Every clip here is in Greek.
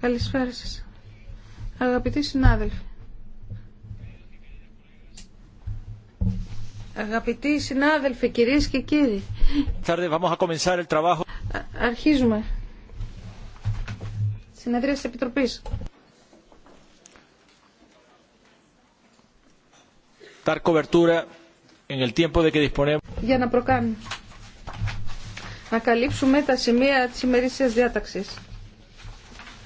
Καλησπέρα σας. Αγαπητοί συνάδελφοι. Αγαπητοί συνάδελφοι, κυρίες και κύριοι. Αρχίζουμε. Συνεδρία της Επιτροπής. Για να προκάνουμε. Να καλύψουμε τα σημεία της ημερήσιας διάταξης.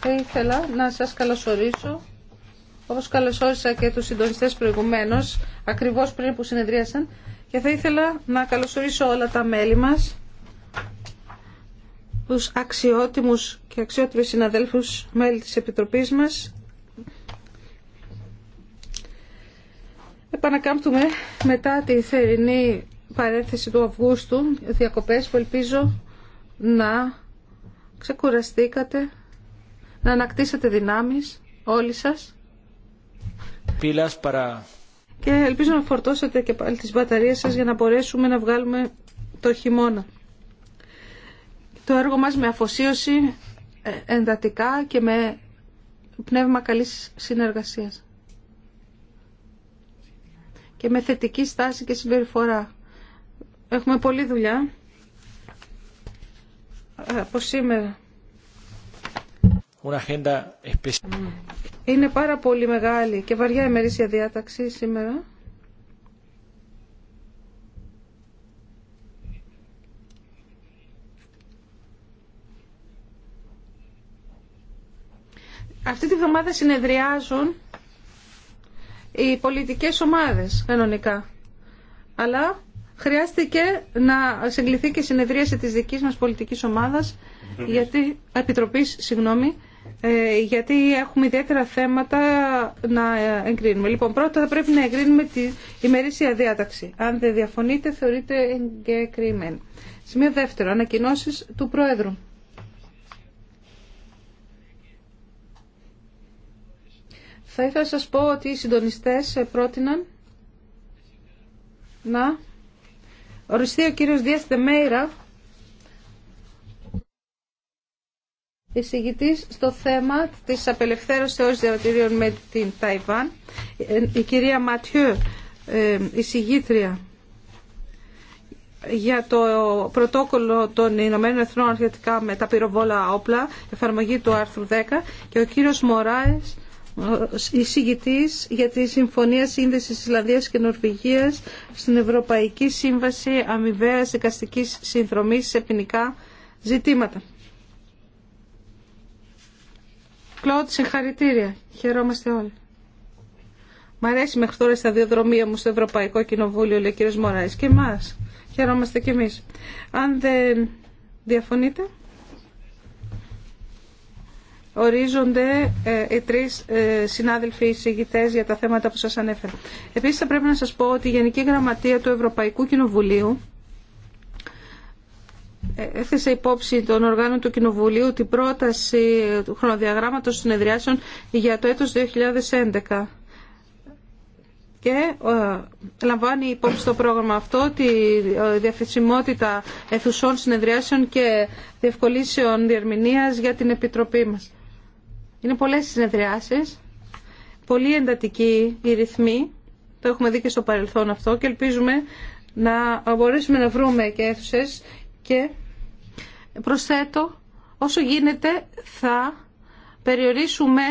Θα ήθελα να σας καλωσορίσω, όπως καλωσόρισα και τους συντονιστές προηγουμένως, ακριβώς πριν που συνεδρίασαν, και θα ήθελα να καλωσορίσω όλα τα μέλη μας, τους αξιότιμους και αξιότιμες συναδέλφους μέλη της Επιτροπής μας. Επανακάμπτουμε μετά τη θερινή παρένθεση του Αυγούστου, διακοπές που ελπίζω να ξεκουραστήκατε να ανακτήσετε δυνάμεις όλοι σας και ελπίζω να φορτώσετε και πάλι τις μπαταρίες σας για να μπορέσουμε να βγάλουμε το χειμώνα. Το έργο μας με αφοσίωση ε, εντατικά και με πνεύμα καλής συνεργασίας και με θετική στάση και συμπεριφορά. Έχουμε πολλή δουλειά από σήμερα. Είναι πάρα πολύ μεγάλη και βαριά η μερίσια διάταξη σήμερα. Αυτή τη βδομάδα συνεδριάζουν οι πολιτικές ομάδες κανονικά. Αλλά χρειάστηκε να συγκληθεί και συνεδρίαση της δικής μας πολιτικής ομάδας, γιατί, επιτροπής, συγγνώμη, ε, γιατί έχουμε ιδιαίτερα θέματα να εγκρίνουμε. Λοιπόν, πρώτα θα πρέπει να εγκρίνουμε τη ημερήσια διάταξη. Αν δεν διαφωνείτε, θεωρείται εγκεκριμένη. Σημείο δεύτερο, ανακοινώσει του Πρόεδρου. Θα ήθελα να σας πω ότι οι συντονιστές πρότειναν να οριστεί ο κύριος Δίας εισηγητή στο θέμα της απελευθέρωσης των διαβατηρίων με την Ταϊβάν, ε, η κυρία Ματιού, ε, εισηγήτρια για το πρωτόκολλο των Ηνωμένων Εθνών σχετικά με τα πυροβόλα όπλα, εφαρμογή του άρθρου 10, και ο κύριος Μωράης, ε, εισηγητή για τη Συμφωνία Σύνδεσης Ισλανδίας και Νορβηγία στην Ευρωπαϊκή Σύμβαση Αμοιβαία δικαστική συνδρομή, σε ποινικά ζητήματα. Κλοντ, συγχαρητήρια. Χαιρόμαστε όλοι. Μ' αρέσει μέχρι τώρα η σταδιοδρομία μου στο Ευρωπαϊκό Κοινοβούλιο, λέει ο κύριο Μωράη. Και εμά. Χαιρόμαστε κι εμεί. Αν δεν διαφωνείτε, ορίζονται ε, οι τρει ε, συνάδελφοι εισηγητέ για τα θέματα που σα ανέφερα. Επίση, θα πρέπει να σα πω ότι η Γενική Γραμματεία του Ευρωπαϊκού Κοινοβουλίου έθεσε υπόψη των οργάνων του Κοινοβουλίου την πρόταση του χρονοδιαγράμματος συνεδριάσεων για το έτος 2011 και ε, λαμβάνει υπόψη το πρόγραμμα αυτό τη ε, διαθεσιμότητα αιθουσών συνεδριάσεων και διευκολύσεων διερμηνίας για την Επιτροπή μας. Είναι πολλές συνεδριάσεις, πολύ εντατική οι ρυθμοί, το έχουμε δει και στο παρελθόν αυτό και ελπίζουμε να μπορέσουμε να βρούμε και αίθουσες και προσθέτω, όσο γίνεται θα περιορίσουμε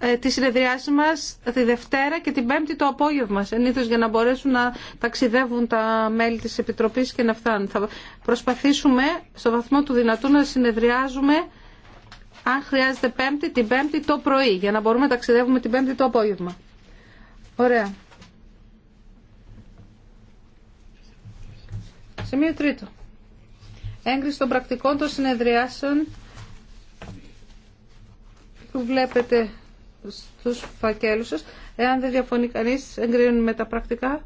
ε, τις συνεδριάσεις μας τη Δευτέρα και την Πέμπτη το απόγευμα συνήθως για να μπορέσουν να ταξιδεύουν τα μέλη της Επιτροπής και να φτάνουν. Θα προσπαθήσουμε στο βαθμό του δυνατού να συνεδριάζουμε αν χρειάζεται Πέμπτη, την Πέμπτη το πρωί για να μπορούμε να ταξιδεύουμε την Πέμπτη το απόγευμα. Ωραία. Σημείο τρίτο έγκριση των πρακτικών των συνεδριάσεων που βλέπετε στους φακέλους σας. Εάν δεν διαφωνεί κανείς, με τα πρακτικά.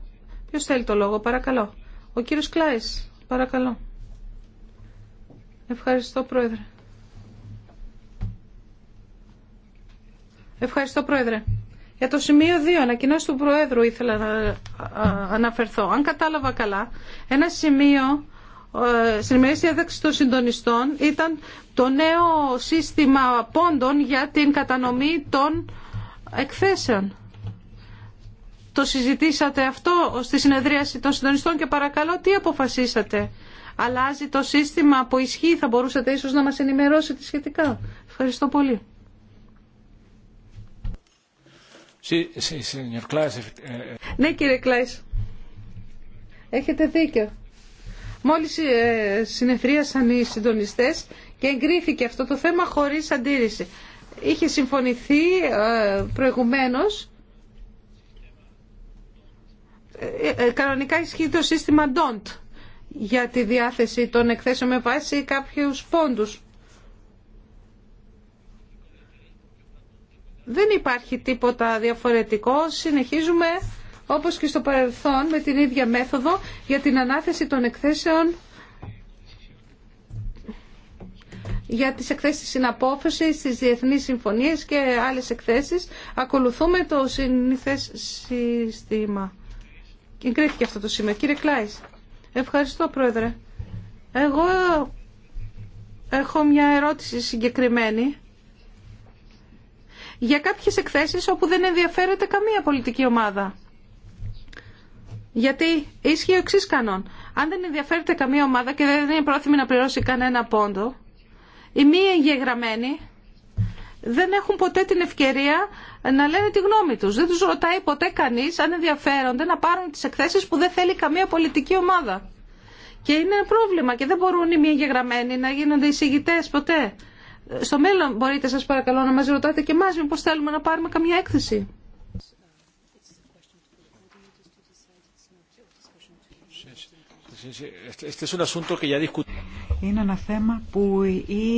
Ποιος θέλει το λόγο, παρακαλώ. Ο κύριος Κλάης, παρακαλώ. Ευχαριστώ, Πρόεδρε. Ευχαριστώ, Πρόεδρε. Για το σημείο 2, ανακοινώσει του Προέδρου ήθελα να αναφερθώ. Αν κατάλαβα καλά, ένα σημείο ε, στην ημερήσια ένταξη των συντονιστών ήταν το νέο σύστημα πόντων για την κατανομή των εκθέσεων. Το συζητήσατε αυτό στη συνεδρίαση των συντονιστών και παρακαλώ τι αποφασίσατε. Αλλάζει το σύστημα που ισχύει, θα μπορούσατε ίσως να μας ενημερώσετε σχετικά. Ευχαριστώ πολύ. Ναι κύριε Κλάις, έχετε δίκιο. Μόλις ε, συνεφρίασαν οι συντονιστές και εγκρίθηκε αυτό το θέμα χωρίς αντίρρηση. Είχε συμφωνηθεί ε, προηγουμένως ε, κανονικά ισχύει το σύστημα DONT για τη διάθεση των εκθέσεων με βάση κάποιους πόντους. Δεν υπάρχει τίποτα διαφορετικό. Συνεχίζουμε όπως και στο παρελθόν με την ίδια μέθοδο για την ανάθεση των εκθέσεων για τις εκθέσεις συναπόφασης, τις διεθνείς συμφωνίες και άλλες εκθέσεις. Ακολουθούμε το συνήθες σύστημα. Εγκρίθηκε αυτό το σήμερα. Κύριε Κλάης, ευχαριστώ Πρόεδρε. Εγώ έχω μια ερώτηση συγκεκριμένη για κάποιες εκθέσεις όπου δεν ενδιαφέρεται καμία πολιτική ομάδα. Γιατί ίσχυε ο εξή κανόν. Αν δεν ενδιαφέρεται καμία ομάδα και δεν είναι πρόθυμη να πληρώσει κανένα πόντο, οι μη εγγεγραμμένοι δεν έχουν ποτέ την ευκαιρία να λένε τη γνώμη τους. Δεν τους ρωτάει ποτέ κανείς αν ενδιαφέρονται να πάρουν τις εκθέσεις που δεν θέλει καμία πολιτική ομάδα. Και είναι ένα πρόβλημα και δεν μπορούν οι μη εγγεγραμμένοι να γίνονται εισηγητέ ποτέ. Στο μέλλον μπορείτε σας παρακαλώ να μας ρωτάτε και εμάς μήπως θέλουμε να πάρουμε καμία έκθεση. Είναι ένα θέμα που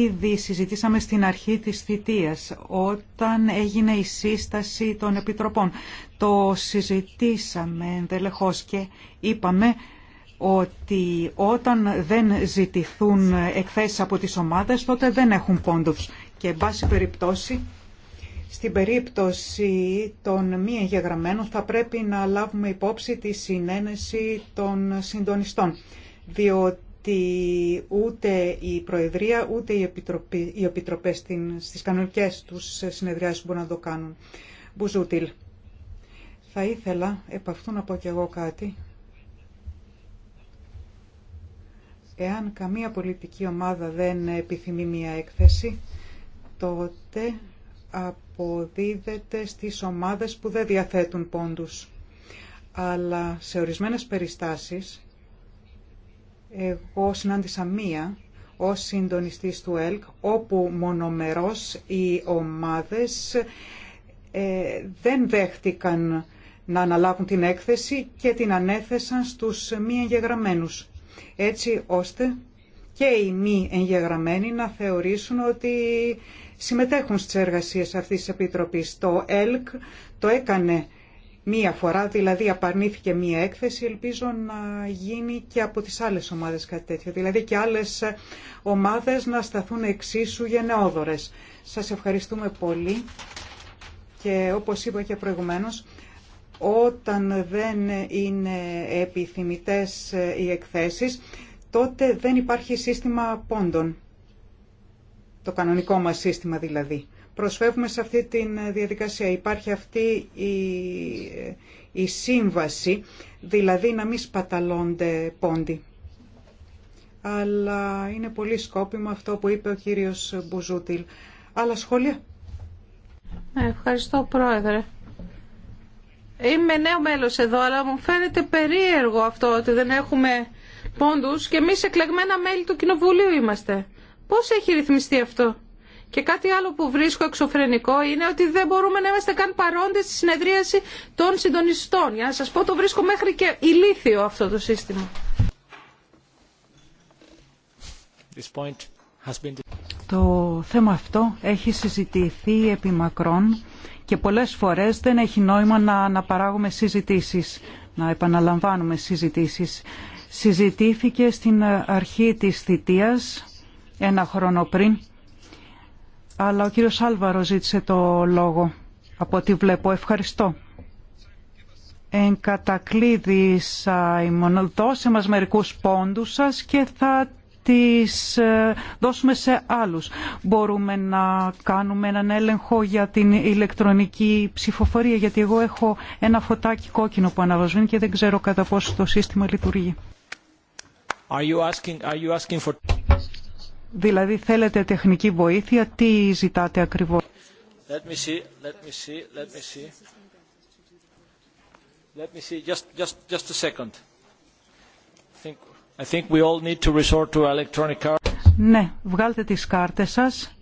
ήδη συζητήσαμε στην αρχή της θητείας, όταν έγινε η σύσταση των επιτροπών. Το συζητήσαμε ενδελεχώς και είπαμε ότι όταν δεν ζητηθούν εκθέσεις από τις ομάδες, τότε δεν έχουν πόντους. Και, εν πάση περιπτώσει, στην περίπτωση των μη εγγεγραμμένων θα πρέπει να λάβουμε υπόψη τη συνένεση των συντονιστών, διότι ούτε η Προεδρία ούτε οι, επιτροπή, οι Επιτροπές στις κανονικές τους συνεδριάσεις μπορούν να το κάνουν. Μπουζούτιλ. Θα ήθελα επ' αυτού να πω κι εγώ κάτι. Εάν καμία πολιτική ομάδα δεν επιθυμεί μία έκθεση, τότε αποδίδεται στις ομάδες που δεν διαθέτουν πόντους. Αλλά σε ορισμένες περιστάσεις, εγώ συνάντησα μία ως συντονιστής του ΕΛΚ, όπου μονομερός οι ομάδες ε, δεν δέχτηκαν να αναλάβουν την έκθεση και την ανέθεσαν στους μη εγγεγραμμένους, έτσι ώστε και οι μη εγγεγραμμένοι να θεωρήσουν ότι συμμετέχουν στις εργασίες αυτής της Επιτροπής. Το ΕΛΚ το έκανε μία φορά, δηλαδή απαρνήθηκε μία έκθεση, ελπίζω να γίνει και από τις άλλες ομάδες κάτι τέτοιο. Δηλαδή και άλλες ομάδες να σταθούν εξίσου γενναιόδορες. Σας ευχαριστούμε πολύ και όπως είπα και προηγουμένως, όταν δεν είναι επιθυμητές οι εκθέσεις, τότε δεν υπάρχει σύστημα πόντων. Το κανονικό μας σύστημα δηλαδή. Προσφεύγουμε σε αυτή τη ε, διαδικασία. Υπάρχει αυτή η, ε, η σύμβαση, δηλαδή να μην σπαταλώνται πόντοι. Αλλά είναι πολύ σκόπιμο αυτό που είπε ο κύριος Μπουζούτιλ. Άλλα σχόλια. Ε, ευχαριστώ πρόεδρε. Είμαι νέο μέλος εδώ, αλλά μου φαίνεται περίεργο αυτό ότι δεν έχουμε Πόντου και εμείς εκλεγμένα μέλη του Κοινοβουλίου είμαστε. Πώς έχει ρυθμιστεί αυτό. Και κάτι άλλο που βρίσκω εξωφρενικό είναι ότι δεν μπορούμε να είμαστε καν παρόντες στη συνεδρίαση των συντονιστών. Για να σας πω το βρίσκω μέχρι και ηλίθιο αυτό το σύστημα. This point has been... Το θέμα αυτό έχει συζητηθεί επί μακρόν και πολλές φορές δεν έχει νόημα να παράγουμε συζητήσεις, να επαναλαμβάνουμε συζητήσεις συζητήθηκε στην αρχή της θητείας ένα χρόνο πριν αλλά ο κύριος Άλβαρο ζήτησε το λόγο από ό,τι βλέπω. Ευχαριστώ. Εν κατακλείδη Σάιμον, δώσε μας μερικούς πόντους σας και θα τις ε, δώσουμε σε άλλους. Μπορούμε να κάνουμε έναν έλεγχο για την ηλεκτρονική ψηφοφορία, γιατί εγώ έχω ένα φωτάκι κόκκινο που αναβασβήνει και δεν ξέρω κατά πόσο το σύστημα λειτουργεί. Are you asking, are you asking for... Δηλαδή θέλετε τεχνική βοήθεια, τι ζητάτε ακριβώς. Let me see, let me see, let me see. Let me see, just, just, just a second. I think, I think we all need to resort to electronic cards. Ναι, βγάλτε τις κάρτες σας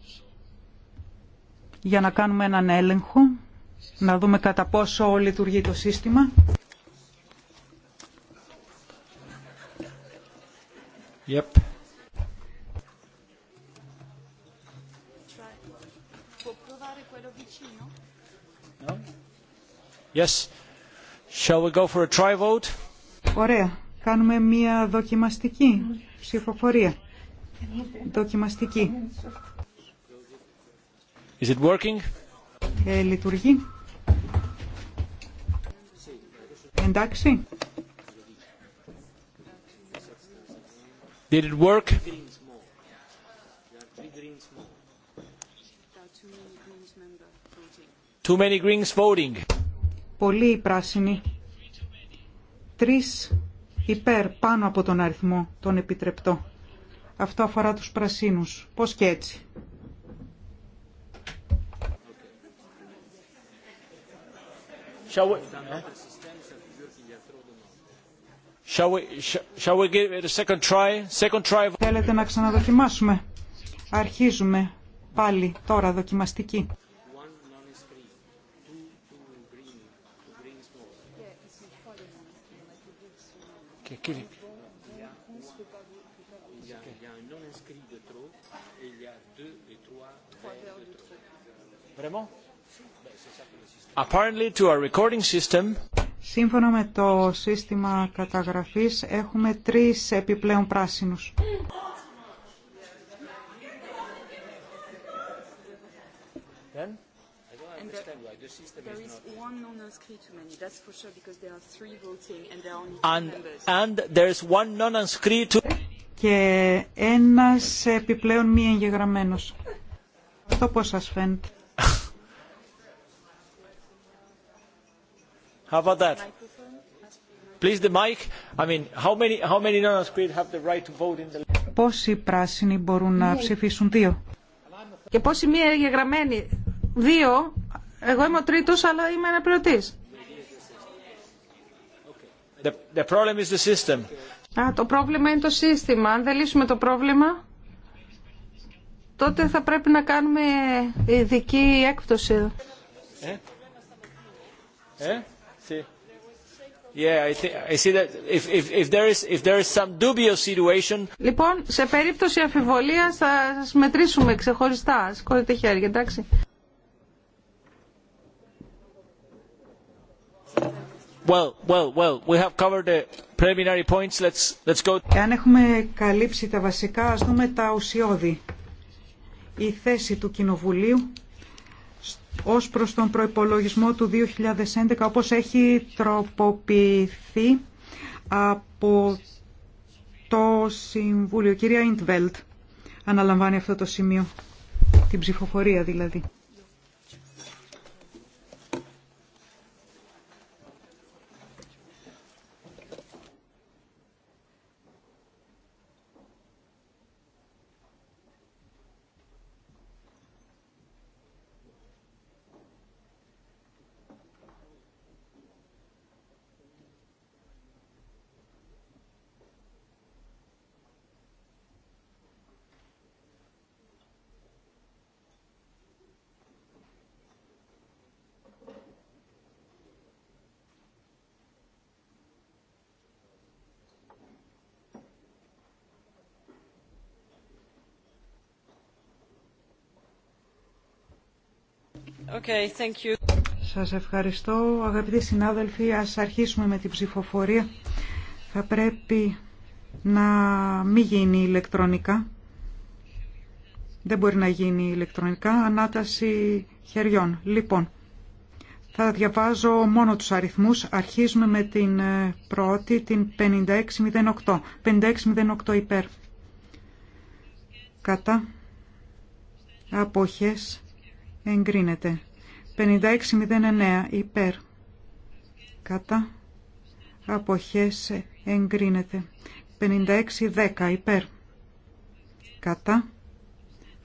για να κάνουμε έναν έλεγχο, να δούμε κατά πόσο λειτουργεί το σύστημα. Yep. Yes. Shall we go for a try vote? Ωραία. Κάνουμε μία δοκιμαστική ψηφοφορία. Δοκιμαστική. Is it working? Ε, λειτουργεί. Εντάξει. Did it work? πράσινοι. Τρεις υπέρ πάνω από τον αριθμό, τον επιτρεπτό. Αυτό αφορά τους πρασίνους. Πώς και έτσι. Shall we... Θέλετε να ξαναδοκιμάσουμε. Αρχίζουμε πάλι τώρα δοκιμαστική. Βρεμόν. Apparently to our recording system. Σύμφωνα με το σύστημα καταγραφής έχουμε τρεις επιπλέον πράσινους. Και ένας επιπλέον μη εγγεγραμμένος. Αυτό πώς σας φαίνεται. How about Please the mic. I mean, how many how many non have the right to vote in the? Πόσοι πράσινοι μπορούν να ναι. ψηφίσουν δύο. Και πόσοι μία εγγεγραμμένοι. Δύο. Εγώ είμαι ο τρίτος, αλλά είμαι ένα πρωτής. The, the problem is the system. Α, το πρόβλημα είναι το σύστημα. Αν δεν λύσουμε το πρόβλημα, τότε θα πρέπει να κάνουμε ειδική έκπτωση. Ε? Ε? Λοιπόν, σε περίπτωση αμφιβολίας θα σας μετρήσουμε ξεχωριστά. Σηκώνετε χέρια, εντάξει. Well, well, well, we have covered the preliminary points. Let's, let's go. Εάν έχουμε καλύψει τα βασικά, ας δούμε τα ουσιώδη. Η θέση του Κοινοβουλίου ως προς τον προϋπολογισμό του 2011 όπως έχει τροποποιηθεί από το Συμβούλιο. Κυρία Ιντβέλτ αναλαμβάνει αυτό το σημείο, την ψηφοφορία δηλαδή. Okay, Σας ευχαριστώ. Αγαπητοί συνάδελφοι, ας αρχίσουμε με την ψηφοφορία. Θα πρέπει να μην γίνει ηλεκτρονικά. Δεν μπορεί να γίνει ηλεκτρονικά. Ανάταση χεριών. Λοιπόν, θα διαβάζω μόνο τους αριθμούς. Αρχίζουμε με την ε, πρώτη, την 5608. 5608 υπέρ. Κατά. Απόχες. Εγκρίνεται. 5609 υπέρ κατά αποχές εγκρίνεται 5610 υπέρ κατά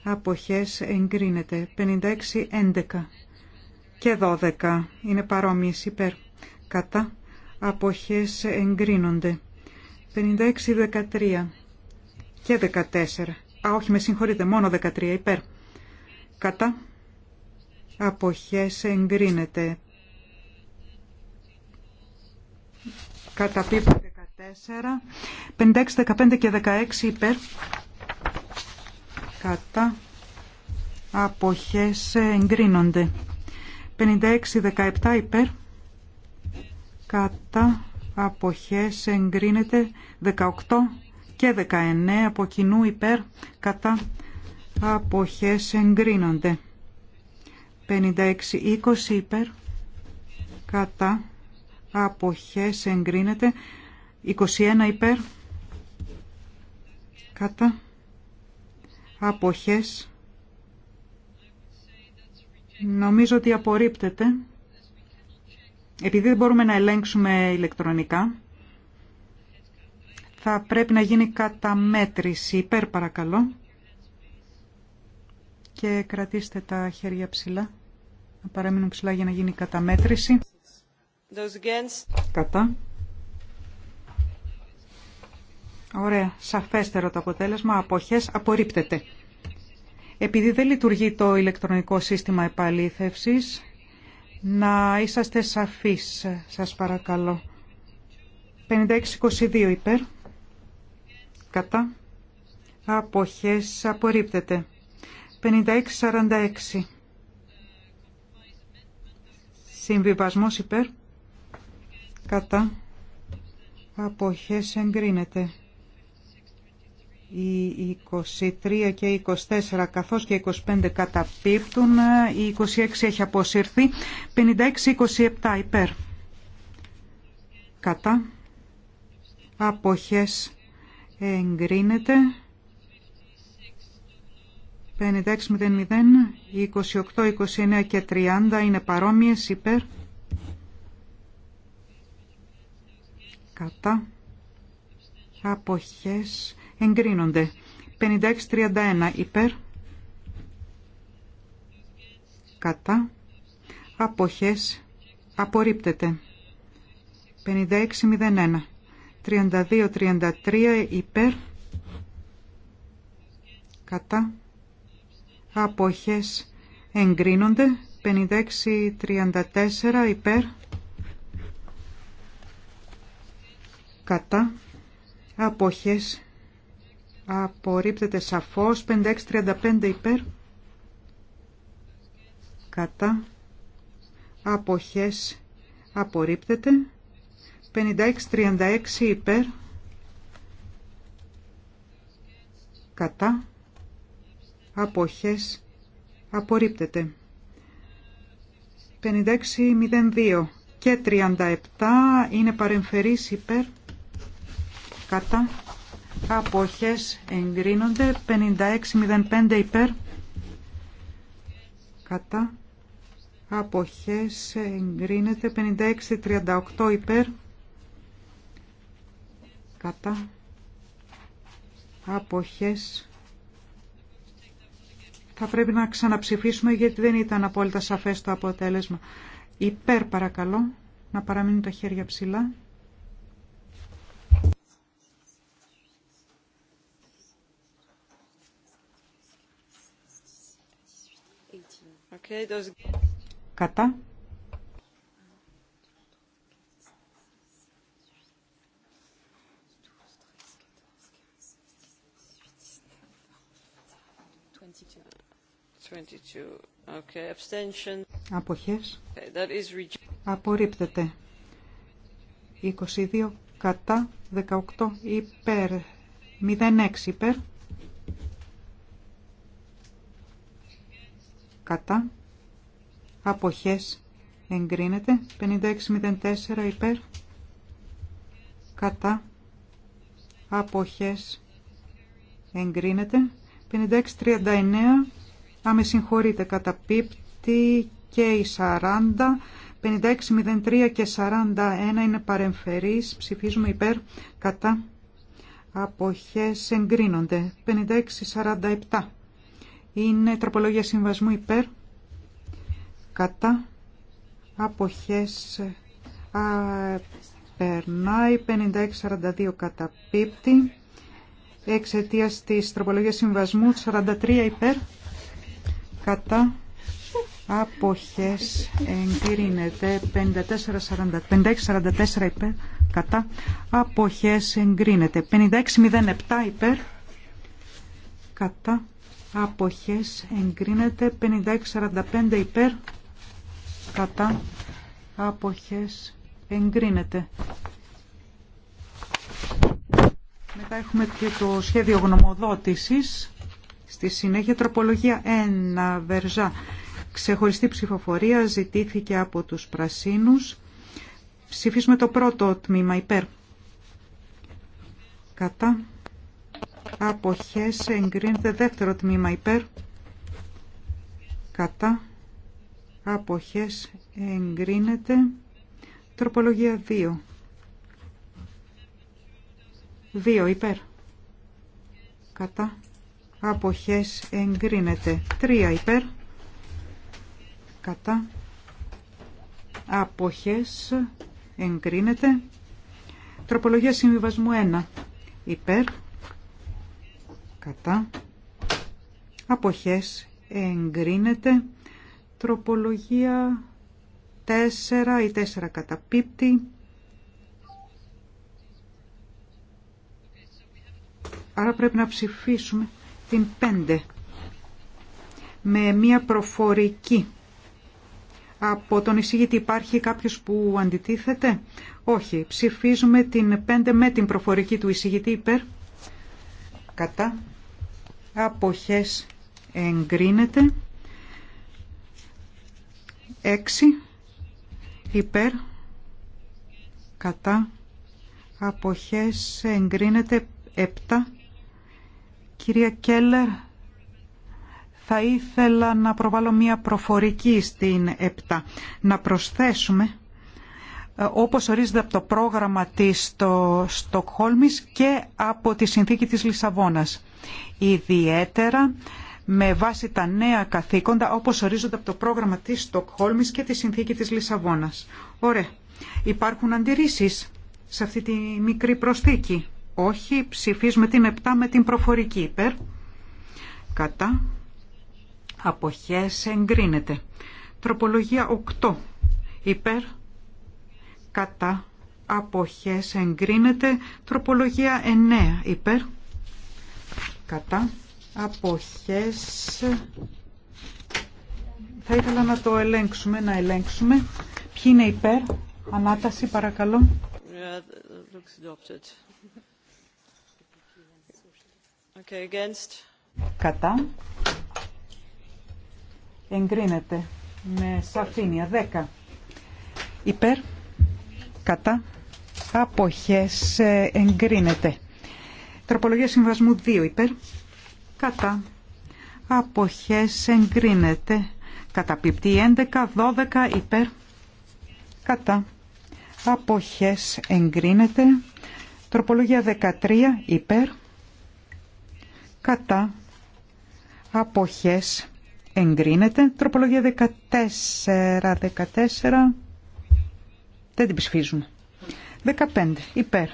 αποχές εγκρίνεται 5611 και 12 είναι παρόμοιες υπέρ κατά αποχές εγκρίνονται 5613 και 14 α όχι με συγχωρείτε μόνο 13 υπέρ κατά αποχές εγκρίνεται. Καταπίπτω 14, 56, 15 και 16 υπέρ. Κατά αποχές εγκρίνονται. 56, 17 υπέρ. Κατά αποχές εγκρίνεται 18 και 19 από κοινού υπέρ κατά αποχές εγκρίνονται. 56-20 υπέρ κατά αποχές εγκρίνεται 21 υπέρ κατά αποχές νομίζω ότι απορρίπτεται επειδή δεν μπορούμε να ελέγξουμε ηλεκτρονικά θα πρέπει να γίνει καταμέτρηση υπέρ παρακαλώ και κρατήστε τα χέρια ψηλά να παραμείνουν ψηλά για να γίνει καταμέτρηση. Κατά. Ωραία, σαφέστερο το αποτέλεσμα. Αποχές απορρίπτεται. Επειδή δεν λειτουργεί το ηλεκτρονικό σύστημα επαλήθευσης, να είσαστε σαφείς, σας παρακαλώ. 56-22 υπέρ. Κατά. Αποχές απορρίπτεται. 56-46 Συμβιβασμός υπέρ. Κατά. Αποχές εγκρίνεται. Οι 23 και 24 καθώς και 25 καταπίπτουν. Η 26 έχει αποσυρθεί. 56-27 υπέρ. Κατά. Αποχές εγκρίνεται. 56.00, 28, 29 και 30 είναι παρόμοιες υπέρ. Κατά. Αποχές εγκρίνονται. 56.31 υπέρ. Κατά. Αποχές απορρίπτεται. 56.01. 32-33 υπέρ. Κατά αποχές εγκρίνονται 56-34 υπέρ κατά αποχές απορρίπτεται σαφώς υπέρ κατά αποχές απορρίπτεται 56-36 υπέρ κατά αποχές απορρίπτεται. 56.02 και 37 είναι παρεμφερής υπέρ κατά αποχές εγκρίνονται 56.05 υπέρ κατά αποχές εγκρίνεται 56.38 υπέρ κατά αποχές θα πρέπει να ξαναψηφίσουμε γιατί δεν ήταν απόλυτα σαφές το αποτέλεσμα. Υπέρ παρακαλώ να παραμείνουν τα χέρια ψηλά. Κατά. 22. Okay. Αποχές. Απορρίπτεται. 22 κατά 18 υπέρ. 06 υπέρ. Κατά. Αποχές. Εγκρίνεται. 56-04 υπέρ. Κατά. Αποχές. Εγκρίνεται. 5639 να με συγχωρείτε, κατά πίπτη και η 40, 5603 και 41 είναι παρεμφερείς, ψηφίζουμε υπέρ, κατά, αποχές εγκρίνονται, 5647 είναι τροπολογία συμβασμού υπέρ, κατά, αποχές α, περνάει, 5642 πίπτη, εξαιτίας της τροπολογία συμβασμού, 43 υπέρ, κατά αποχές 5644 υπέρ κατά αποχές 5607 υπέρ κατά αποχές εγκρίνεται 5645 υπέρ κατά αποχές εγκρίνεται μετά έχουμε και το σχέδιο γνωμοδότησης Στη συνέχεια τροπολογία 1 Βερζά. Ξεχωριστή ψηφοφορία ζητήθηκε από τους πρασίνους. Ψηφίσουμε το πρώτο τμήμα υπέρ. Κατά. Αποχές εγκρίνεται δεύτερο τμήμα υπέρ. Κατά. Αποχές εγκρίνεται. Τροπολογία 2. 2 υπέρ. Κατά αποχές εγκρίνεται τρία υπέρ κατά αποχές εγκρίνεται τροπολογία συμβιβασμού 1 υπέρ κατά αποχές εγκρίνεται τροπολογία 4 ή 4 καταπίπτει άρα πρέπει να ψηφίσουμε την 5 με μια προφορική. Από τον εισηγητή υπάρχει κάποιος που αντιτίθεται. Όχι. Ψηφίζουμε την 5 με την προφορική του εισηγητή υπέρ. Κατά. Αποχές εγκρίνεται. 6 υπέρ. Κατά. Αποχές εγκρίνεται 7 Κυρία Κέλλερ, θα ήθελα να προβάλλω μία προφορική στην ΕΠΤΑ. Να προσθέσουμε, ε, όπως ορίζεται από το πρόγραμμα της στο Στοκχόλμης και από τη συνθήκη της Λισαβόνας. Ιδιαίτερα με βάση τα νέα καθήκοντα όπως ορίζονται από το πρόγραμμα της Στοκχόλμης και τη συνθήκη της Λισαβόνας. Ωραία. Υπάρχουν αντιρρήσεις σε αυτή τη μικρή προσθήκη. Όχι, ψηφίζουμε την 7 με την προφορική υπέρ. Κατά. Αποχές εγκρίνεται. Τροπολογία 8 υπέρ. Κατά. Αποχές εγκρίνεται. Τροπολογία 9 υπέρ. Κατά. Αποχές θα ήθελα να το ελέγξουμε, να ελέγξουμε. Ποιοι είναι υπέρ, ανάταση παρακαλώ. Κατά. Εγκρίνεται με σαφήνεια 10. Ε, υπέρ. Κατά. Αποχές εγκρίνεται. Τροπολογία συμβασμού 2 υπέρ. Κατά. Αποχές εγκρίνεται. Καταπίπτει 11, 12 υπέρ. Κατά. Αποχές εγκρίνεται. Τροπολογία 13 υπέρ κατά αποχές εγκρίνεται. Τροπολογία 14, 14, δεν την ψηφίζουμε. 15, υπέρ.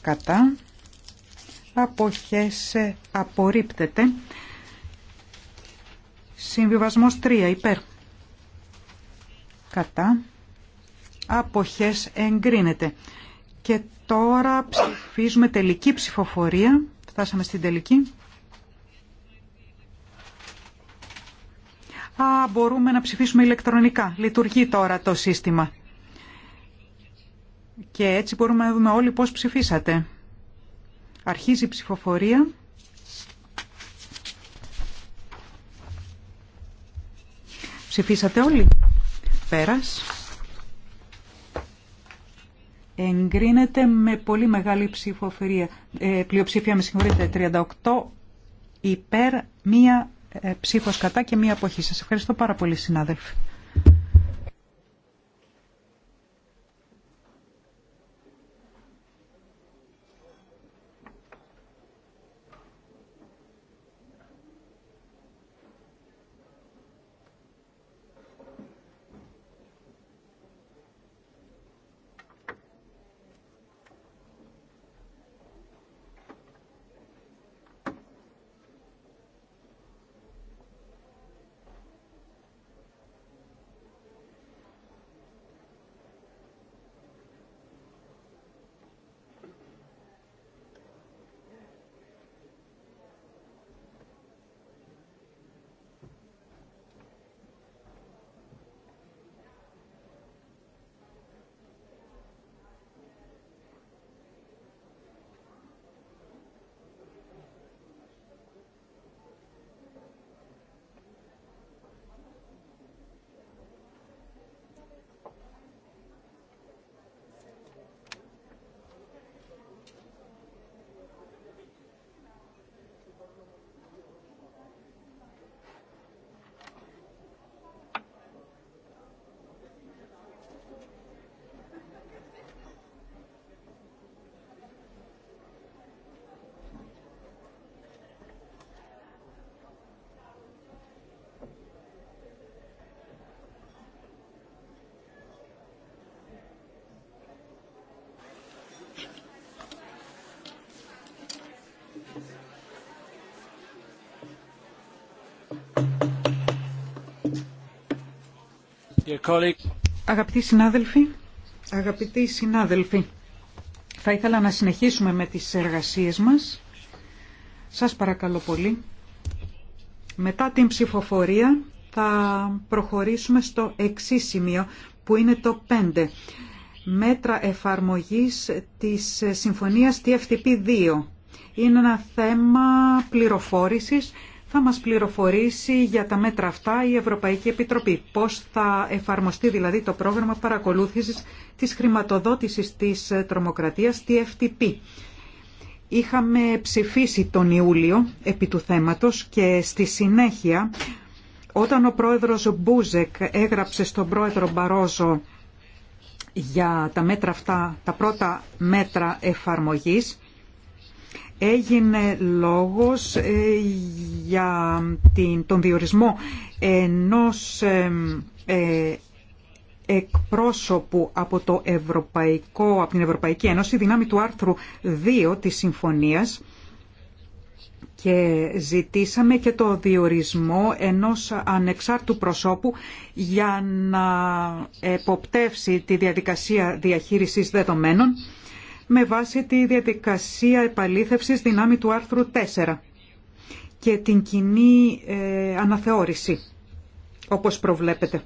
Κατά αποχές ε, απορρίπτεται. Συμβιβασμός 3, υπέρ. Κατά αποχές εγκρίνεται. Και Τώρα ψηφίζουμε τελική ψηφοφορία. Φτάσαμε στην τελική. Α, μπορούμε να ψηφίσουμε ηλεκτρονικά. Λειτουργεί τώρα το σύστημα. Και έτσι μπορούμε να δούμε όλοι πώς ψηφίσατε. Αρχίζει η ψηφοφορία. Ψηφίσατε όλοι. Πέρας εγκρίνεται με πολύ μεγάλη ψηφοφορία, ε, πλειοψηφία με συγχωρείτε, 38 υπέρ, μία ε, ψήφος κατά και μία αποχή. Σας ευχαριστώ πάρα πολύ συνάδελφοι. Αγαπητοί συνάδελφοι, αγαπητοί συνάδελφοι, θα ήθελα να συνεχίσουμε με τις εργασίες μας. Σας παρακαλώ πολύ. Μετά την ψηφοφορία θα προχωρήσουμε στο εξή σημείο που είναι το 5. Μέτρα εφαρμογής της Συμφωνίας TFTP 2. Είναι ένα θέμα πληροφόρησης θα μας πληροφορήσει για τα μέτρα αυτά η Ευρωπαϊκή Επιτροπή. Πώς θα εφαρμοστεί δηλαδή το πρόγραμμα παρακολούθησης της χρηματοδότησης της ε, τρομοκρατίας, FTP. Είχαμε ψηφίσει τον Ιούλιο επί του θέματος και στη συνέχεια όταν ο πρόεδρος Μπούζεκ έγραψε στον πρόεδρο Μπαρόζο για τα μέτρα αυτά, τα πρώτα μέτρα εφαρμογής, έγινε λόγος ε, για την, τον διορισμό ενός ε, εκπρόσωπου από, το Ευρωπαϊκό, από την Ευρωπαϊκή Ένωση, δυνάμει του άρθρου 2 της Συμφωνίας και ζητήσαμε και το διορισμό ενός ανεξάρτου προσώπου για να εποπτεύσει τη διαδικασία διαχείρισης δεδομένων με βάση τη διαδικασία επαλήθευσης δυνάμει του άρθρου 4 και την κοινή ε, αναθεώρηση, όπως προβλέπετε.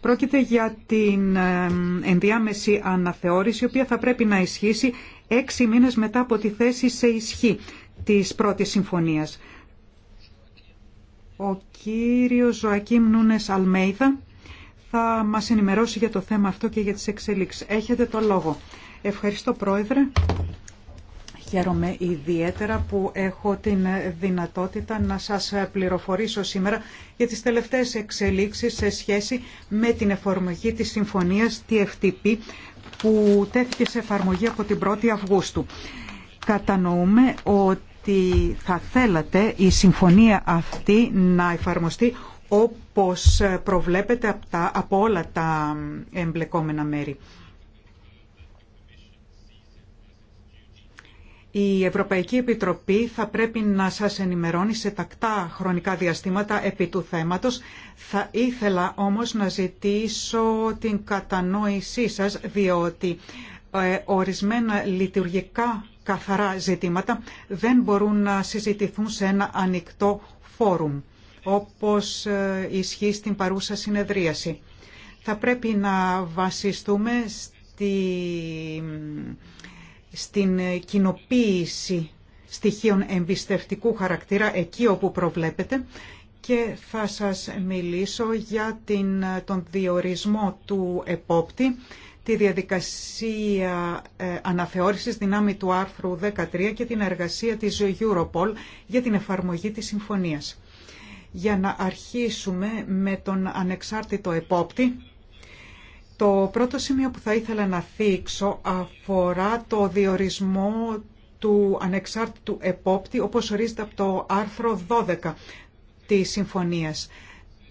Πρόκειται για την ε, ενδιάμεση αναθεώρηση, η οποία θα πρέπει να ισχύσει έξι μήνες μετά από τη θέση σε ισχύ της πρώτης συμφωνίας. Ο κύριος Ζωακίμ Νούνες Αλμέιδα θα μας ενημερώσει για το θέμα αυτό και για τις εξελίξεις. Έχετε το λόγο. Ευχαριστώ Πρόεδρε. Χαίρομαι ιδιαίτερα που έχω την δυνατότητα να σας πληροφορήσω σήμερα για τις τελευταίες εξελίξεις σε σχέση με την εφαρμογή της συμφωνίας TFTP που τέθηκε σε εφαρμογή από την 1η Αυγούστου. Κατανοούμε ότι θα θέλατε η συμφωνία αυτή να εφαρμοστεί όπου πώς προβλέπεται από, από όλα τα εμπλεκόμενα μέρη. Η Ευρωπαϊκή Επιτροπή θα πρέπει να σας ενημερώνει σε τακτά χρονικά διαστήματα επί του θέματος. Θα ήθελα όμως να ζητήσω την κατανόησή σας, διότι ε, ορισμένα λειτουργικά καθαρά ζητήματα δεν μπορούν να συζητηθούν σε ένα ανοιχτό φόρουμ όπως ε, ισχύει στην παρούσα συνεδρίαση. Θα πρέπει να βασιστούμε στη, στην κοινοποίηση στοιχείων εμπιστευτικού χαρακτήρα εκεί όπου προβλέπετε και θα σας μιλήσω για την, τον διορισμό του επόπτη, τη διαδικασία ε, αναθεώρησης δυνάμει του άρθρου 13 και την εργασία της Europol για την εφαρμογή της συμφωνίας για να αρχίσουμε με τον ανεξάρτητο επόπτη. Το πρώτο σημείο που θα ήθελα να θίξω αφορά το διορισμό του ανεξάρτητου επόπτη, όπως ορίζεται από το άρθρο 12 της Συμφωνίας.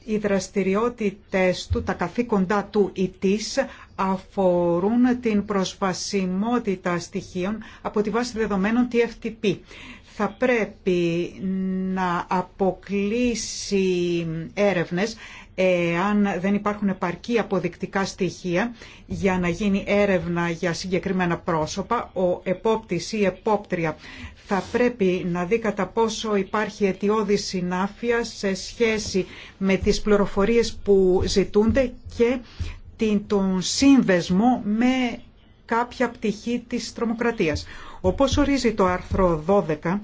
Οι δραστηριότητες του, τα καθήκοντά του ή της, αφορούν την προσβασιμότητα στοιχείων από τη βάση δεδομένων TFTP θα πρέπει να αποκλείσει έρευνες αν δεν υπάρχουν επαρκή αποδεικτικά στοιχεία για να γίνει έρευνα για συγκεκριμένα πρόσωπα, ο επόπτης ή επόπτρια θα πρέπει να δει κατά πόσο υπάρχει αιτιώδη συνάφεια σε σχέση με τις πληροφορίες που ζητούνται και τον σύνδεσμο με κάποια πτυχή της τρομοκρατίας. Όπως ορίζει το άρθρο 12,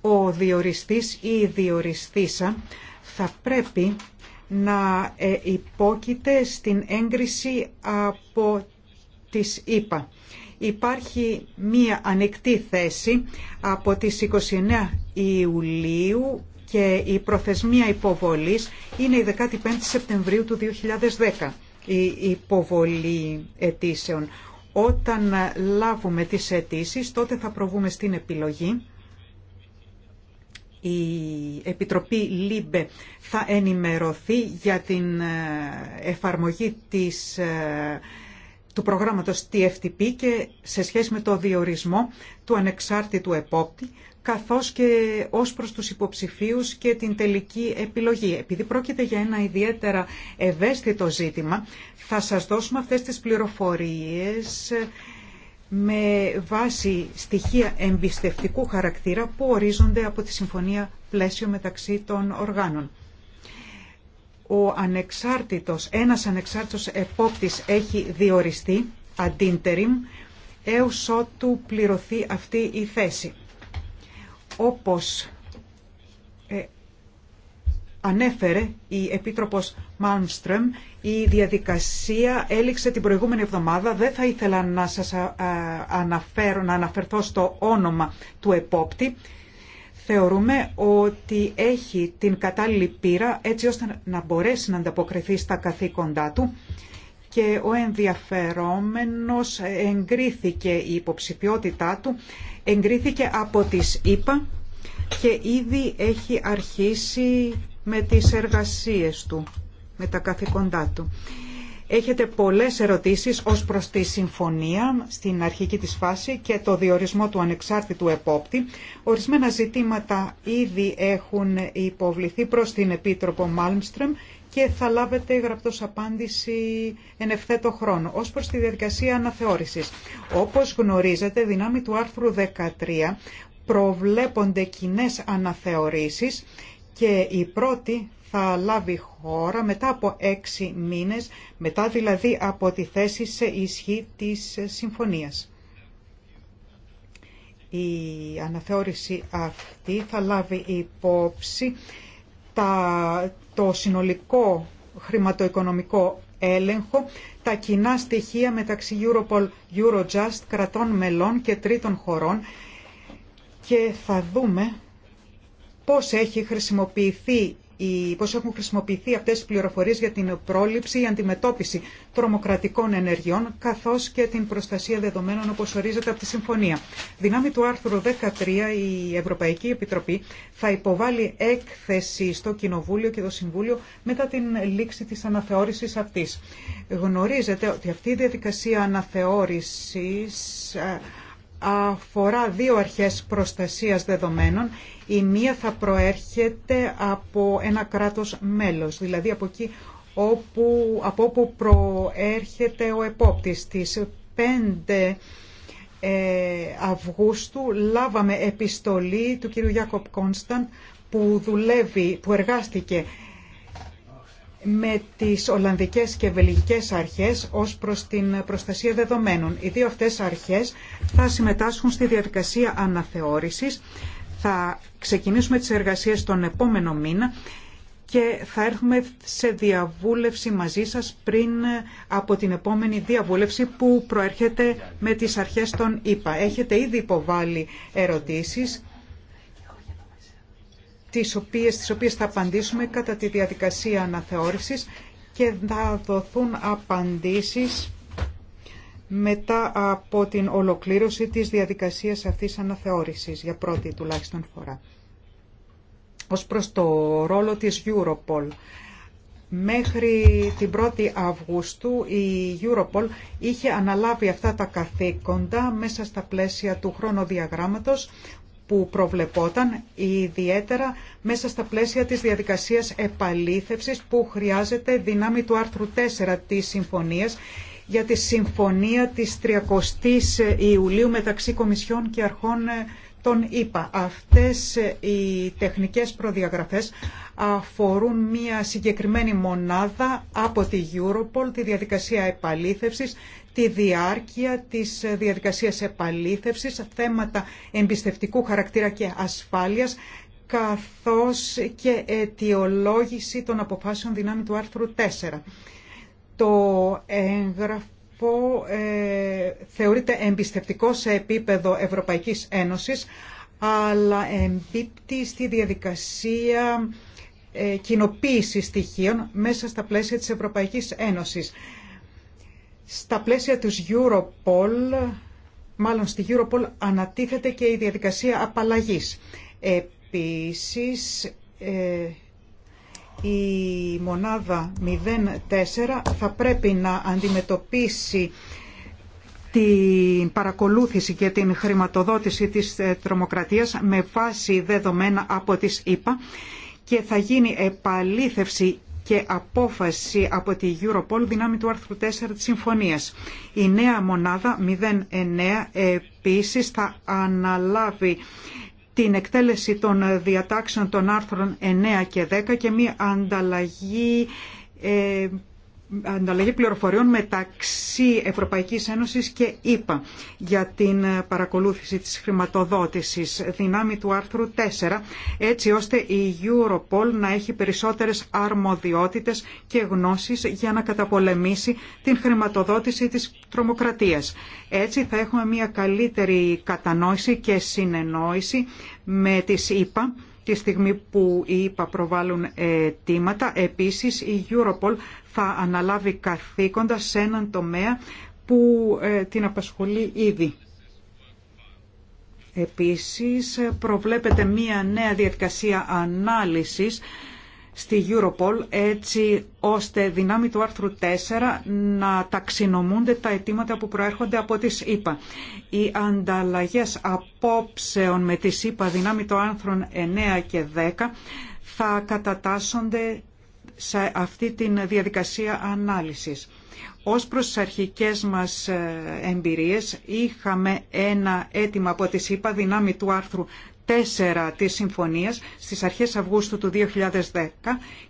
ο διοριστής ή η διοριστήσα θα πρέπει να ε, υπόκειται στην έγκριση από τις ΗΠΑ. Υπάρχει μία ανοιχτή θέση από τις 29 Ιουλίου και η προθεσμία υποβολής είναι η 15 Σεπτεμβρίου του 2010 η υποβολή αιτήσεων. Όταν λάβουμε τις αιτήσει, τότε θα προβούμε στην επιλογή. Η Επιτροπή ΛΥΜΠΕ θα ενημερωθεί για την ε, εφαρμογή της, ε, του προγράμματος TFTP και σε σχέση με το διορισμό του ανεξάρτητου επόπτη καθώς και ως προς τους υποψηφίους και την τελική επιλογή. Επειδή πρόκειται για ένα ιδιαίτερα ευαίσθητο ζήτημα, θα σας δώσουμε αυτές τις πληροφορίες ε, με βάση στοιχεία εμπιστευτικού χαρακτήρα που ορίζονται από τη Συμφωνία Πλαίσιο μεταξύ των οργάνων. Ο ανεξάρτητος, ένας ανεξάρτητος επόπτης έχει διοριστεί, αντίντεριμ, έως ότου πληρωθεί αυτή η θέση. Όπως ε, ανέφερε η Επίτροπος Μάνστρεμ, η διαδικασία έληξε την προηγούμενη εβδομάδα. Δεν θα ήθελα να σας αναφέρω, να αναφερθώ στο όνομα του επόπτη. Θεωρούμε ότι έχει την κατάλληλη πείρα έτσι ώστε να μπορέσει να ανταποκριθεί στα καθήκοντά του και ο ενδιαφερόμενος εγκρίθηκε η υποψηφιότητά του, εγκρίθηκε από τις ΙΠΑ και ήδη έχει αρχίσει με τις εργασίες του, με τα καθηκοντά του. Έχετε πολλές ερωτήσεις ως προς τη συμφωνία στην αρχική της φάση και το διορισμό του ανεξάρτητου επόπτη. Ορισμένα ζητήματα ήδη έχουν υποβληθεί προς την Επίτροπο Μάλμστρεμ και θα λάβετε γραπτός απάντηση εν ευθέτω χρόνο. Ως προς τη διαδικασία αναθεώρησης, όπως γνωρίζετε, δυνάμει του άρθρου 13 προβλέπονται κοινέ αναθεωρήσεις και η πρώτη θα λάβει χώρα μετά από έξι μήνες, μετά δηλαδή από τη θέση σε ισχύ της συμφωνίας. Η αναθεώρηση αυτή θα λάβει υπόψη τα, το συνολικό χρηματοοικονομικό έλεγχο, τα κοινά στοιχεία μεταξύ Europol, Eurojust, κρατών μελών και τρίτων χωρών και θα δούμε πώς έχει χρησιμοποιηθεί οι, πώς έχουν χρησιμοποιηθεί αυτές οι πληροφορίες για την πρόληψη ή αντιμετώπιση τρομοκρατικών ενεργειών, καθώς και την προστασία δεδομένων όπως ορίζεται από τη Συμφωνία. Δυνάμη του άρθρου 13, η Ευρωπαϊκή Επιτροπή θα υποβάλει έκθεση στο Κοινοβούλιο και το Συμβούλιο μετά την λήξη της αναθεώρησης αυτής. Γνωρίζετε ότι αυτή η διαδικασία αναθεώρησης ε, αφορά δύο αρχές προστασίας δεδομένων. Η μία θα προέρχεται από ένα κράτος μέλος, δηλαδή από εκεί όπου, από όπου προέρχεται ο επόπτης. Στις 5 ε, Αυγούστου λάβαμε επιστολή του κ. Γιάκοπ Κόνσταν που δουλεύει, που εργάστηκε με τις Ολλανδικές και Βελγικές αρχές ως προς την προστασία δεδομένων. Οι δύο αυτές αρχές θα συμμετάσχουν στη διαδικασία αναθεώρησης. Θα ξεκινήσουμε τις εργασίες τον επόμενο μήνα και θα έρθουμε σε διαβούλευση μαζί σας πριν από την επόμενη διαβούλευση που προέρχεται με τις αρχές των ΙΠΑ. Έχετε ήδη υποβάλει ερωτήσεις τις οποίες, τις οποίες θα απαντήσουμε κατά τη διαδικασία αναθεώρησης και θα δοθούν απαντήσεις μετά από την ολοκλήρωση της διαδικασίας αυτής αναθεώρησης, για πρώτη τουλάχιστον φορά. Ως προς το ρόλο της Europol, μέχρι την 1η Αυγούστου η Europol είχε αναλάβει αυτά τα καθήκοντα μέσα στα πλαίσια του χρονοδιαγράμματος που προβλεπόταν, ιδιαίτερα μέσα στα πλαίσια της διαδικασίας επαλήθευσης που χρειάζεται δυνάμει του άρθρου 4 της Συμφωνίας για τη Συμφωνία της 30ης Ιουλίου μεταξύ Κομισιών και Αρχών ε, των ΗΠΑ. Αυτές ε, οι τεχνικές προδιαγραφές αφορούν μια συγκεκριμένη μονάδα από τη Europol, τη διαδικασία επαλήθευσης, τη διάρκεια της διαδικασίας επαλήθευσης, θέματα εμπιστευτικού χαρακτήρα και ασφάλειας, καθώς και αιτιολόγηση των αποφάσεων δυνάμει του άρθρου 4. Το έγγραφο ε, θεωρείται εμπιστευτικό σε επίπεδο Ευρωπαϊκής Ένωσης, αλλά εμπίπτει στη διαδικασία ε, κοινοποίηση στοιχείων μέσα στα πλαίσια της Ευρωπαϊκής Ένωσης. Στα πλαίσια της Europol, μάλλον στη Europol ανατίθεται και η διαδικασία απαλλαγής. Επίσης, ε, η μονάδα 04 θα πρέπει να αντιμετωπίσει την παρακολούθηση και την χρηματοδότηση της ε, τρομοκρατίας με βάση δεδομένα από τις ΗΠΑ και θα γίνει επαλήθευση και απόφαση από τη Europol δυνάμει του άρθρου 4 της συμφωνίας. Η νέα μονάδα 09 επίσης θα αναλάβει την εκτέλεση των διατάξεων των άρθρων 9 και 10 και μία ανταλλαγή ε, ανταλλαγή πληροφοριών μεταξύ Ευρωπαϊκής Ένωσης και ΕΠΑ για την παρακολούθηση της χρηματοδότησης δυνάμει του άρθρου 4 έτσι ώστε η Europol να έχει περισσότερες αρμοδιότητες και γνώσεις για να καταπολεμήσει την χρηματοδότηση της τρομοκρατίας. Έτσι θα έχουμε μια καλύτερη κατανόηση και συνεννόηση με τις ΕΠΑ τη στιγμή που οι ΕΠΑ προβάλλουν αιτήματα. Επίσης, η Europol θα αναλάβει καθήκοντα σε έναν τομέα που ε, την απασχολεί ήδη. Επίσης προβλέπεται μία νέα διαδικασία ανάλυσης στη Europol έτσι ώστε δυνάμει του άρθρου 4 να ταξινομούνται τα αιτήματα που προέρχονται από τις ΗΠΑ. Οι ανταλλαγές απόψεων με τις ΗΠΑ δυνάμει των άρθρων 9 και 10 θα κατατάσσονται σε αυτή τη διαδικασία ανάλυσης. Ως προς τις αρχικές μας ε, εμπειρίες είχαμε ένα αίτημα από τη ΣΥΠΑ δυνάμει του άρθρου 4 της συμφωνίας στις αρχές Αυγούστου του 2010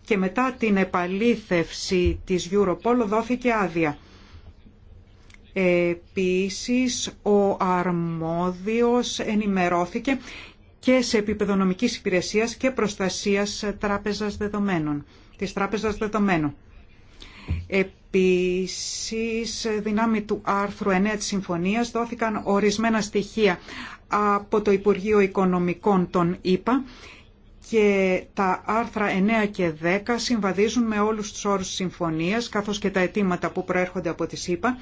και μετά την επαλήθευση της Europol δόθηκε άδεια. Επίσης, ο αρμόδιος ενημερώθηκε και σε επίπεδο νομικής υπηρεσίας και προστασίας τράπεζας δεδομένων της Τράπεζας Δεδομένων. Επίσης, δυνάμει του άρθρου 9 της Συμφωνίας δόθηκαν ορισμένα στοιχεία από το Υπουργείο Οικονομικών των ΗΠΑ και τα άρθρα 9 και 10 συμβαδίζουν με όλους τους όρους της συμφωνίας καθώς και τα αιτήματα που προέρχονται από τη ΣΥΠΑ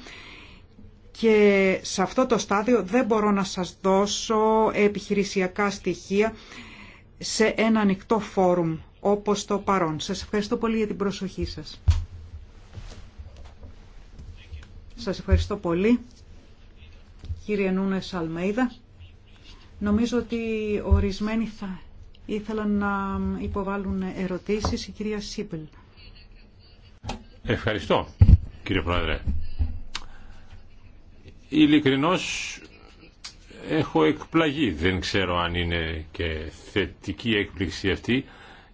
και σε αυτό το στάδιο δεν μπορώ να σας δώσω επιχειρησιακά στοιχεία σε ένα ανοιχτό φόρουμ όπως το παρόν. Σας ευχαριστώ πολύ για την προσοχή σας. Σας ευχαριστώ πολύ, κύριε Νούνες Αλμέιδα. Νομίζω ότι ορισμένοι θα ήθελαν να υποβάλουν ερωτήσεις. Η κυρία Σίπελ. Ευχαριστώ, κύριε Πρόεδρε. Ειλικρινώς έχω εκπλαγεί. Δεν ξέρω αν είναι και θετική έκπληξη αυτή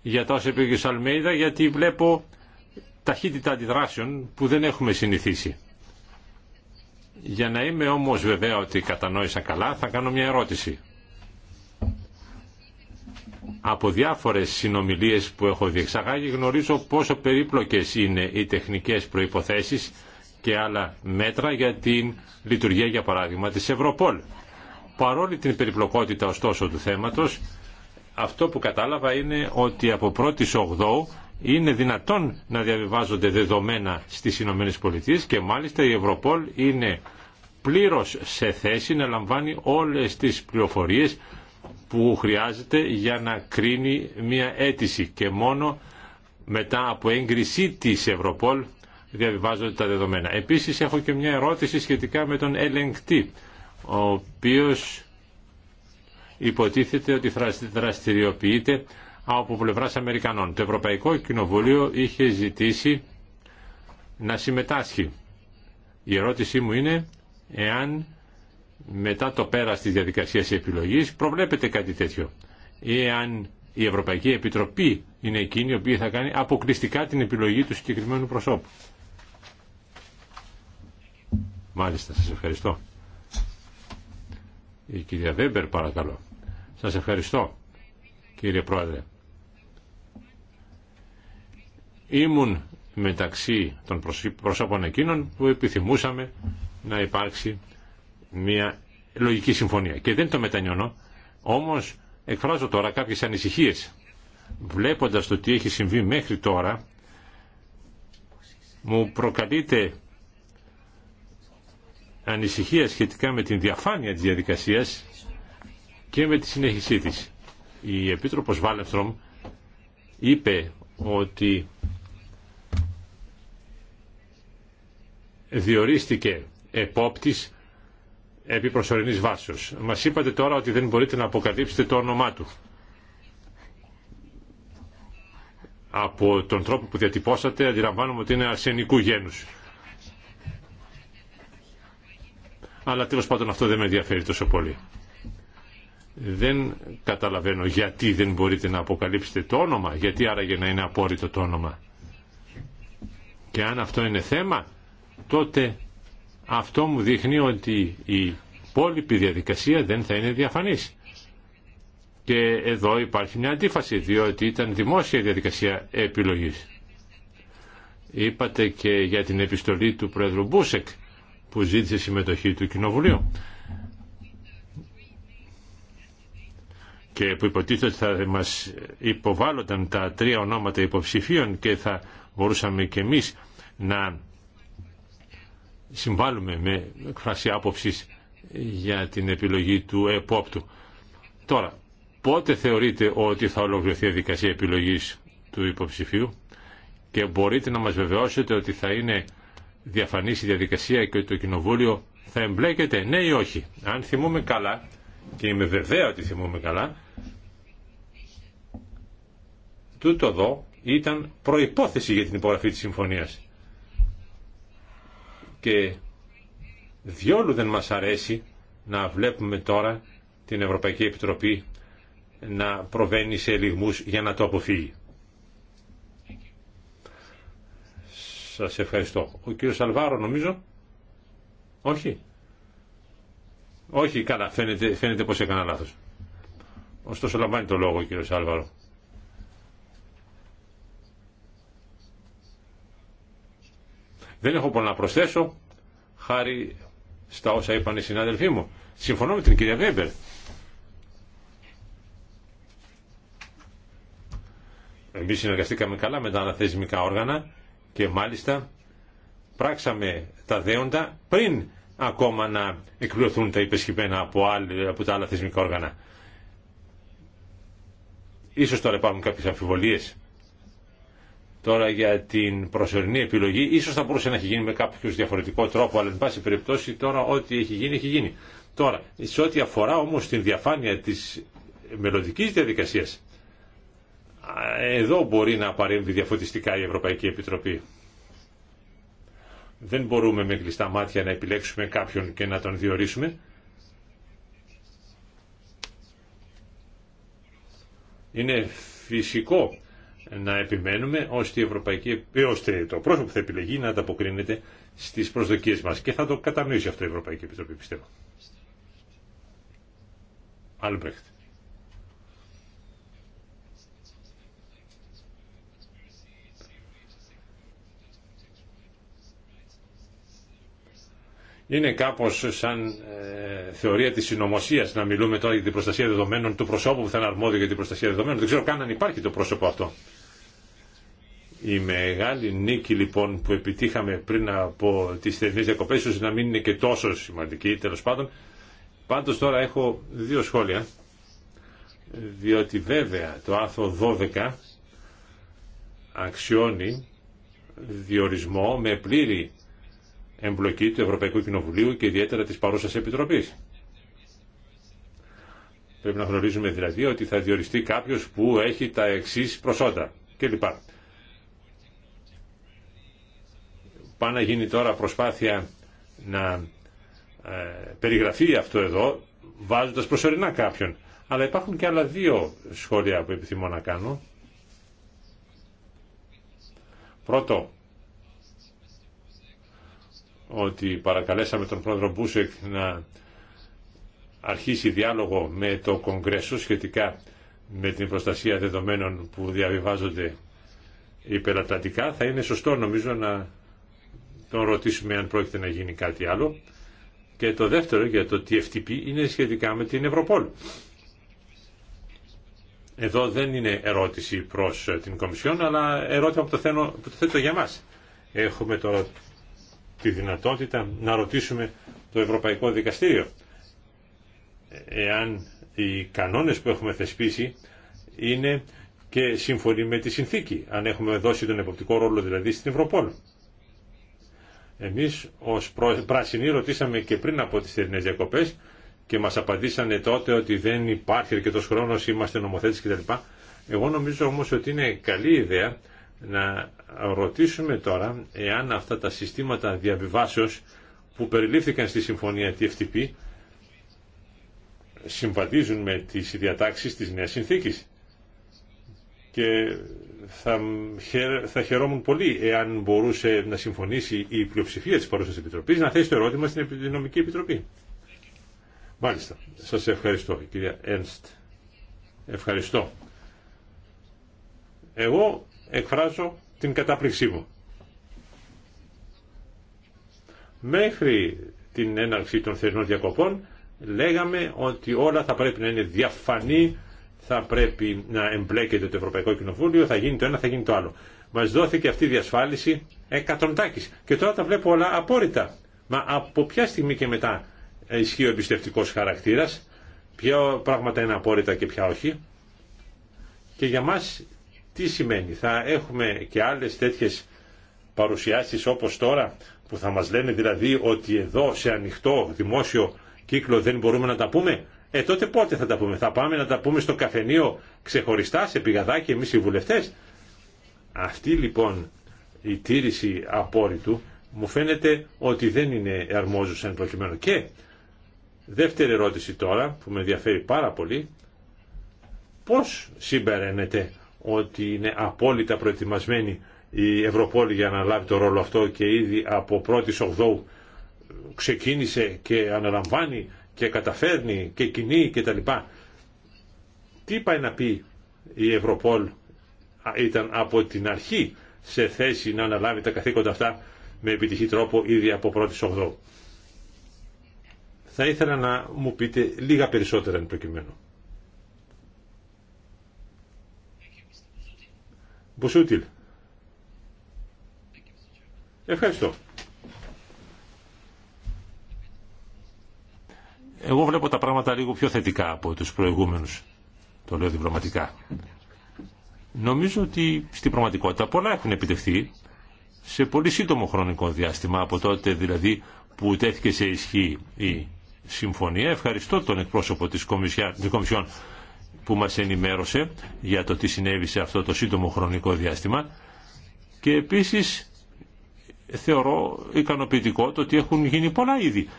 για τα όσα είπε Αλμέιδα γιατί βλέπω ταχύτητα αντιδράσεων που δεν έχουμε συνηθίσει. Για να είμαι όμως βεβαία ότι κατανόησα καλά θα κάνω μια ερώτηση. Από διάφορες συνομιλίες που έχω διεξαγάγει γνωρίζω πόσο περίπλοκες είναι οι τεχνικές προϋποθέσεις και άλλα μέτρα για την λειτουργία για παράδειγμα της Ευρωπόλ. Παρόλη την περιπλοκότητα ωστόσο του θέματος αυτό που κατάλαβα είναι ότι από 1η Ογδόου είναι δυνατόν να διαβιβάζονται δεδομένα στις πρώτης Ευρωπόλ είναι πλήρως σε θέση να λαμβάνει όλες τις πληροφορίες που χρειάζεται για να κρίνει μια αίτηση και μόνο μετά από έγκρισή της Ευρωπόλ διαβιβάζονται τα δεδομένα. Επίσης έχω και μια ερώτηση σχετικά με τον ελεγκτή ο οποίος υποτίθεται ότι δραστηριοποιείται από πλευράς Αμερικανών. Το Ευρωπαϊκό Κοινοβούλιο είχε ζητήσει να συμμετάσχει. Η ερώτησή μου είναι εάν μετά το πέρας της διαδικασίας επιλογής προβλέπεται κάτι τέτοιο ή εάν η Ευρωπαϊκή Επιτροπή είναι εκείνη η οποία θα κάνει αποκλειστικά την επιλογή του συγκεκριμένου προσώπου. Μάλιστα, σας ευχαριστώ. Η κυρία Βέμπερ παρακαλώ. Σας ευχαριστώ κύριε Πρόεδρε. Ήμουν μεταξύ των προσώπων εκείνων που επιθυμούσαμε να υπάρξει μια λογική συμφωνία. Και δεν το μετανιώνω, όμως εκφράζω τώρα κάποιες ανησυχίες. Βλέποντας το τι έχει συμβεί μέχρι τώρα, μου προκαλείται ανησυχία σχετικά με την διαφάνεια της διαδικασίας και με τη συνέχισή της. Η Επίτροπος Βάλεφτρομ είπε ότι διορίστηκε επόπτης επί προσωρινής βάσεως. Μας είπατε τώρα ότι δεν μπορείτε να αποκαλύψετε το όνομά του. Από τον τρόπο που διατυπώσατε αντιλαμβάνομαι ότι είναι αρσενικού γένους. αλλά τέλο πάντων αυτό δεν με ενδιαφέρει τόσο πολύ. Δεν καταλαβαίνω γιατί δεν μπορείτε να αποκαλύψετε το όνομα, γιατί άραγε να είναι απόρριτο το όνομα. Και αν αυτό είναι θέμα, τότε αυτό μου δείχνει ότι η υπόλοιπη διαδικασία δεν θα είναι διαφανής. Και εδώ υπάρχει μια αντίφαση, διότι ήταν δημόσια διαδικασία επιλογής. Είπατε και για την επιστολή του Πρόεδρου Μπούσεκ που ζήτησε συμμετοχή του Κοινοβουλίου και που υποτίθεται ότι θα μας υποβάλλονταν τα τρία ονόματα υποψηφίων και θα μπορούσαμε και εμείς να συμβάλλουμε με εκφράση άποψη για την επιλογή του επόπτου. Τώρα, πότε θεωρείτε ότι θα ολοκληρωθεί η δικασία επιλογής του υποψηφίου και μπορείτε να μας βεβαιώσετε ότι θα είναι διαφανής η διαδικασία και το κοινοβούλιο θα εμπλέκεται, ναι ή όχι. Αν θυμούμε καλά, και είμαι βεβαία ότι θυμούμε καλά, τούτο εδώ ήταν προϋπόθεση για την υπογραφή της συμφωνίας. Και διόλου δεν μας αρέσει να βλέπουμε τώρα την Ευρωπαϊκή Επιτροπή να προβαίνει σε λιγμούς για να το αποφύγει. Σας ευχαριστώ. Ο κύριος Αλβάρο νομίζω. Όχι. Όχι, καλά, φαίνεται, φαίνεται πως έκανα λάθος. Ωστόσο λαμβάνει το λόγο ο κύριος Άλβαρο. Δεν έχω πολλά να προσθέσω, χάρη στα όσα είπαν οι συνάδελφοί μου. Συμφωνώ με την κυρία Βέμπερ. Εμείς συνεργαστήκαμε καλά με τα αναθεσμικά όργανα και μάλιστα πράξαμε τα δέοντα πριν ακόμα να εκπληρωθούν τα υπεσχημένα από, από τα άλλα θεσμικά όργανα. Ίσως τώρα υπάρχουν κάποιες αμφιβολίες. Τώρα για την προσωρινή επιλογή, ίσως θα μπορούσε να έχει γίνει με κάποιο διαφορετικό τρόπο, αλλά εν πάση περιπτώσει τώρα ό,τι έχει γίνει, έχει γίνει. Τώρα, σε ό,τι αφορά όμως την διαφάνεια της μελλοντική διαδικασίας, ε, εδώ μπορεί να παρέμβει διαφωτιστικά η Ευρωπαϊκή Επιτροπή. Δεν μπορούμε με κλειστά μάτια να επιλέξουμε κάποιον και να τον διορίσουμε. Είναι φυσικό να επιμένουμε ώστε, η Ευρωπαϊκή, ε, ώστε το πρόσωπο που θα επιλεγεί να ανταποκρίνεται στις προσδοκίες μας και θα το κατανοήσει αυτό η Ευρωπαϊκή Επιτροπή πιστεύω. Αλμπρεχτ Είναι κάπω σαν ε, θεωρία τη συνωμοσία να μιλούμε τώρα για την προστασία δεδομένων του προσώπου που θα είναι αρμόδιο για την προστασία δεδομένων. Δεν ξέρω καν αν υπάρχει το πρόσωπο αυτό. Η μεγάλη νίκη λοιπόν που επιτύχαμε πριν από τι θερινέ διακοπέ ώστε να μην είναι και τόσο σημαντική τέλο πάντων. Πάντω τώρα έχω δύο σχόλια διότι βέβαια το άθο 12 αξιώνει διορισμό με πλήρη εμπλοκή του Ευρωπαϊκού Κοινοβουλίου και ιδιαίτερα της παρούσας Επιτροπής. Πρέπει να γνωρίζουμε δηλαδή ότι θα διοριστεί κάποιος που έχει τα εξή προσόντα κλπ. λοιπά. να γίνει τώρα προσπάθεια να ε, περιγραφεί αυτό εδώ βάζοντας προσωρινά κάποιον. Αλλά υπάρχουν και άλλα δύο σχόλια που επιθυμώ να κάνω. Πρώτο, ότι παρακαλέσαμε τον πρόεδρο Μπούσεκ να αρχίσει διάλογο με το Κογκρέσο σχετικά με την προστασία δεδομένων που διαβιβάζονται υπερατλαντικά. Θα είναι σωστό νομίζω να τον ρωτήσουμε αν πρόκειται να γίνει κάτι άλλο. Και το δεύτερο για το TFTP είναι σχετικά με την Ευρωπόλ. Εδώ δεν είναι ερώτηση προς την Κομισιόν, αλλά ερώτημα που το, θέτω για μας. Έχουμε τώρα τη δυνατότητα να ρωτήσουμε το Ευρωπαϊκό Δικαστήριο εάν οι κανόνες που έχουμε θεσπίσει είναι και σύμφωνοι με τη συνθήκη, αν έχουμε δώσει τον εποπτικό ρόλο δηλαδή στην Ευρωπόλ. Εμείς ως πράσινοι ρωτήσαμε και πριν από τις θερινές διακοπές και μας απαντήσανε τότε ότι δεν υπάρχει αρκετός χρόνος, είμαστε νομοθέτες κτλ. Εγώ νομίζω όμως ότι είναι καλή ιδέα να ρωτήσουμε τώρα εάν αυτά τα συστήματα διαβιβάσεως που περιλήφθηκαν στη συμφωνία TFTP συμβατίζουν με τις διατάξεις της νέας συνθήκης. Και θα, θα χαιρόμουν πολύ εάν μπορούσε να συμφωνήσει η πλειοψηφία της παρούσας Επιτροπής να θέσει το ερώτημα στην Επιδυνομική Επιτροπή. Μάλιστα. Σας ευχαριστώ, κυρία Ένστ. Ευχαριστώ. Εγώ εκφράζω την κατάπληξή μου. Μέχρι την έναρξη των θεσμών διακοπών λέγαμε ότι όλα θα πρέπει να είναι διαφανή, θα πρέπει να εμπλέκεται το Ευρωπαϊκό Κοινοβούλιο, θα γίνει το ένα, θα γίνει το άλλο. Μας δόθηκε αυτή η διασφάλιση εκατοντάκης και τώρα τα βλέπω όλα απόρριτα. Μα από ποια στιγμή και μετά ισχύει ο εμπιστευτικό χαρακτήρας, ποια πράγματα είναι απόρριτα και ποια όχι. Και για μας τι σημαίνει, θα έχουμε και άλλες τέτοιες παρουσιάσεις όπως τώρα που θα μας λένε δηλαδή ότι εδώ σε ανοιχτό δημόσιο κύκλο δεν μπορούμε να τα πούμε. Ε, τότε πότε θα τα πούμε. Θα πάμε να τα πούμε στο καφενείο ξεχωριστά, σε πηγαδάκι, εμείς οι βουλευτές. Αυτή λοιπόν η τήρηση απόρριτου μου φαίνεται ότι δεν είναι αρμόζουσα εν προκειμένου. Και δεύτερη ερώτηση τώρα που με ενδιαφέρει πάρα πολύ. Πώς συμπεραίνεται ότι είναι απόλυτα προετοιμασμένη η Ευρωπόλη για να λάβει το ρόλο αυτό και ήδη από πρώτης ογδόου ξεκίνησε και αναλαμβάνει και καταφέρνει και κινεί και τα λοιπά. Τι πάει να πει η Ευρωπόλ ήταν από την αρχή σε θέση να αναλάβει τα καθήκοντα αυτά με επιτυχή τρόπο ήδη από πρώτης ογδόου. Θα ήθελα να μου πείτε λίγα περισσότερα εν προκειμένου. Ευχαριστώ. Εγώ βλέπω τα πράγματα λίγο πιο θετικά από τους προηγούμενους. Το λέω διπλωματικά. Νομίζω ότι στην πραγματικότητα πολλά έχουν επιτευχθεί σε πολύ σύντομο χρονικό διάστημα από τότε δηλαδή που τέθηκε σε ισχύ η συμφωνία. Ευχαριστώ τον εκπρόσωπο της Κομισιόν που μας ενημέρωσε για το τι συνέβη σε αυτό το σύντομο χρονικό διάστημα και επίσης θεωρώ ικανοποιητικό το ότι έχουν γίνει πολλά ήδη.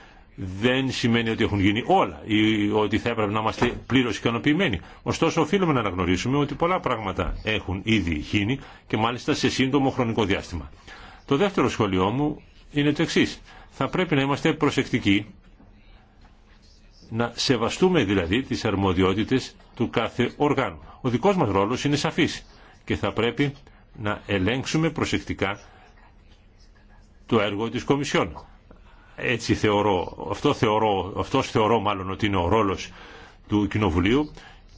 Δεν σημαίνει ότι έχουν γίνει όλα ή ότι θα έπρεπε να είμαστε πλήρω ικανοποιημένοι. Ωστόσο, οφείλουμε να αναγνωρίσουμε ότι πολλά πράγματα έχουν ήδη γίνει και μάλιστα σε σύντομο χρονικό διάστημα. Το δεύτερο σχολείο μου είναι το εξή. Θα πρέπει να είμαστε προσεκτικοί να σεβαστούμε δηλαδή τις αρμοδιότητες του κάθε οργάνου. Ο δικός μας ρόλος είναι σαφής και θα πρέπει να ελέγξουμε προσεκτικά το έργο της Κομισιόν. Έτσι θεωρώ, αυτό θεωρώ, αυτός θεωρώ μάλλον ότι είναι ο ρόλος του Κοινοβουλίου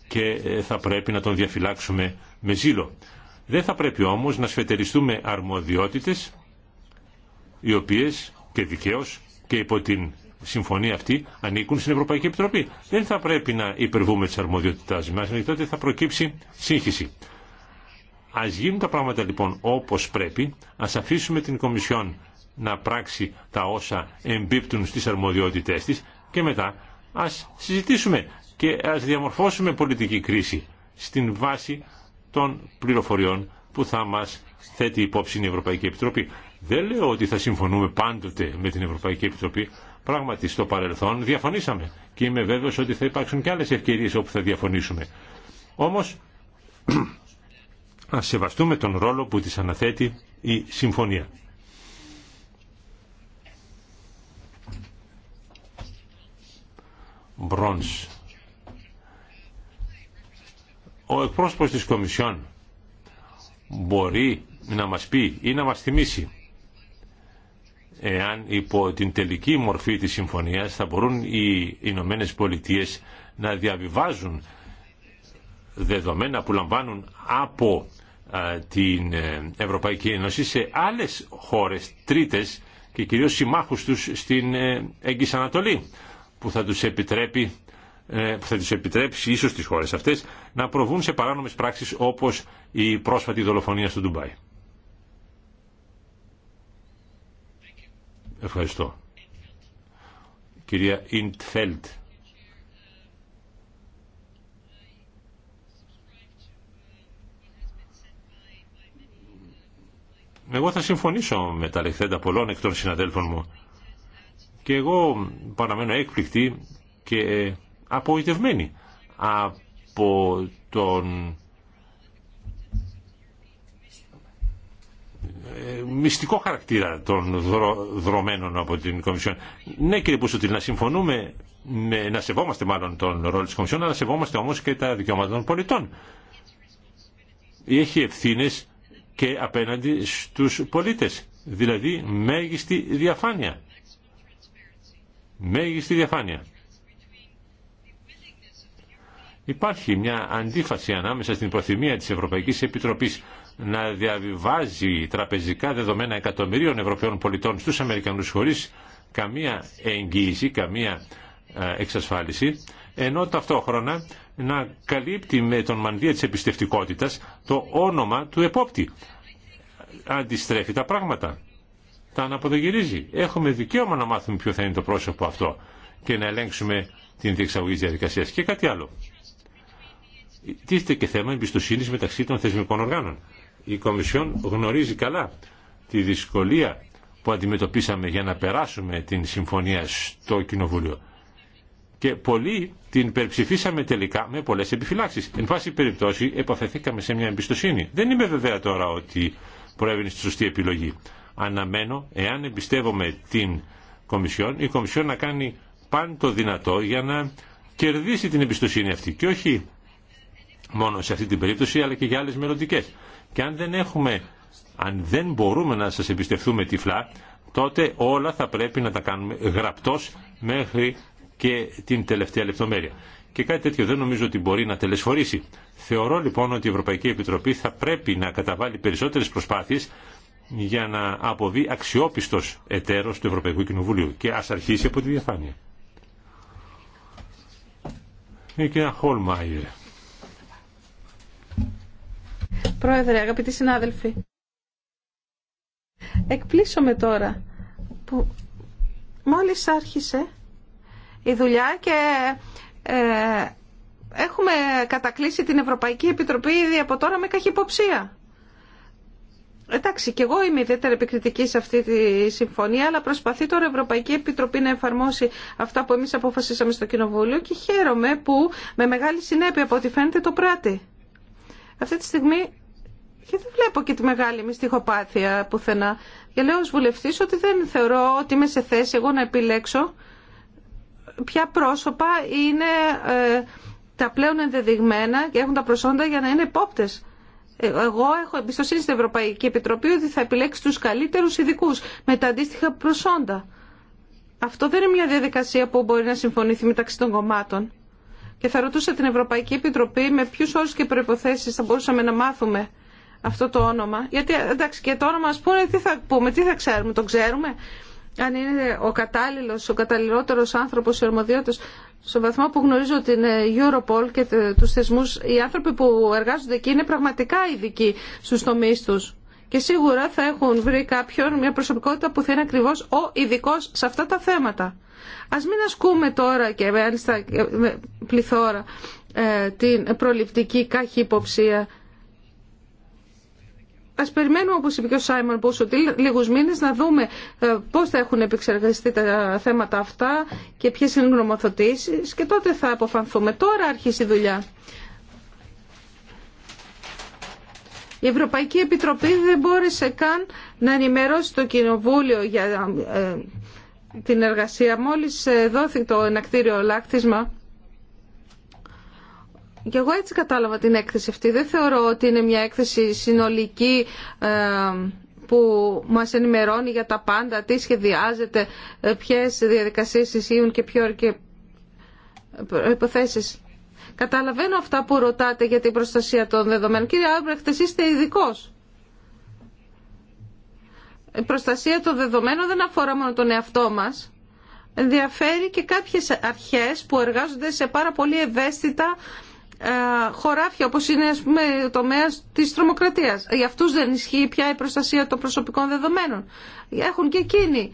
και ε, θα πρέπει να τον διαφυλάξουμε με ζήλο. Δεν θα πρέπει όμως να σφετεριστούμε αρμοδιότητες οι οποίες και δικαίως και υπό την συμφωνία αυτή ανήκουν στην Ευρωπαϊκή Επιτροπή. Δεν θα πρέπει να υπερβούμε τι αρμοδιότητά μα γιατί τότε θα προκύψει σύγχυση. Α γίνουν τα πράγματα λοιπόν όπω πρέπει, ας αφήσουμε την Κομισιόν να πράξει τα όσα εμπίπτουν στι αρμοδιότητε τη και μετά α συζητήσουμε και α διαμορφώσουμε πολιτική κρίση στην βάση των πληροφοριών που θα μα θέτει υπόψη η Ευρωπαϊκή Επιτροπή. Δεν λέω ότι θα συμφωνούμε πάντοτε με την Ευρωπαϊκή Επιτροπή, Πράγματι, στο παρελθόν διαφωνήσαμε και είμαι βέβαιος ότι θα υπάρξουν και άλλες ευκαιρίες όπου θα διαφωνήσουμε. Όμως, ας σεβαστούμε τον ρόλο που της αναθέτει η συμφωνία. Μπρόνς. Ο εκπρόσωπος της Κομισιόν μπορεί να μας πει ή να μας θυμίσει εάν υπό την τελική μορφή της συμφωνίας θα μπορούν οι Ηνωμένε Πολιτείε να διαβιβάζουν δεδομένα που λαμβάνουν από την ε, Ευρωπαϊκή Ένωση σε άλλες χώρες τρίτες και κυρίως συμμάχους τους στην ε, Έγκυς Ανατολή που θα τους επιτρέπει ε, που θα τους επιτρέψει ίσως τις χώρες αυτές να προβούν σε παράνομες πράξεις όπως η πρόσφατη δολοφονία στο Ντουμπάι. Ευχαριστώ. Κυρία Ιντφέλτ. Εγώ θα συμφωνήσω με τα λεχθέντα πολλών εκ των συναδέλφων μου. Και εγώ παραμένω έκπληκτη και απογοητευμένη από τον μυστικό χαρακτήρα των δρο, δρομένων από την Κομισιόν. Ναι κύριε Πουσουτήλ, να συμφωνούμε, να σεβόμαστε μάλλον τον ρόλο της Κομισιόν, αλλά να σεβόμαστε όμως και τα δικαιώματα των πολιτών. Έχει ευθύνε και απέναντι στους πολίτες, δηλαδή μέγιστη διαφάνεια. Μέγιστη διαφάνεια. Υπάρχει μια αντίφαση ανάμεσα στην προθυμία της Ευρωπαϊκής Επιτροπής να διαβιβάζει τραπεζικά δεδομένα εκατομμυρίων Ευρωπαίων πολιτών στους Αμερικανούς χωρίς καμία εγγύηση, καμία εξασφάλιση, ενώ ταυτόχρονα να καλύπτει με τον μανδύα της εμπιστευτικότητας το όνομα του επόπτη. Αντιστρέφει τα πράγματα. Τα αναποδογυρίζει. Έχουμε δικαίωμα να μάθουμε ποιο θα είναι το πρόσωπο αυτό και να ελέγξουμε την διεξαγωγή της διαδικασίας. Και κάτι άλλο. Τίθεται και θέμα εμπιστοσύνη μεταξύ των θεσμικών οργάνων η Κομισιόν γνωρίζει καλά τη δυσκολία που αντιμετωπίσαμε για να περάσουμε την συμφωνία στο Κοινοβούλιο. Και πολλοί την υπερψηφίσαμε τελικά με πολλέ επιφυλάξει. Εν πάση περιπτώσει, επαφεθήκαμε σε μια εμπιστοσύνη. Δεν είμαι βέβαια τώρα ότι προέβαινε στη σωστή επιλογή. Αναμένω, εάν εμπιστεύομαι την Κομισιόν, η Κομισιόν να κάνει πάντο το δυνατό για να κερδίσει την εμπιστοσύνη αυτή. Και όχι μόνο σε αυτή την περίπτωση, αλλά και για άλλε μελλοντικέ. Και αν δεν έχουμε, αν δεν μπορούμε να σας εμπιστευτούμε τυφλά, τότε όλα θα πρέπει να τα κάνουμε γραπτός μέχρι και την τελευταία λεπτομέρεια. Και κάτι τέτοιο δεν νομίζω ότι μπορεί να τελεσφορήσει. Θεωρώ λοιπόν ότι η Ευρωπαϊκή Επιτροπή θα πρέπει να καταβάλει περισσότερες προσπάθειες για να αποβεί αξιόπιστος εταίρος του Ευρωπαϊκού Κοινοβουλίου. Και ας αρχίσει από τη διαφάνεια. Ε, Πρόεδρε, αγαπητοί συνάδελφοι, εκπλήσωμαι τώρα που μόλις άρχισε η δουλειά και ε, έχουμε κατακλείσει την Ευρωπαϊκή Επιτροπή ήδη από τώρα με καχυποψία. Εντάξει, και εγώ είμαι ιδιαίτερα επικριτική σε αυτή τη συμφωνία, αλλά προσπαθεί τώρα η Ευρωπαϊκή Επιτροπή να εφαρμόσει αυτά που εμείς αποφασίσαμε στο Κοινοβούλιο και χαίρομαι που με μεγάλη συνέπεια από ό,τι φαίνεται το πράττει. Αυτή τη στιγμή και δεν βλέπω και τη μεγάλη μυστικοπάθεια πουθενά. Και λέω ως βουλευτής ότι δεν θεωρώ ότι είμαι σε θέση εγώ να επιλέξω ποια πρόσωπα είναι ε, τα πλέον ενδεδειγμένα και έχουν τα προσόντα για να είναι υπόπτες. Ε, εγώ έχω εμπιστοσύνη στην Ευρωπαϊκή Επιτροπή ότι θα επιλέξει τους καλύτερους ειδικού με τα αντίστοιχα προσόντα. Αυτό δεν είναι μια διαδικασία που μπορεί να συμφωνηθεί μεταξύ των κομμάτων. Και θα ρωτούσα την Ευρωπαϊκή Επιτροπή με ποιου όρου και προποθέσει θα μπορούσαμε να μάθουμε αυτό το όνομα. Γιατί εντάξει και το όνομα ας πούμε τι θα πούμε, τι θα ξέρουμε, το ξέρουμε. Αν είναι ο κατάλληλο, ο καταλληλότερο άνθρωπος, ο αρμοδιότητα, στον βαθμό που γνωρίζω την ε, Europol και ε, τους θεσμούς, οι άνθρωποι που εργάζονται εκεί είναι πραγματικά ειδικοί στου τομεί του και σίγουρα θα έχουν βρει κάποιον μια προσωπικότητα που θα είναι ακριβώς ο ειδικό σε αυτά τα θέματα. Ας μην ασκούμε τώρα και μάλιστα με πληθώρα ε, την προληπτική κάχη υποψία. Ας περιμένουμε όπω είπε και ο Σάιμον Πούσου, λιγου μήνε να δούμε ε, πώς θα έχουν επεξεργαστεί τα θέματα αυτά και ποιε είναι οι γνωμοθετήσεις και τότε θα αποφανθούμε. Τώρα άρχισε η δουλειά. Η Ευρωπαϊκή Επιτροπή δεν μπόρεσε καν να ενημερώσει το Κοινοβούλιο για ε, την εργασία. Μόλις ε, δόθηκε το ενακτήριο λάκτισμα, και εγώ έτσι κατάλαβα την έκθεση αυτή. Δεν θεωρώ ότι είναι μια έκθεση συνολική ε, που μας ενημερώνει για τα πάντα, τι σχεδιάζεται, ποιες διαδικασίες ισχύουν και ποιο και υποθέσεις. Καταλαβαίνω αυτά που ρωτάτε για την προστασία των δεδομένων. Κύριε Άμπρεχτ, εσείς είστε ειδικό. Η προστασία των δεδομένων δεν αφορά μόνο τον εαυτό μας. Ενδιαφέρει και κάποιες αρχές που εργάζονται σε πάρα πολύ ευαίσθητα ε, χωράφια, όπως είναι ας πούμε, ο τομέας της τρομοκρατίας. Για αυτούς δεν ισχύει πια η προστασία των προσωπικών δεδομένων. Έχουν και εκείνοι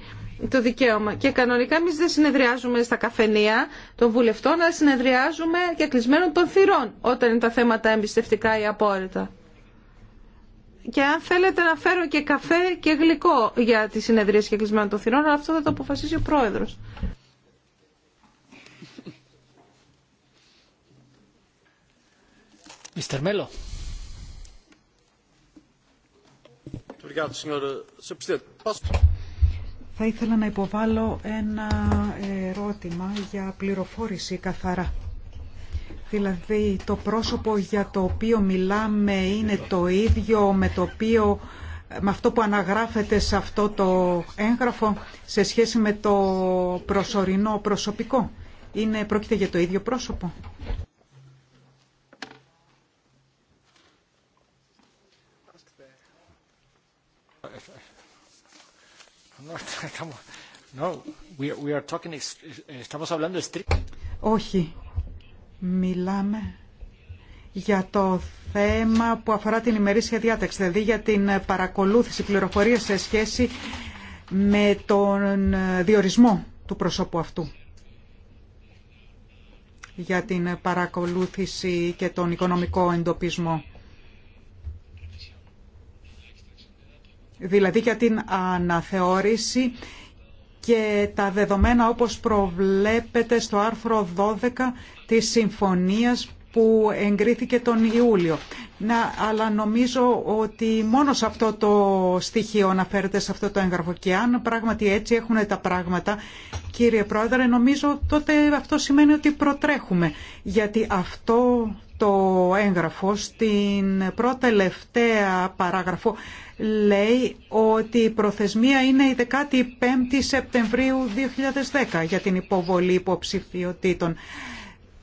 το δικαίωμα. Και κανονικά εμεί δεν συνεδριάζουμε στα καφενεία των βουλευτών, αλλά συνεδριάζουμε και κλεισμένων των θυρών όταν είναι τα θέματα εμπιστευτικά ή απόρριτα. Και αν θέλετε να φέρω και καφέ και γλυκό για τις συνεδρίες και κλεισμένων των θυρών, αλλά αυτό θα το αποφασίσει ο πρόεδρος. Mr. Mello. Θα ήθελα να υποβάλω ένα ερώτημα για πληροφόρηση καθαρά. Δηλαδή το πρόσωπο για το οποίο μιλάμε είναι το ίδιο με το οποίο με αυτό που αναγράφεται σε αυτό το έγγραφο σε σχέση με το προσωρινό προσωπικό. Είναι, πρόκειται για το ίδιο πρόσωπο. Όχι, μιλάμε για το θέμα που αφορά την ημερήσια διάταξη, δηλαδή για την παρακολούθηση πληροφορίας σε σχέση με τον διορισμό του προσώπου αυτού για την παρακολούθηση και τον οικονομικό εντοπισμό. δηλαδή για την αναθεώρηση και τα δεδομένα όπως προβλέπεται στο άρθρο 12 της συμφωνίας που εγκρίθηκε τον Ιούλιο. Να, αλλά νομίζω ότι μόνο σε αυτό το στοιχείο αναφέρεται σε αυτό το έγγραφο και αν πράγματι έτσι έχουν τα πράγματα, κύριε Πρόεδρε, νομίζω τότε αυτό σημαίνει ότι προτρέχουμε, γιατί αυτό το έγγραφο, στην πρώτη τελευταία παράγραφο, λέει ότι η προθεσμία είναι η 15η Σεπτεμβρίου 2010 για την υποβολή υποψηφιοτήτων.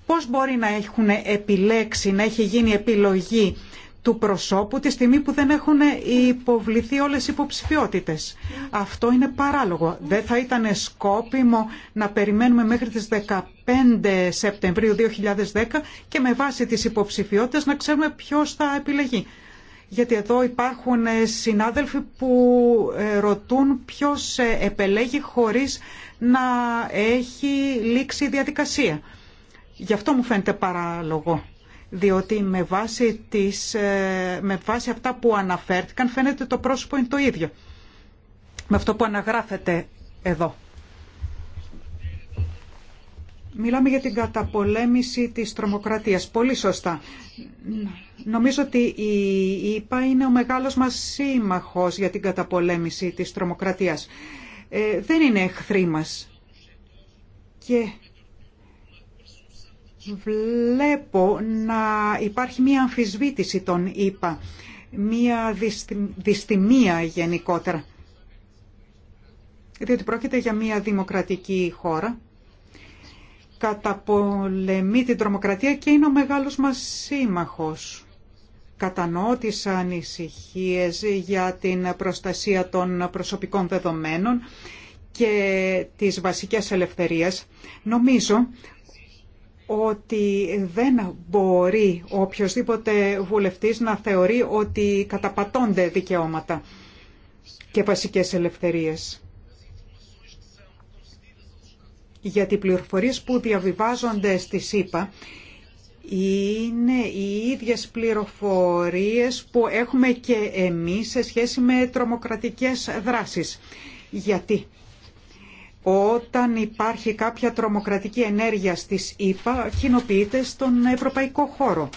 Πώς μπορεί να έχουν επιλέξει, να έχει γίνει επιλογή του προσώπου τη στιγμή που δεν έχουν υποβληθεί όλες οι υποψηφιότητες. Αυτό είναι παράλογο. Δεν θα ήταν σκόπιμο να περιμένουμε μέχρι τις 15 Σεπτεμβρίου 2010 και με βάση τις υποψηφιότητες να ξέρουμε ποιος θα επιλεγεί. Γιατί εδώ υπάρχουν συνάδελφοι που ε, ρωτούν ποιος ε, επελέγει χωρίς να έχει λήξει η διαδικασία. Γι' αυτό μου φαίνεται παράλογο διότι με βάση, τις, ε, με βάση αυτά που αναφέρθηκαν φαίνεται το πρόσωπο είναι το ίδιο με αυτό που αναγράφεται εδώ. Μιλάμε για την καταπολέμηση της τρομοκρατίας. Πολύ σωστά. Νομίζω ότι η ΕΠΑ είναι ο μεγάλος μας σύμμαχος για την καταπολέμηση της τρομοκρατίας. Ε, δεν είναι εχθρή μας. Και βλέπω να υπάρχει μία αμφισβήτηση των είπα μία δυστημία γενικότερα. Διότι πρόκειται για μία δημοκρατική χώρα, καταπολεμεί την τρομοκρατία και είναι ο μεγάλος μας σύμμαχος. Κατανοώ τις ανησυχίες για την προστασία των προσωπικών δεδομένων και τις βασικές ελευθερίες. Νομίζω ότι δεν μπορεί ο οποιοδήποτε βουλευτής να θεωρεί ότι καταπατώνται δικαιώματα και βασικές ελευθερίες. Γιατί οι πληροφορίες που διαβιβάζονται στη ΣΥΠΑ είναι οι ίδιες πληροφορίες που έχουμε και εμείς σε σχέση με τρομοκρατικές δράσεις. Γιατί όταν υπάρχει κάποια τρομοκρατική ενέργεια στις ΗΠΑ κοινοποιείται στον ευρωπαϊκό χώρο,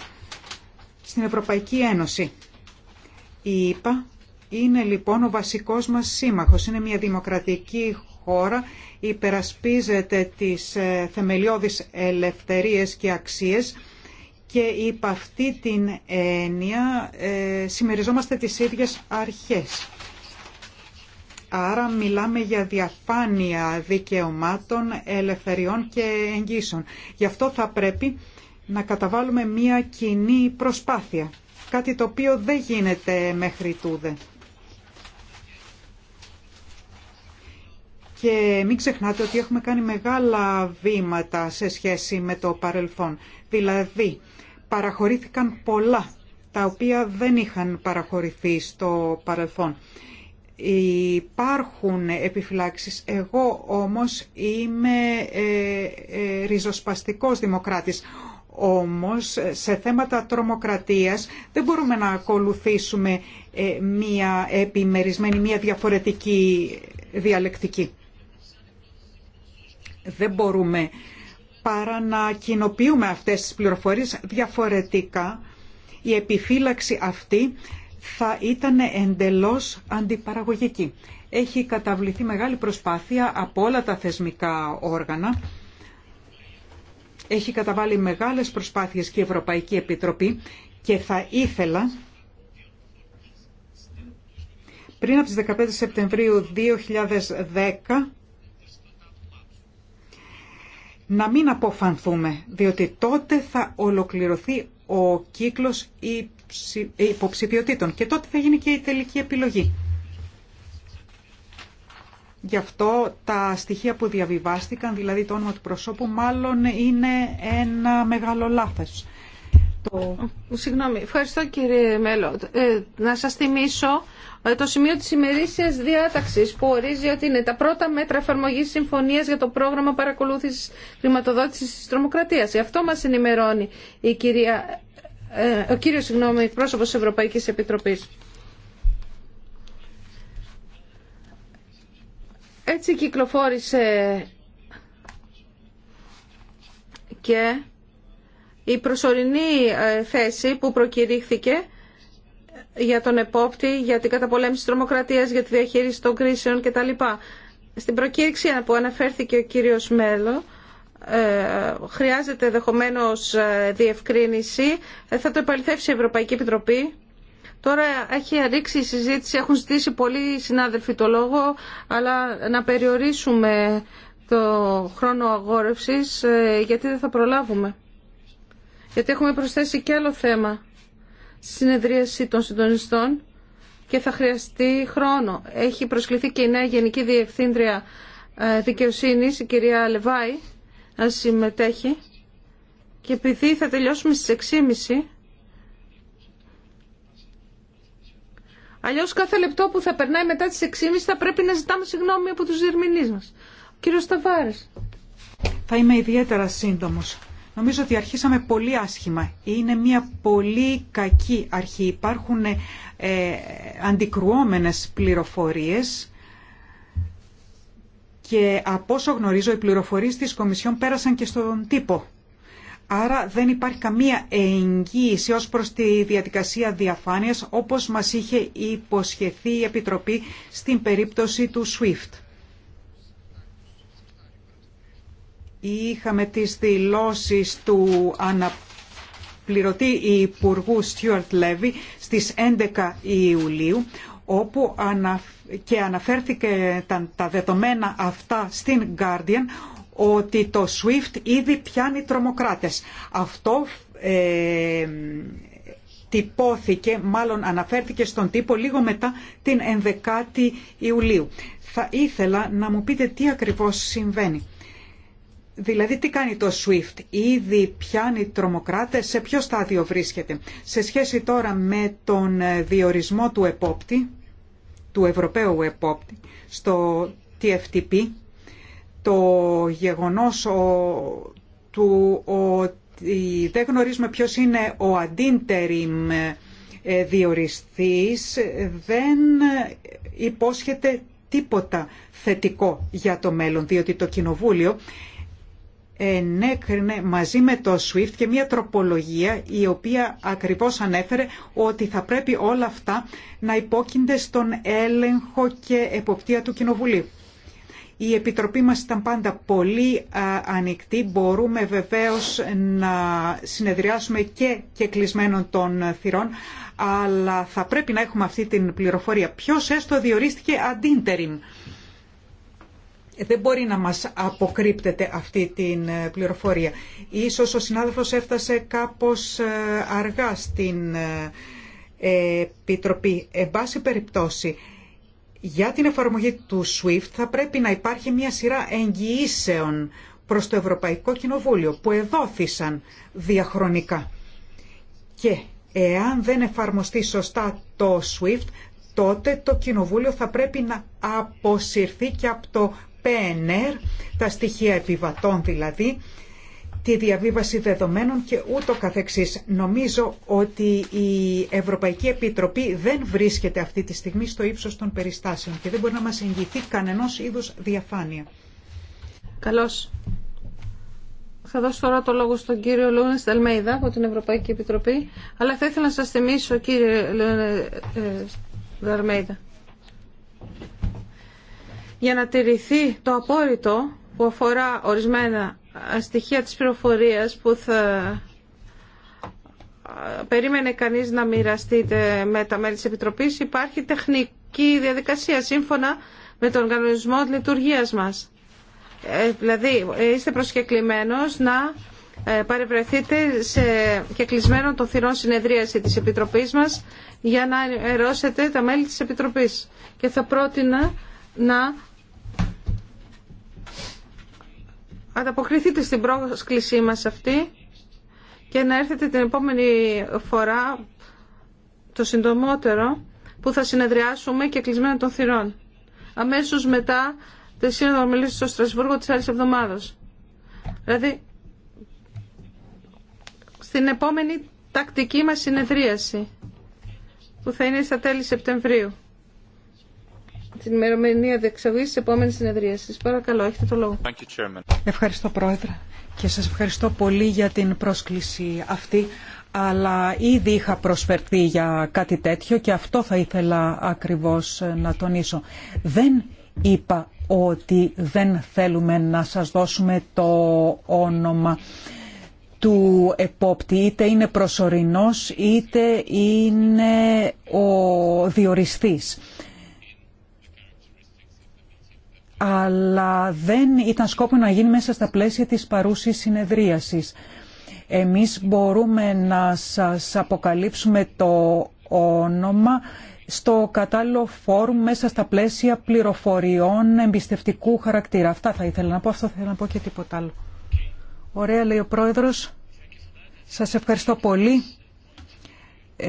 στην Ευρωπαϊκή Ένωση. Η ΗΠΑ είναι λοιπόν ο βασικός μας σύμμαχος, είναι μια δημοκρατική χώρα, υπερασπίζεται τις ε, θεμελιώδεις ελευθερίες και αξίες και υπ' αυτή την έννοια ε, συμμεριζόμαστε τις ίδιες αρχές. Άρα μιλάμε για διαφάνεια δικαιωμάτων, ελευθεριών και εγγύσεων. Γι' αυτό θα πρέπει να καταβάλουμε μία κοινή προσπάθεια, κάτι το οποίο δεν γίνεται μέχρι τούδε. Και μην ξεχνάτε ότι έχουμε κάνει μεγάλα βήματα σε σχέση με το παρελθόν. Δηλαδή, παραχωρήθηκαν πολλά, τα οποία δεν είχαν παραχωρηθεί στο παρελθόν. Υπάρχουν επιφυλάξεις. Εγώ όμως είμαι ε, ε, ριζοσπαστικός δημοκράτης. Όμως σε θέματα τρομοκρατίας δεν μπορούμε να ακολουθήσουμε ε, μία επιμερισμένη, μία διαφορετική διαλεκτική. Δεν μπορούμε παρά να κοινοποιούμε αυτές τις πληροφορίες διαφορετικά. Η επιφύλαξη αυτή θα ήταν εντελώς αντιπαραγωγική. Έχει καταβληθεί μεγάλη προσπάθεια από όλα τα θεσμικά όργανα. Έχει καταβάλει μεγάλες προσπάθειες και η Ευρωπαϊκή Επιτροπή και θα ήθελα πριν από τις 15 Σεπτεμβρίου 2010 να μην αποφανθούμε, διότι τότε θα ολοκληρωθεί ο κύκλος υποψηφιωτήτων και τότε θα γίνει και η τελική επιλογή. Γι' αυτό τα στοιχεία που διαβιβάστηκαν, δηλαδή το όνομα του προσώπου, μάλλον είναι ένα μεγάλο λάθος. Το... Συγγνώμη. Ευχαριστώ κύριε Μέλο. Ε, να σας θυμίσω ε, το σημείο της ημερήσιας διάταξης που ορίζει ότι είναι τα πρώτα μέτρα εφαρμογής συμφωνίας για το πρόγραμμα παρακολούθησης χρηματοδότησης της τρομοκρατίας. Γι' αυτό μας ενημερώνει η κυρία ε, ο κύριος, συγγνώμη, πρόσωπος της Ευρωπαϊκής Επιτροπής. Έτσι κυκλοφόρησε και η προσωρινή ε, θέση που προκηρύχθηκε για τον επόπτη, για την καταπολέμηση της τρομοκρατίας, για τη διαχείριση των κρίσεων κτλ. Στην προκήρυξη που αναφέρθηκε ο κύριος Μέλλο, ε, χρειάζεται ενδεχομένω ε, διευκρίνηση. Ε, θα το επαληθεύσει η Ευρωπαϊκή Επιτροπή. Τώρα έχει ανοίξει η συζήτηση, έχουν ζητήσει πολλοί συνάδελφοι το λόγο, αλλά να περιορίσουμε το χρόνο αγόρευσης, γιατί δεν θα προλάβουμε. Γιατί έχουμε προσθέσει και άλλο θέμα στη συνεδρίαση των συντονιστών και θα χρειαστεί χρόνο. Έχει προσκληθεί και η νέα Γενική Διευθύντρια Δικαιοσύνης, η κυρία Λεβάη να συμμετέχει και επειδή θα τελειώσουμε στις 6.30 αλλιώς κάθε λεπτό που θα περνάει μετά τις 6.30 θα πρέπει να ζητάμε συγγνώμη από τους διερμηνείς μας. Κύριο Σταβάρης. Θα είμαι ιδιαίτερα σύντομος. Νομίζω ότι αρχίσαμε πολύ άσχημα. Είναι μια πολύ κακή αρχή. Υπάρχουν ε, ε αντικρουόμενες πληροφορίες και από όσο γνωρίζω, οι πληροφορίες της Κομισιόν πέρασαν και στον τύπο. Άρα δεν υπάρχει καμία εγγύηση ως προς τη διαδικασία διαφάνειας όπως μας είχε υποσχεθεί η Επιτροπή στην περίπτωση του SWIFT. Είχαμε τις δηλώσεις του αναπληρωτή Υπουργού Στιουαρτ Λεβι στις 11 Ιουλίου όπου και αναφέρθηκε τα δεδομένα αυτά στην Guardian ότι το SWIFT ήδη πιάνει τρομοκράτες. Αυτό ε, τυπώθηκε, μάλλον αναφέρθηκε στον τύπο λίγο μετά την 11η Ιουλίου. Θα ήθελα να μου πείτε τι ακριβώς συμβαίνει. Δηλαδή τι κάνει το SWIFT, ήδη πιάνει τρομοκράτες, σε ποιο στάδιο βρίσκεται. Σε σχέση τώρα με τον ε, διορισμό του επόπτη, του Ευρωπαίου επόπτη, στο TFTP, το γεγονός του ότι δεν γνωρίζουμε ποιος είναι ο αντίντεριμ ε, διοριστής δεν υπόσχεται τίποτα θετικό για το μέλλον, διότι το Κοινοβούλιο ενέκρινε μαζί με το SWIFT και μια τροπολογία η οποία ακριβώς ανέφερε ότι θα πρέπει όλα αυτά να υπόκεινται στον έλεγχο και εποπτεία του Κοινοβουλίου. Η Επιτροπή μας ήταν πάντα πολύ ανοιχτή. Μπορούμε βεβαίως να συνεδριάσουμε και, και κλεισμένων των θυρών, αλλά θα πρέπει να έχουμε αυτή την πληροφορία. Ποιος έστω διορίστηκε αντίντεριν δεν μπορεί να μας αποκρύπτεται αυτή την ε, πληροφορία. Ίσως ο συνάδελφος έφτασε κάπως ε, αργά στην ε, Επιτροπή. Εν πάση περιπτώσει, για την εφαρμογή του SWIFT θα πρέπει να υπάρχει μια σειρά εγγυήσεων προς το Ευρωπαϊκό Κοινοβούλιο που εδόθησαν διαχρονικά. Και εάν δεν εφαρμοστεί σωστά το SWIFT, τότε το Κοινοβούλιο θα πρέπει να αποσυρθεί και από το PNR, τα στοιχεία επιβατών δηλαδή, τη διαβίβαση δεδομένων και ούτω καθεξής. Νομίζω ότι η Ευρωπαϊκή Επιτροπή δεν βρίσκεται αυτή τη στιγμή στο ύψος των περιστάσεων και δεν μπορεί να μας εγγυηθεί κανενός είδους διαφάνεια. Καλώς. Θα δώσω τώρα το λόγο στον κύριο Λούνε Σταλμέιδα από την Ευρωπαϊκή Επιτροπή, αλλά θα ήθελα να σας θυμίσω κύριε Λούνε Σταλμέιδα. Ε, για να τηρηθεί το απόρριτο που αφορά ορισμένα στοιχεία της πληροφορίας που θα περίμενε κανείς να μοιραστείτε με τα μέλη της Επιτροπής υπάρχει τεχνική διαδικασία σύμφωνα με τον κανονισμό λειτουργίας μας. Ε, δηλαδή είστε προσκεκλημένος να ε, παρευρεθείτε σε κεκλεισμένο το θυρών συνεδρίαση της Επιτροπής μας για να ερώσετε τα μέλη της Επιτροπής. Και θα πρότεινα να ανταποκριθείτε στην πρόσκλησή μας αυτή και να έρθετε την επόμενη φορά το συντομότερο που θα συνεδριάσουμε και κλεισμένα των θυρών. Αμέσως μετά τη σύνοδο μιλήσει στο Στρασβούργο της άλλης εβδομάδας. Δηλαδή, στην επόμενη τακτική μας συνεδρίαση που θα είναι στα τέλη Σεπτεμβρίου την ημερομηνία διεξαγωγής της επόμενης συνεδρίασης. Παρακαλώ, έχετε το λόγο. Ευχαριστώ Πρόεδρε και σας ευχαριστώ πολύ για την πρόσκληση αυτή αλλά ήδη είχα προσφερθεί για κάτι τέτοιο και αυτό θα ήθελα ακριβώς να τονίσω. Δεν είπα ότι δεν θέλουμε να σας δώσουμε το όνομα του επόπτη, είτε είναι προσωρινός είτε είναι ο διοριστής αλλά δεν ήταν σκόπο να γίνει μέσα στα πλαίσια της παρούσης συνεδρίασης. Εμείς μπορούμε να σας αποκαλύψουμε το όνομα στο κατάλληλο φόρουμ μέσα στα πλαίσια πληροφοριών εμπιστευτικού χαρακτήρα. Αυτά θα ήθελα να πω, αυτό θα ήθελα να πω και τίποτα άλλο. Ωραία λέει ο Πρόεδρος. Σας ευχαριστώ πολύ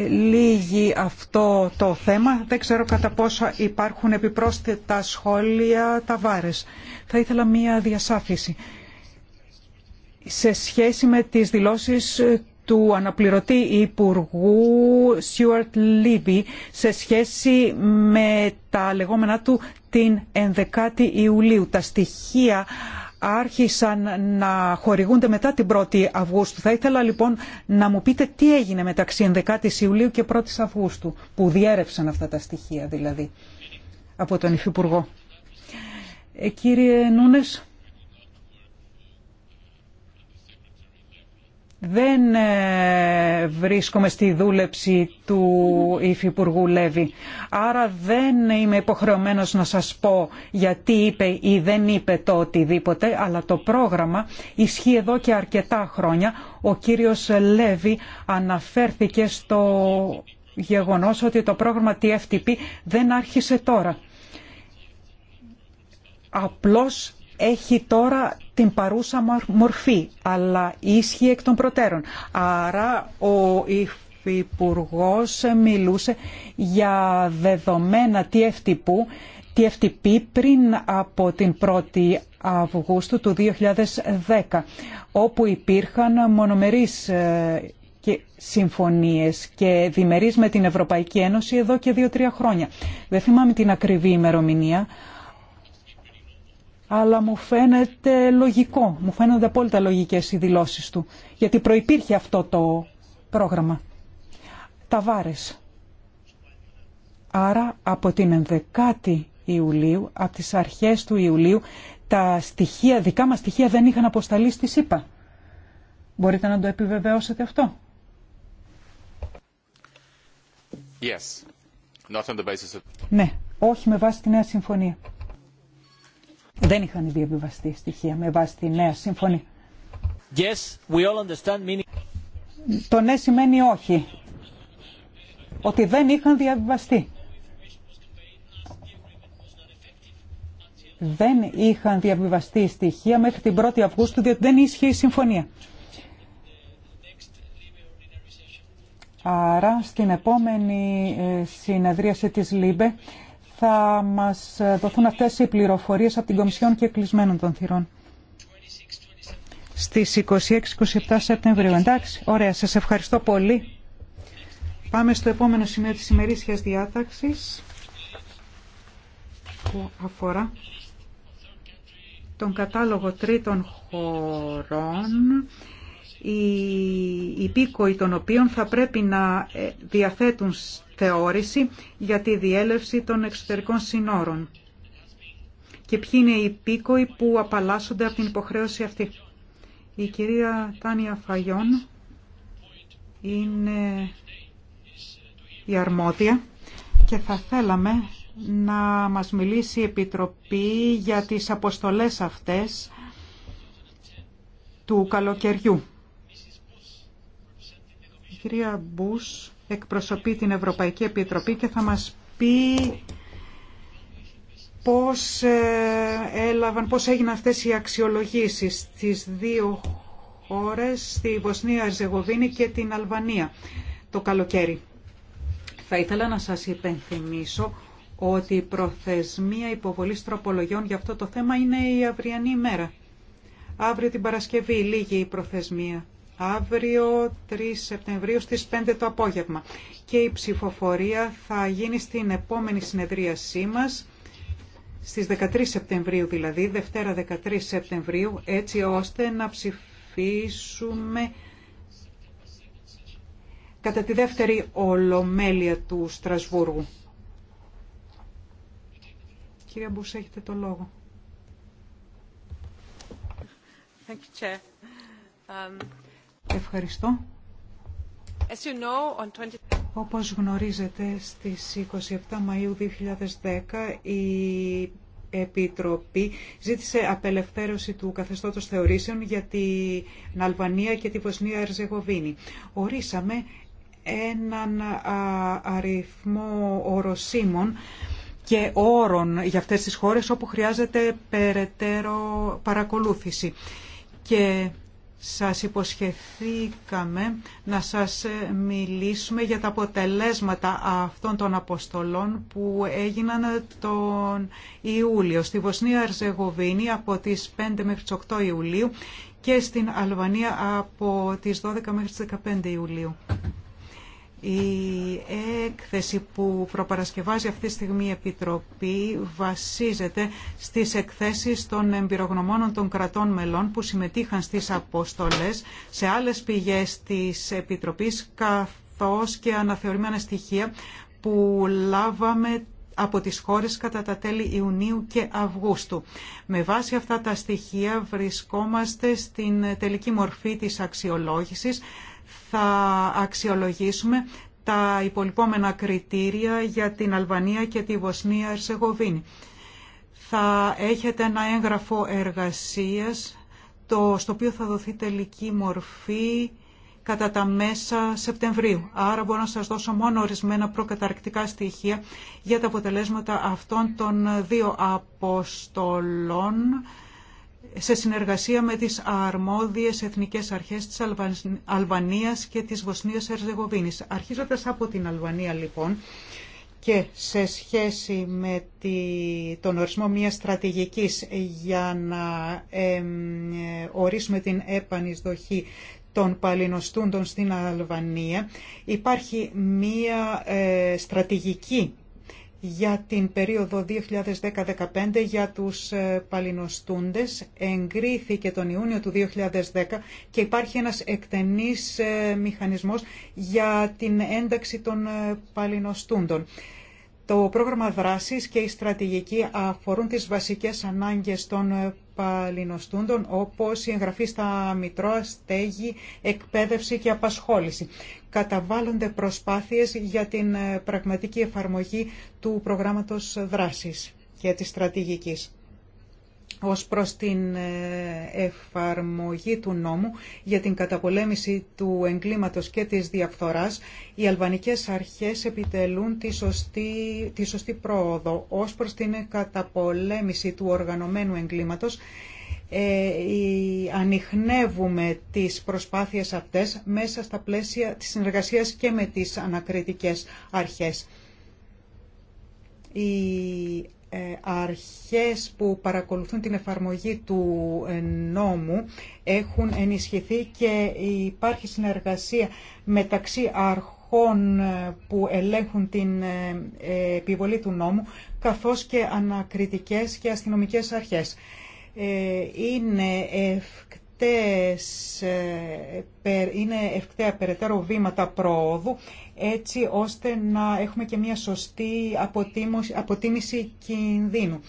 λίγη αυτό το θέμα. Δεν ξέρω κατά πόσα υπάρχουν επιπρόσθετα σχόλια τα βάρες. Θα ήθελα μία διασάφηση. Σε σχέση με τις δηλώσεις του αναπληρωτή Υπουργού Σιουαρτ Λίβι σε σχέση με τα λεγόμενά του την 11η Ιουλίου. Τα στοιχεία άρχισαν να χορηγούνται μετά την 1η Αυγούστου. Θα ήθελα λοιπόν να μου πείτε τι έγινε μεταξύ 11η Ιουλίου και 1ης Αυγούστου που διέρευσαν αυτά τα στοιχεία δηλαδή από τον Υφυπουργό. Ε, κύριε Νούνες. δεν ε, βρίσκομαι στη δούλεψη του Υφυπουργού Λέβη. Άρα δεν είμαι υποχρεωμένος να σας πω γιατί είπε ή δεν είπε το οτιδήποτε, αλλά το πρόγραμμα ισχύει εδώ και αρκετά χρόνια. Ο κύριος Λέβη αναφέρθηκε στο γεγονός ότι το πρόγραμμα TFTP δεν άρχισε τώρα. Απλώς έχει τώρα την παρούσα μορφή, αλλά ίσχυε εκ των προτέρων. Άρα ο Υφυπουργό μιλούσε για δεδομένα τι ευτυπή πριν από την 1η Αυγούστου του 2010, όπου υπήρχαν μονομερείς ε, και συμφωνίες και διμερείς με την Ευρωπαϊκή Ένωση εδώ και δύο-τρία χρόνια. Δεν θυμάμαι την ακριβή ημερομηνία, αλλά μου φαίνεται λογικό, μου φαίνονται απόλυτα λογικές οι δηλώσεις του, γιατί προϋπήρχε αυτό το πρόγραμμα. Τα βάρες. Άρα από την 11η Ιουλίου, από τις αρχές του Ιουλίου, τα στοιχεία, δικά μας στοιχεία δεν είχαν αποσταλεί στη ΣΥΠΑ. Μπορείτε να το επιβεβαιώσετε αυτό. Yes. Not on the basis of... Ναι, όχι με βάση τη νέα συμφωνία δεν είχαν διαβιβαστεί στοιχεία με βάση τη νέα σύμφωνη. Yes, we all understand Το ναι σημαίνει όχι. Ότι δεν είχαν διαβιβαστεί. Δεν είχαν διαβιβαστεί στοιχεία μέχρι την 1η Αυγούστου διότι δεν ίσχυε η συμφωνία. Άρα στην επόμενη ε, συνεδρίαση της ΛΥΜΠΕ θα μας δοθούν αυτές οι πληροφορίες από την Κομισιόν και κλεισμένων των θυρών. Στις 26-27 Σεπτεμβρίου. Εντάξει, ωραία, σας ευχαριστώ πολύ. Πάμε στο επόμενο σημείο της ημερήσιας διάταξης που αφορά τον κατάλογο τρίτων χωρών οι υπήκοοι των οποίων θα πρέπει να ε, διαθέτουν θεώρηση για τη διέλευση των εξωτερικών συνόρων και ποιοι είναι οι υπήκοοι που απαλλάσσονται από την υποχρέωση αυτή. Η κυρία Τάνια Φαγιόν είναι η αρμόδια και θα θέλαμε να μας μιλήσει η Επιτροπή για τις αποστολές αυτές του καλοκαιριού κυρία Μπούς εκπροσωπεί την Ευρωπαϊκή Επιτροπή και θα μας πει πώς ε, έλαβαν, πώς έγιναν αυτές οι αξιολογήσεις στις δύο χώρες, στη Βοσνία, Ζεγοβίνη και την Αλβανία το καλοκαίρι. Θα ήθελα να σας υπενθυμίσω ότι η προθεσμία υποβολής τροπολογιών για αυτό το θέμα είναι η αυριανή ημέρα. Αύριο την Παρασκευή λίγη η προθεσμία αύριο 3 Σεπτεμβρίου στις 5 το απόγευμα. Και η ψηφοφορία θα γίνει στην επόμενη συνεδρίασή μας, στις 13 Σεπτεμβρίου δηλαδή, Δευτέρα 13 Σεπτεμβρίου, έτσι ώστε να ψηφίσουμε κατά τη δεύτερη ολομέλεια του Στρασβούργου. Κύριε Μπούς, έχετε το λόγο. Thank you, Um... Ευχαριστώ. Όπως γνωρίζετε, στις 27 Μαΐου 2010 η Επιτροπή ζήτησε απελευθέρωση του καθεστώτος θεωρήσεων για την Αλβανία και τη Βοσνία Ερζεγοβίνη. Ορίσαμε έναν αριθμό οροσίμων και όρων για αυτές τις χώρες όπου χρειάζεται περαιτέρω παρακολούθηση. Και σας υποσχεθήκαμε να σας ε, μιλήσουμε για τα αποτελέσματα αυτών των αποστολών που έγιναν τον Ιούλιο στη Βοσνία Αρζεγοβίνη από τις 5 μέχρι τις 8 Ιουλίου και στην Αλβανία από τις 12 μέχρι τις 15 Ιουλίου. Η έκθεση που προπαρασκευάζει αυτή τη στιγμή η Επιτροπή βασίζεται στις εκθέσεις των εμπειρογνωμόνων των κρατών μελών που συμμετείχαν στις αποστολές σε άλλες πηγές της Επιτροπής καθώς και αναθεωρημένα στοιχεία που λάβαμε από τις χώρες κατά τα τέλη Ιουνίου και Αυγούστου. Με βάση αυτά τα στοιχεία βρισκόμαστε στην τελική μορφή της αξιολόγησης θα αξιολογήσουμε τα υπολοιπόμενα κριτήρια για την Αλβανία και τη Βοσνία Ερσεγοβίνη. Θα έχετε ένα έγγραφο εργασίας το, στο οποίο θα δοθεί τελική μορφή κατά τα μέσα Σεπτεμβρίου. Άρα μπορώ να σας δώσω μόνο ορισμένα προκαταρκτικά στοιχεία για τα αποτελέσματα αυτών των δύο αποστολών σε συνεργασία με τις αρμόδιες εθνικές αρχές της Αλβανίας και της Βοσνίας Ερζεγοβίνης. Αρχίζοντας από την Αλβανία λοιπόν και σε σχέση με τον ορισμό μιας στρατηγικής για να ορίσουμε την επανεισδοχή των παλινοστούντων στην Αλβανία υπάρχει μια ε, στρατηγική για την περίοδο 2010-2015 για τους ε, παλινοστούντες εγκρίθηκε τον Ιούνιο του 2010 και υπάρχει ένας εκτενής ε, μηχανισμός για την ένταξη των ε, παλινοστούντων. Το πρόγραμμα δράσης και η στρατηγική αφορούν τις βασικές ανάγκες των παλινοστούντων όπως η εγγραφή στα Μητρώα, στέγη, εκπαίδευση και απασχόληση. Καταβάλλονται προσπάθειες για την ε, πραγματική εφαρμογή του προγράμματος δράσης και της στρατηγικής ως προς την ε, εφαρμογή του νόμου για την καταπολέμηση του εγκλήματος και της διαφθοράς, οι αλβανικές αρχές επιτελούν τη σωστή, τη σωστή πρόοδο. Ως προς την καταπολέμηση του οργανωμένου εγκλήματος, ε, ανοιχνεύουμε τις προσπάθειες αυτές μέσα στα πλαίσια της συνεργασίας και με τις ανακριτικές αρχές. Ε, αρχές που παρακολουθούν την εφαρμογή του ε, νόμου έχουν ενισχυθεί και υπάρχει συνεργασία μεταξύ αρχών ε, που ελέγχουν την επιβολή του νόμου καθώς και ανακριτικές και αστυνομικές αρχές. Είναι ε, είναι ευκταία περαιτέρω βήματα προόδου έτσι ώστε να έχουμε και μια σωστή αποτίμηση κινδύνου.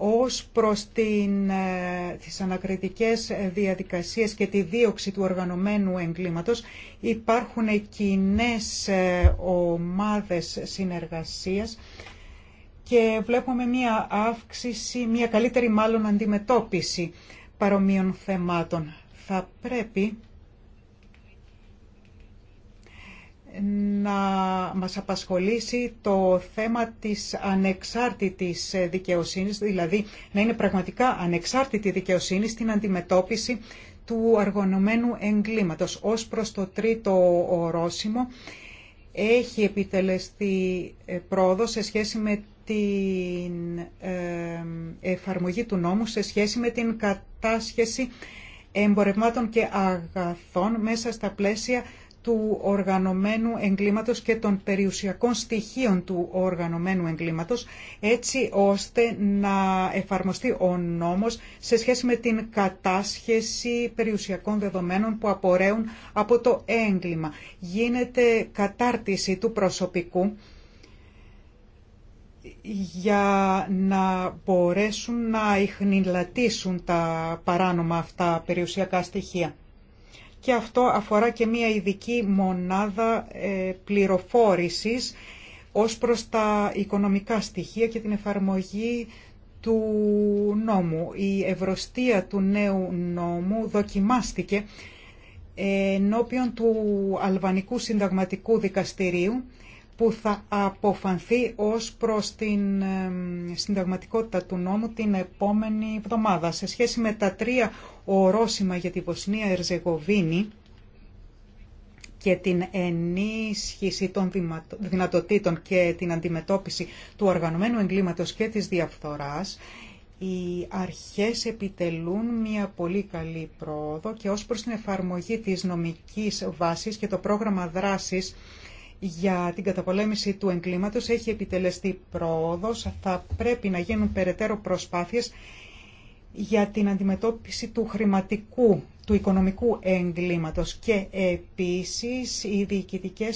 Ως προς την, ε, τις ανακριτικές διαδικασίες και τη δίωξη του οργανωμένου εγκλήματος υπάρχουν κοινέ ε, ομάδες συνεργασίας και βλέπουμε μια αύξηση, μια καλύτερη μάλλον αντιμετώπιση παρομοίων θεμάτων. Θα πρέπει να μας απασχολήσει το θέμα της ανεξάρτητης δικαιοσύνης, δηλαδή να είναι πραγματικά ανεξάρτητη δικαιοσύνη στην αντιμετώπιση του αργωνωμένου εγκλήματος. Ως προς το τρίτο ορόσημο έχει επιτελεστεί πρόοδο σε σχέση με την εφαρμογή του νόμου σε σχέση με την κατάσχεση εμπορευμάτων και αγαθών μέσα στα πλαίσια του οργανωμένου εγκλήματος και των περιουσιακών στοιχείων του οργανωμένου εγκλήματος, έτσι ώστε να εφαρμοστεί ο νόμος σε σχέση με την κατάσχεση περιουσιακών δεδομένων που απορρέουν από το έγκλημα. Γίνεται κατάρτιση του προσωπικού για να μπορέσουν να ειχνηλατήσουν τα παράνομα αυτά περιουσιακά στοιχεία. Και αυτό αφορά και μία ειδική μονάδα ε, πληροφόρησης ως προς τα οικονομικά στοιχεία και την εφαρμογή του νόμου. Η ευρωστία του νέου νόμου δοκιμάστηκε ε, ενώπιον του Αλβανικού Συνταγματικού Δικαστηρίου που θα αποφανθεί ως προς την συνταγματικότητα του νόμου την επόμενη εβδομάδα. Σε σχέση με τα τρία ορόσημα για τη Βοσνία Ερζεγοβίνη και την ενίσχυση των δυνατοτήτων και την αντιμετώπιση του οργανωμένου εγκλήματος και της διαφθοράς, οι αρχές επιτελούν μια πολύ καλή πρόοδο και ως προς την εφαρμογή της νομικής βάσης και το πρόγραμμα δράσης για την καταπολέμηση του εγκλήματος έχει επιτελεστεί πρόοδος, θα πρέπει να γίνουν περαιτέρω προσπάθειες για την αντιμετώπιση του χρηματικού του οικονομικού εγκλήματος και επίσης οι διοικητικέ ε,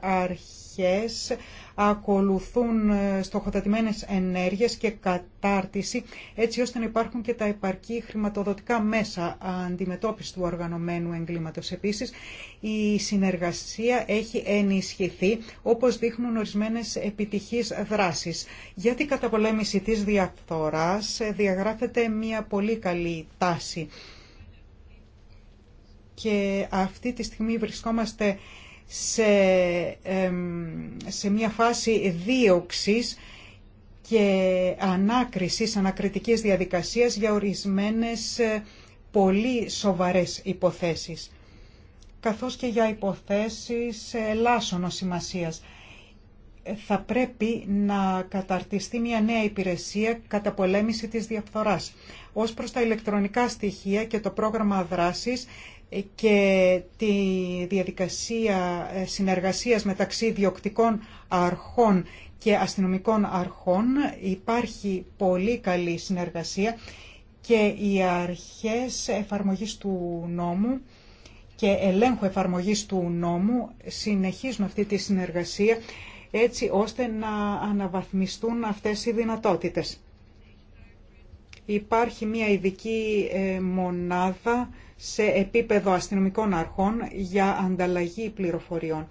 αρχές ακολουθούν ε, στοχοτατημένες ενέργειες και κατάρτιση έτσι ώστε να υπάρχουν και τα επαρκή χρηματοδοτικά μέσα αντιμετώπιση του οργανωμένου εγκλήματος. Επίσης η συνεργασία έχει ενισχυθεί όπως δείχνουν ορισμένες επιτυχείς δράσεις. Για την καταπολέμηση της διαφθοράς ε, διαγράφεται μια πολύ καλή τάση και αυτή τη στιγμή βρισκόμαστε σε, σε μια φάση δίωξης και ανάκρισης, ανακριτικής διαδικασίας για ορισμένες ε, πολύ σοβαρές υποθέσεις, καθώς και για υποθέσεις ελάσσονος σημασίας. Θα πρέπει να καταρτιστεί μια νέα υπηρεσία κατά πολέμηση της διαφθοράς. Ως προς τα ηλεκτρονικά στοιχεία και το πρόγραμμα δράσης και τη διαδικασία συνεργασίας μεταξύ διοκτικών αρχών και αστυνομικών αρχών υπάρχει πολύ καλή συνεργασία και οι αρχές εφαρμογής του νόμου και ελέγχου εφαρμογής του νόμου συνεχίζουν αυτή τη συνεργασία έτσι ώστε να αναβαθμιστούν αυτές οι δυνατότητες. Υπάρχει μια ειδική ε, μονάδα σε επίπεδο αστυνομικών αρχών για ανταλλαγή πληροφοριών.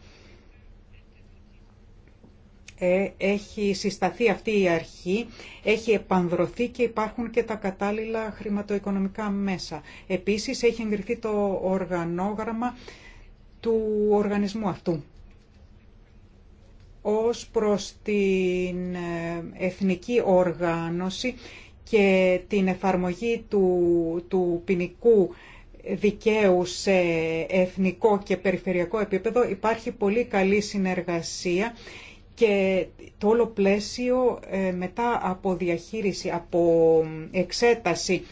Ε, έχει συσταθεί αυτή η αρχή, έχει επανδρωθεί και υπάρχουν και τα κατάλληλα χρηματοοικονομικά μέσα. Επίσης έχει εγκριθεί το οργανόγραμμα του οργανισμού αυτού ως προς την ε, εθνική οργάνωση και την εφαρμογή του, του ποινικού δικαίου σε εθνικό και περιφερειακό επίπεδο υπάρχει πολύ καλή συνεργασία και το όλο πλαίσιο ε, μετά από διαχείριση, από εξέταση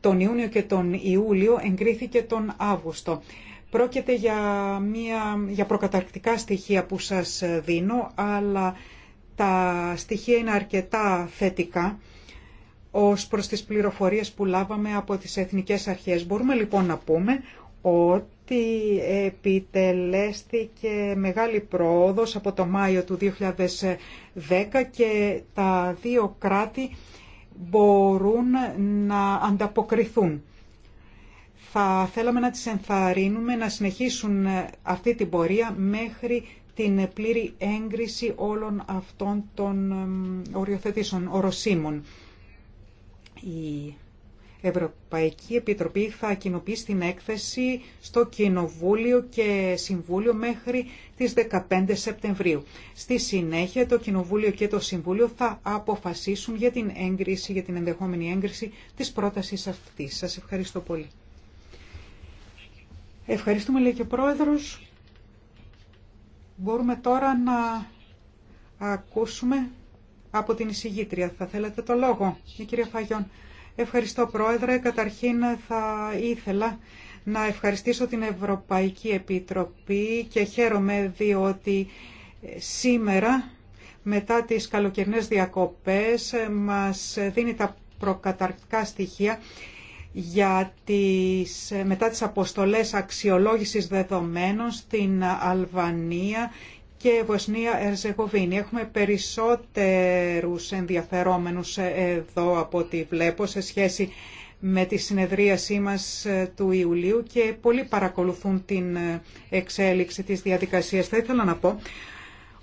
τον Ιούνιο και τον Ιούλιο εγκρίθηκε τον Αύγουστο. Πρόκειται για, μια, για προκαταρκτικά στοιχεία που σας δίνω, αλλά τα στοιχεία είναι αρκετά θετικά ως προς τις πληροφορίες που λάβαμε από τις εθνικές αρχές. Μπορούμε λοιπόν να πούμε ότι επιτελέστηκε μεγάλη πρόοδος από το Μάιο του 2010 και τα δύο κράτη μπορούν να ανταποκριθούν. Θα θέλαμε να τις ενθαρρύνουμε να συνεχίσουν αυτή την πορεία μέχρι την πλήρη έγκριση όλων αυτών των οριοθετήσεων, οροσίμων. Η Ευρωπαϊκή Επιτροπή θα κοινοποιήσει την έκθεση στο Κοινοβούλιο και Συμβούλιο μέχρι τις 15 Σεπτεμβρίου. Στη συνέχεια το Κοινοβούλιο και το Συμβούλιο θα αποφασίσουν για την έγκριση, για την ενδεχόμενη έγκριση της πρότασης αυτής. Σας ευχαριστώ πολύ. Ευχαριστούμε λέει και ο Πρόεδρος. Μπορούμε τώρα να ακούσουμε από την εισηγήτρια. Θα θέλατε το λόγο, η κυρία Φαγιόν. Ευχαριστώ Πρόεδρε. Καταρχήν θα ήθελα να ευχαριστήσω την Ευρωπαϊκή Επιτροπή και χαίρομαι διότι σήμερα μετά τις καλοκαιρινές διακοπές μας δίνει τα προκαταρκτικά στοιχεία για τις, μετά τις αποστολές αξιολόγησης δεδομένων στην Αλβανία και Βοσνία Ερζεγοβίνη. Έχουμε περισσότερους ενδιαφερόμενους εδώ από ό,τι βλέπω σε σχέση με τη συνεδρίασή μας ε, του Ιουλίου και πολλοί παρακολουθούν την ε, εξέλιξη της διαδικασίας. Θα ήθελα να πω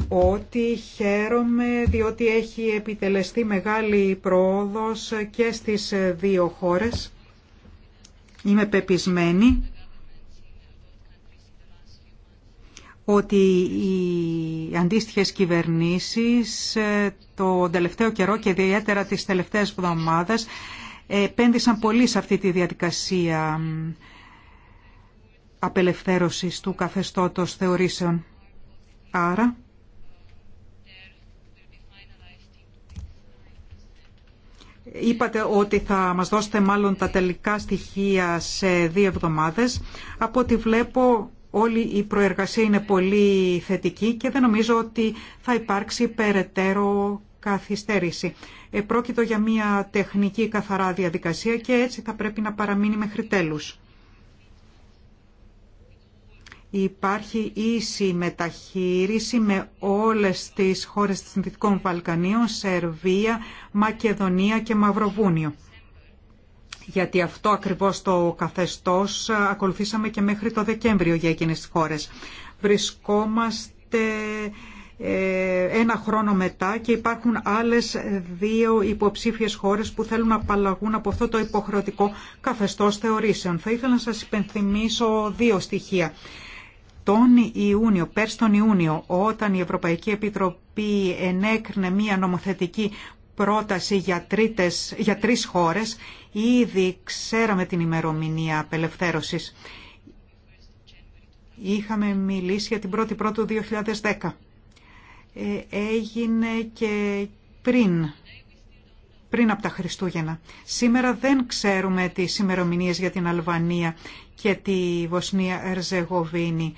ότι χαίρομαι διότι έχει επιτελεστεί μεγάλη πρόοδος και στις ε, δύο χώρες. Είμαι πεπισμένη ότι οι αντίστοιχες κυβερνήσεις ε, το τελευταίο καιρό και ιδιαίτερα τις τελευταίες εβδομάδες επένδυσαν πολύ σε αυτή τη διαδικασία απελευθέρωσης του καθεστώτος θεωρήσεων. Άρα, είπατε ότι θα μας δώσετε μάλλον τα τελικά στοιχεία σε δύο εβδομάδες. Από ό,τι βλέπω όλη η προεργασία είναι πολύ θετική και δεν νομίζω ότι θα υπάρξει περαιτέρω καθυστέρηση. Ε, για μια τεχνική καθαρά διαδικασία και έτσι θα πρέπει να παραμείνει μέχρι τέλους. Υπάρχει ίση μεταχείριση με όλες τις χώρες της Δυτικών Βαλκανίων, Σερβία, Μακεδονία και Μαυροβούνιο γιατί αυτό ακριβώς το καθεστώς ακολουθήσαμε και μέχρι το Δεκέμβριο για εκείνες τις χώρες. Βρισκόμαστε ε, ένα χρόνο μετά και υπάρχουν άλλες δύο υποψήφιες χώρες που θέλουν να απαλλαγούν από αυτό το υποχρεωτικό καθεστώς θεωρήσεων. Θα ήθελα να σας υπενθυμίσω δύο στοιχεία. Τον Ιούνιο, πέρσι τον Ιούνιο, όταν η Ευρωπαϊκή Επιτροπή ενέκρινε μία νομοθετική πρόταση για, τρίτες, για τρεις χώρες. Ήδη ξέραμε την ημερομηνία απελευθέρωσης. Είχαμε μιλήσει για την 1η Πρώτου 2010. Ε, έγινε και πριν πριν από τα Χριστούγεννα. Σήμερα δεν ξέρουμε τις ημερομηνίε για την Αλβανία και τη Βοσνία Ερζεγοβίνη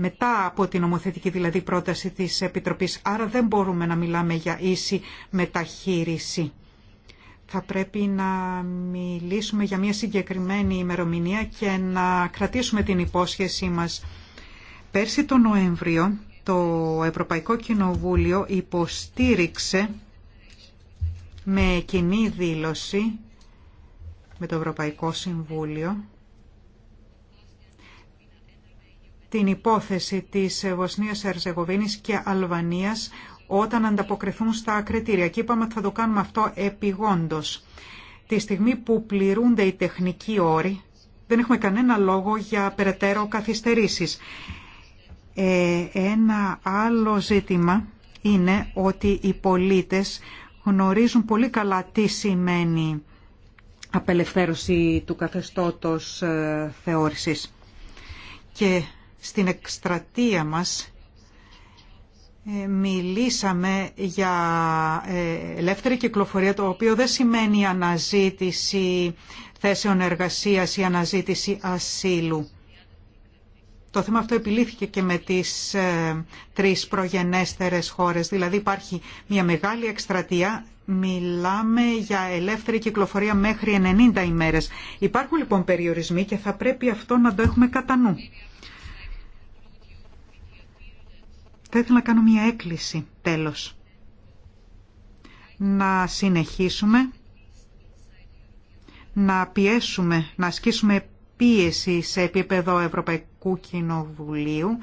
μετά από την ομοθετική δηλαδή πρόταση της Επιτροπής. Άρα δεν μπορούμε να μιλάμε για ίση μεταχείριση. Θα πρέπει να μιλήσουμε για μια συγκεκριμένη ημερομηνία και να κρατήσουμε την υπόσχεσή μας. Πέρσι τον Νοέμβριο το Ευρωπαϊκό Κοινοβούλιο υποστήριξε με κοινή δήλωση με το Ευρωπαϊκό Συμβούλιο την υπόθεση της Βοσνίας Ερζεγοβίνης και Αλβανίας όταν ανταποκριθούν στα κριτήρια. Και είπαμε ότι θα το κάνουμε αυτό επιγόντως. Τη στιγμή που πληρούνται οι τεχνικοί όροι, δεν έχουμε κανένα λόγο για περαιτέρω καθυστερήσεις. Ε, ένα άλλο ζήτημα είναι ότι οι πολίτες γνωρίζουν πολύ καλά τι σημαίνει απελευθέρωση του καθεστώτος ε, θεώρησης. Και στην εκστρατεία μας ε, μιλήσαμε για ε, ελεύθερη κυκλοφορία, το οποίο δεν σημαίνει αναζήτηση θέσεων εργασίας ή αναζήτηση ασύλου το θέμα αυτό επιλήθηκε και με τις ε, τρεις προγενέστερες χώρες. Δηλαδή υπάρχει μια μεγάλη εκστρατεία, μιλάμε για ελεύθερη κυκλοφορία μέχρι 90 ημέρες. Υπάρχουν λοιπόν περιορισμοί και θα πρέπει αυτό να το έχουμε κατά νου. Θα ήθελα να κάνω μια έκκληση τέλος. Να συνεχίσουμε να πιέσουμε, να ασκήσουμε πίεση σε επίπεδο Ευρωπαϊκού Κοινοβουλίου.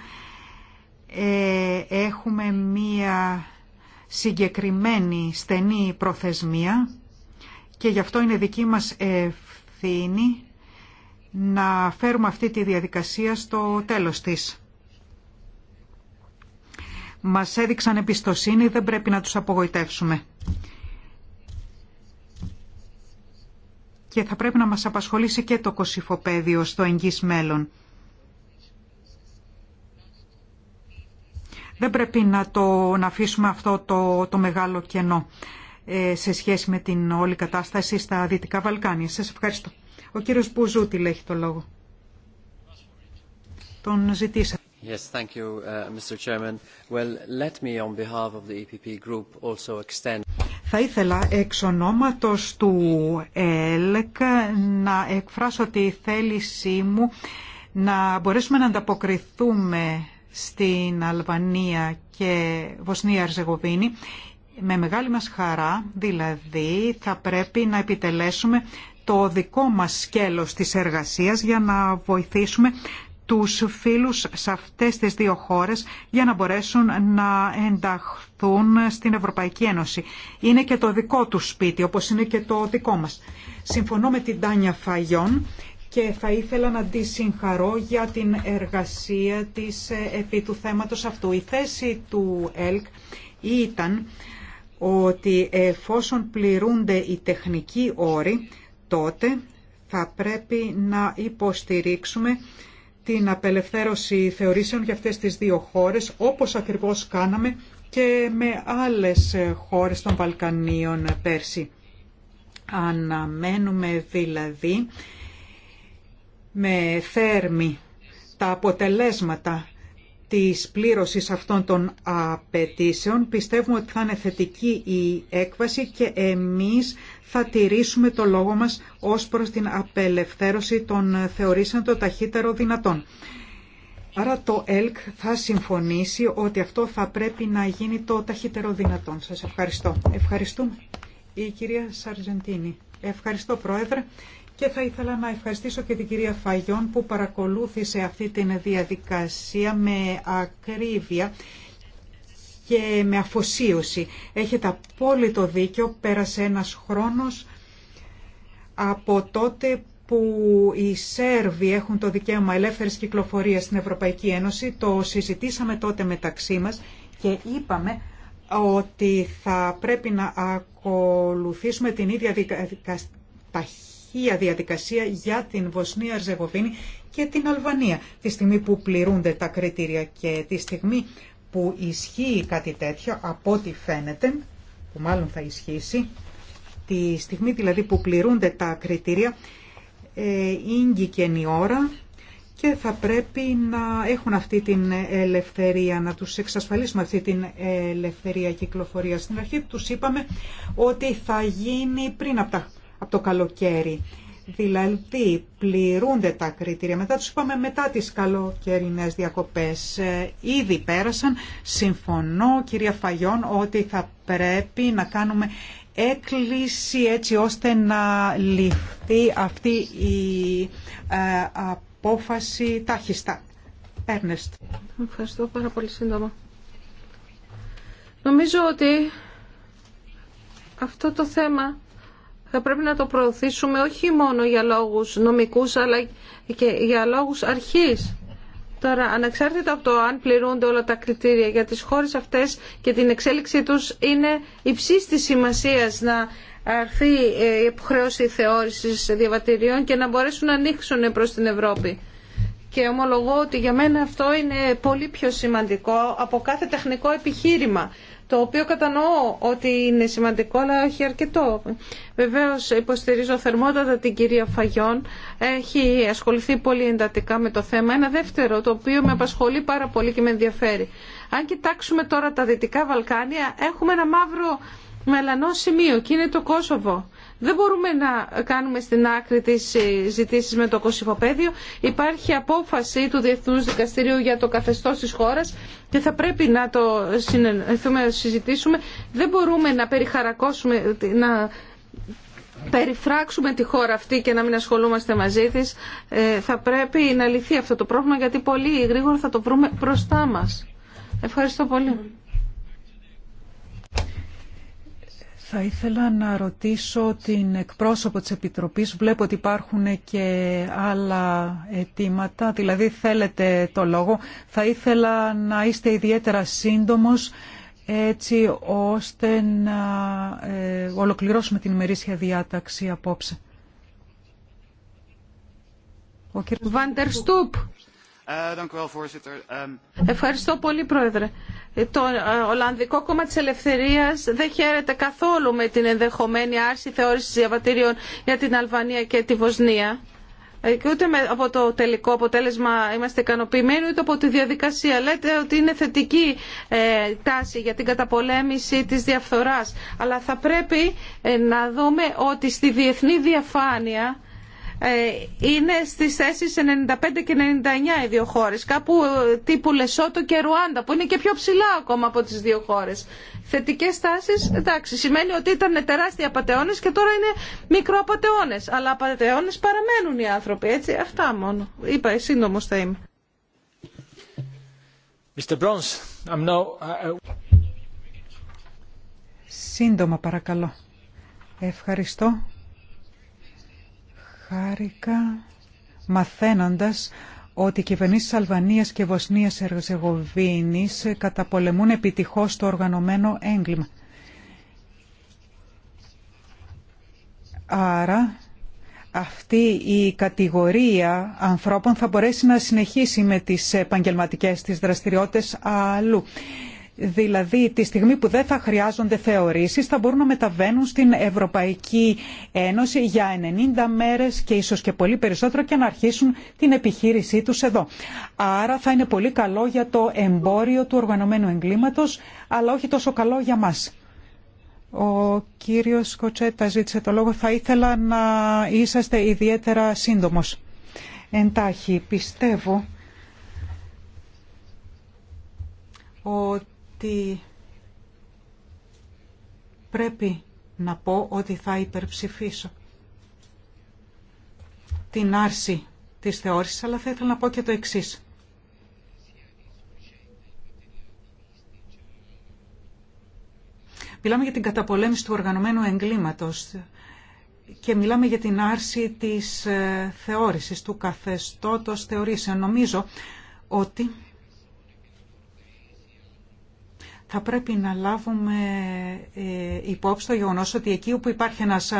Ε, έχουμε μία συγκεκριμένη στενή προθεσμία και γι' αυτό είναι δική μας ευθύνη να φέρουμε αυτή τη διαδικασία στο τέλος της. Μας έδειξαν εμπιστοσύνη, δεν πρέπει να τους απογοητεύσουμε. και θα πρέπει να μας απασχολήσει και το κοσυφοπέδιο στο εγγύς μέλλον. Δεν πρέπει να, το, να αφήσουμε αυτό το, το μεγάλο κενό ε, σε σχέση με την όλη κατάσταση στα Δυτικά Βαλκάνια. Σας ευχαριστώ. Ο κύριος Μπουζούτη έχει το λόγο. Τον ζητήσατε. Yes, thank you, uh, Mr. Chairman. Well, let me on behalf of the EPP group also extend... Θα ήθελα εξ ονόματος του ΕΛΚ να εκφράσω τη θέλησή μου να μπορέσουμε να ανταποκριθούμε στην Αλβανία και Βοσνία Αρζεγοβίνη με μεγάλη μας χαρά, δηλαδή θα πρέπει να επιτελέσουμε το δικό μας σκέλος της εργασίας για να βοηθήσουμε τους φίλους σε αυτές τις δύο χώρες για να μπορέσουν να ενταχθούν στην Ευρωπαϊκή Ένωση. Είναι και το δικό τους σπίτι, όπως είναι και το δικό μας. Συμφωνώ με την Τάνια Φαγιόν και θα ήθελα να τη συγχαρώ για την εργασία της ε, επί του θέματος αυτού. Η θέση του ΕΛΚ ήταν ότι εφόσον πληρούνται οι τεχνικοί όροι, τότε θα πρέπει να υποστηρίξουμε την απελευθέρωση θεωρήσεων για αυτές τις δύο χώρες, όπως ακριβώς κάναμε και με άλλες χώρες των Βαλκανίων πέρσι. Αναμένουμε δηλαδή με θέρμη τα αποτελέσματα της πλήρωσης αυτών των απαιτήσεων. Πιστεύουμε ότι θα είναι θετική η έκβαση και εμείς θα τηρήσουμε το λόγο μας ως προς την απελευθέρωση των θεωρήσεων το ταχύτερο δυνατόν. Άρα το ΕΛΚ θα συμφωνήσει ότι αυτό θα πρέπει να γίνει το ταχύτερο δυνατόν. Σας ευχαριστώ. Ευχαριστούμε. Η κυρία Σαρζεντίνη. Ευχαριστώ Πρόεδρε και θα ήθελα να ευχαριστήσω και την κυρία Φαγιόν που παρακολούθησε αυτή την διαδικασία με ακρίβεια και με αφοσίωση. Έχετε απόλυτο δίκιο, πέρασε ένας χρόνος από τότε που οι Σέρβοι έχουν το δικαίωμα ελεύθερης κυκλοφορίας στην Ευρωπαϊκή Ένωση. Το συζητήσαμε τότε μεταξύ μας και είπαμε ότι θα πρέπει να ακολουθήσουμε την ίδια ή διαδικασία για την Βοσνία Ζεγοβίνη και την Αλβανία, τη στιγμή που πληρούνται τα κριτήρια και τη στιγμή που ισχύει κάτι τέτοιο, από ό,τι φαίνεται, που μάλλον θα ισχύσει, τη στιγμή δηλαδή που πληρούνται τα κριτήρια, ε, η ώρα και θα πρέπει να έχουν αυτή την ελευθερία, να τους εξασφαλίσουμε αυτή την ελευθερία κυκλοφορία. Στην αρχή τους είπαμε ότι θα γίνει πριν από τα από το καλοκαίρι. Δηλαδή πληρούνται τα κριτήρια. Μετά τους είπαμε μετά τις καλοκαιρινές διακοπές. Ε, ήδη πέρασαν. Συμφωνώ κυρία Φαγιόν ότι θα πρέπει να κάνουμε έκκληση έτσι ώστε να ληφθεί αυτή η ε, απόφαση τάχιστα. Έρνεστ. Ευχαριστώ πάρα πολύ σύντομα. Νομίζω ότι αυτό το θέμα θα πρέπει να το προωθήσουμε όχι μόνο για λόγους νομικούς αλλά και για λόγους αρχής. Τώρα, ανεξάρτητα από το αν πληρούνται όλα τα κριτήρια για τις χώρες αυτές και την εξέλιξή τους, είναι υψής της σημασία να αρθεί ε, η υποχρέωση θεώρησης διαβατηρίων και να μπορέσουν να ανοίξουν προς την Ευρώπη. Και ομολογώ ότι για μένα αυτό είναι πολύ πιο σημαντικό από κάθε τεχνικό επιχείρημα το οποίο κατανοώ ότι είναι σημαντικό, αλλά όχι αρκετό. Βεβαίως υποστηρίζω θερμότατα την κυρία Φαγιόν. Έχει ασχοληθεί πολύ εντατικά με το θέμα. Ένα δεύτερο, το οποίο με απασχολεί πάρα πολύ και με ενδιαφέρει. Αν κοιτάξουμε τώρα τα Δυτικά Βαλκάνια, έχουμε ένα μαύρο μελανό σημείο και είναι το Κόσοβο. Δεν μπορούμε να κάνουμε στην άκρη τι ζητήσει με το κοσυφοπαίδιο. Υπάρχει απόφαση του διεθνού Δικαστηρίου για το καθεστώς της χώρας και θα πρέπει να το συζητήσουμε. Δεν μπορούμε να περιχαρακώσουμε, να περιφράξουμε τη χώρα αυτή και να μην ασχολούμαστε μαζί της. Ε, θα πρέπει να λυθεί αυτό το πρόβλημα γιατί πολύ γρήγορα θα το βρούμε μπροστά μα. Ευχαριστώ πολύ. Θα ήθελα να ρωτήσω την εκπρόσωπο της Επιτροπής. Βλέπω ότι υπάρχουν και άλλα αιτήματα, δηλαδή θέλετε το λόγο. Θα ήθελα να είστε ιδιαίτερα σύντομος έτσι ώστε να ε, ολοκληρώσουμε την ημερήσια διάταξη απόψε. Ο κύριος Βαντερστούπ. Ε, ehm, Ευχαριστώ πολύ, Πρόεδρε. Ε, το ε, Ολλανδικό Κόμμα της Ελευθερίας δεν χαίρεται καθόλου με την ενδεχομένη άρση θεώρησης διαβατήριων για την Αλβανία και τη Βοσνία. Και ούτε από το τελικό αποτέλεσμα είμαστε ικανοποιημένοι, ούτε από τη διαδικασία. Λέτε ότι είναι θετική τάση για την καταπολέμηση της διαφθοράς. Αλλά θα πρέπει να δούμε ότι στη διεθνή διαφάνεια ε, είναι στις θέσεις 95 και 99 οι δύο χώρες, κάπου ε, τύπου Λεσότο και Ρουάντα, που είναι και πιο ψηλά ακόμα από τις δύο χώρες. Θετικές τάσεις, εντάξει, σημαίνει ότι ήταν τεράστιοι απαταιώνες και τώρα είναι μικροαπαταιώνες, αλλά απαταιώνες παραμένουν οι άνθρωποι, έτσι, αυτά μόνο. Είπα, σύντομος θα είμαι. Mr. Bronze, I'm uh, Σύντομα παρακαλώ. Ευχαριστώ χάρηκα μαθαίνοντας ότι οι κυβερνήσεις Αλβανίας και Βοσνίας Ερζεγοβίνης καταπολεμούν επιτυχώς το οργανωμένο έγκλημα. Άρα αυτή η κατηγορία ανθρώπων θα μπορέσει να συνεχίσει με τις επαγγελματικές της δραστηριότητες αλλού. Δηλαδή, τη στιγμή που δεν θα χρειάζονται θεωρήσεις, θα μπορούν να μεταβαίνουν στην Ευρωπαϊκή Ένωση για 90 μέρες και ίσως και πολύ περισσότερο και να αρχίσουν την επιχείρησή τους εδώ. Άρα θα είναι πολύ καλό για το εμπόριο του οργανωμένου εγκλήματος, αλλά όχι τόσο καλό για μας. Ο κύριος Κοτσέτα ζήτησε το λόγο. Θα ήθελα να είσαστε ιδιαίτερα σύντομο. Εντάχει, πιστεύω ότι ότι πρέπει να πω ότι θα υπερψηφίσω την άρση της θεώρησης, αλλά θα ήθελα να πω και το εξής. Μιλάμε για την καταπολέμηση του οργανωμένου εγκλήματος και μιλάμε για την άρση της ε, θεώρησης, του καθεστώτος θεωρήσεων. Νομίζω ότι θα πρέπει να λάβουμε ε, υπόψη το γεγονό ότι εκεί όπου υπάρχει ένας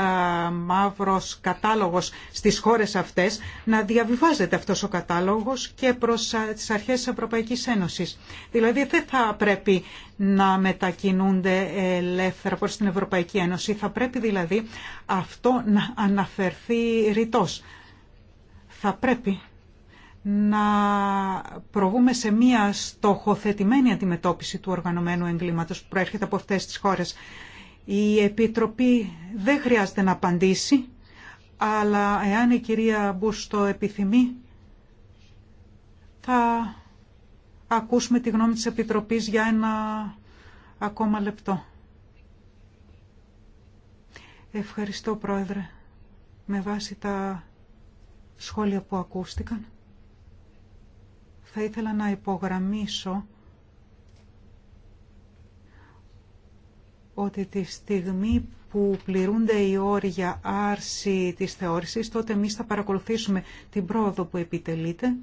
μαύρος κατάλογος στις χώρες αυτές, να διαβιβάζεται αυτός ο κατάλογος και προς τις αρχές της Ευρωπαϊκής Ένωσης. Δηλαδή δεν θα πρέπει να μετακινούνται ελεύθερα προς την Ευρωπαϊκή Ένωση, θα πρέπει δηλαδή αυτό να αναφερθεί ρητός. Θα πρέπει να προβούμε σε μια στοχοθετημένη αντιμετώπιση του οργανωμένου εγκλήματος που προέρχεται από αυτές τις χώρες. Η Επιτροπή δεν χρειάζεται να απαντήσει, αλλά εάν η κυρία Μπούς το επιθυμεί, θα ακούσουμε τη γνώμη της Επιτροπής για ένα ακόμα λεπτό. Ευχαριστώ, Πρόεδρε, με βάση τα σχόλια που ακούστηκαν θα ήθελα να υπογραμμίσω ότι τη στιγμή που πληρούνται οι όρια για άρση της θεώρησης, τότε εμείς θα παρακολουθήσουμε την πρόοδο που επιτελείται.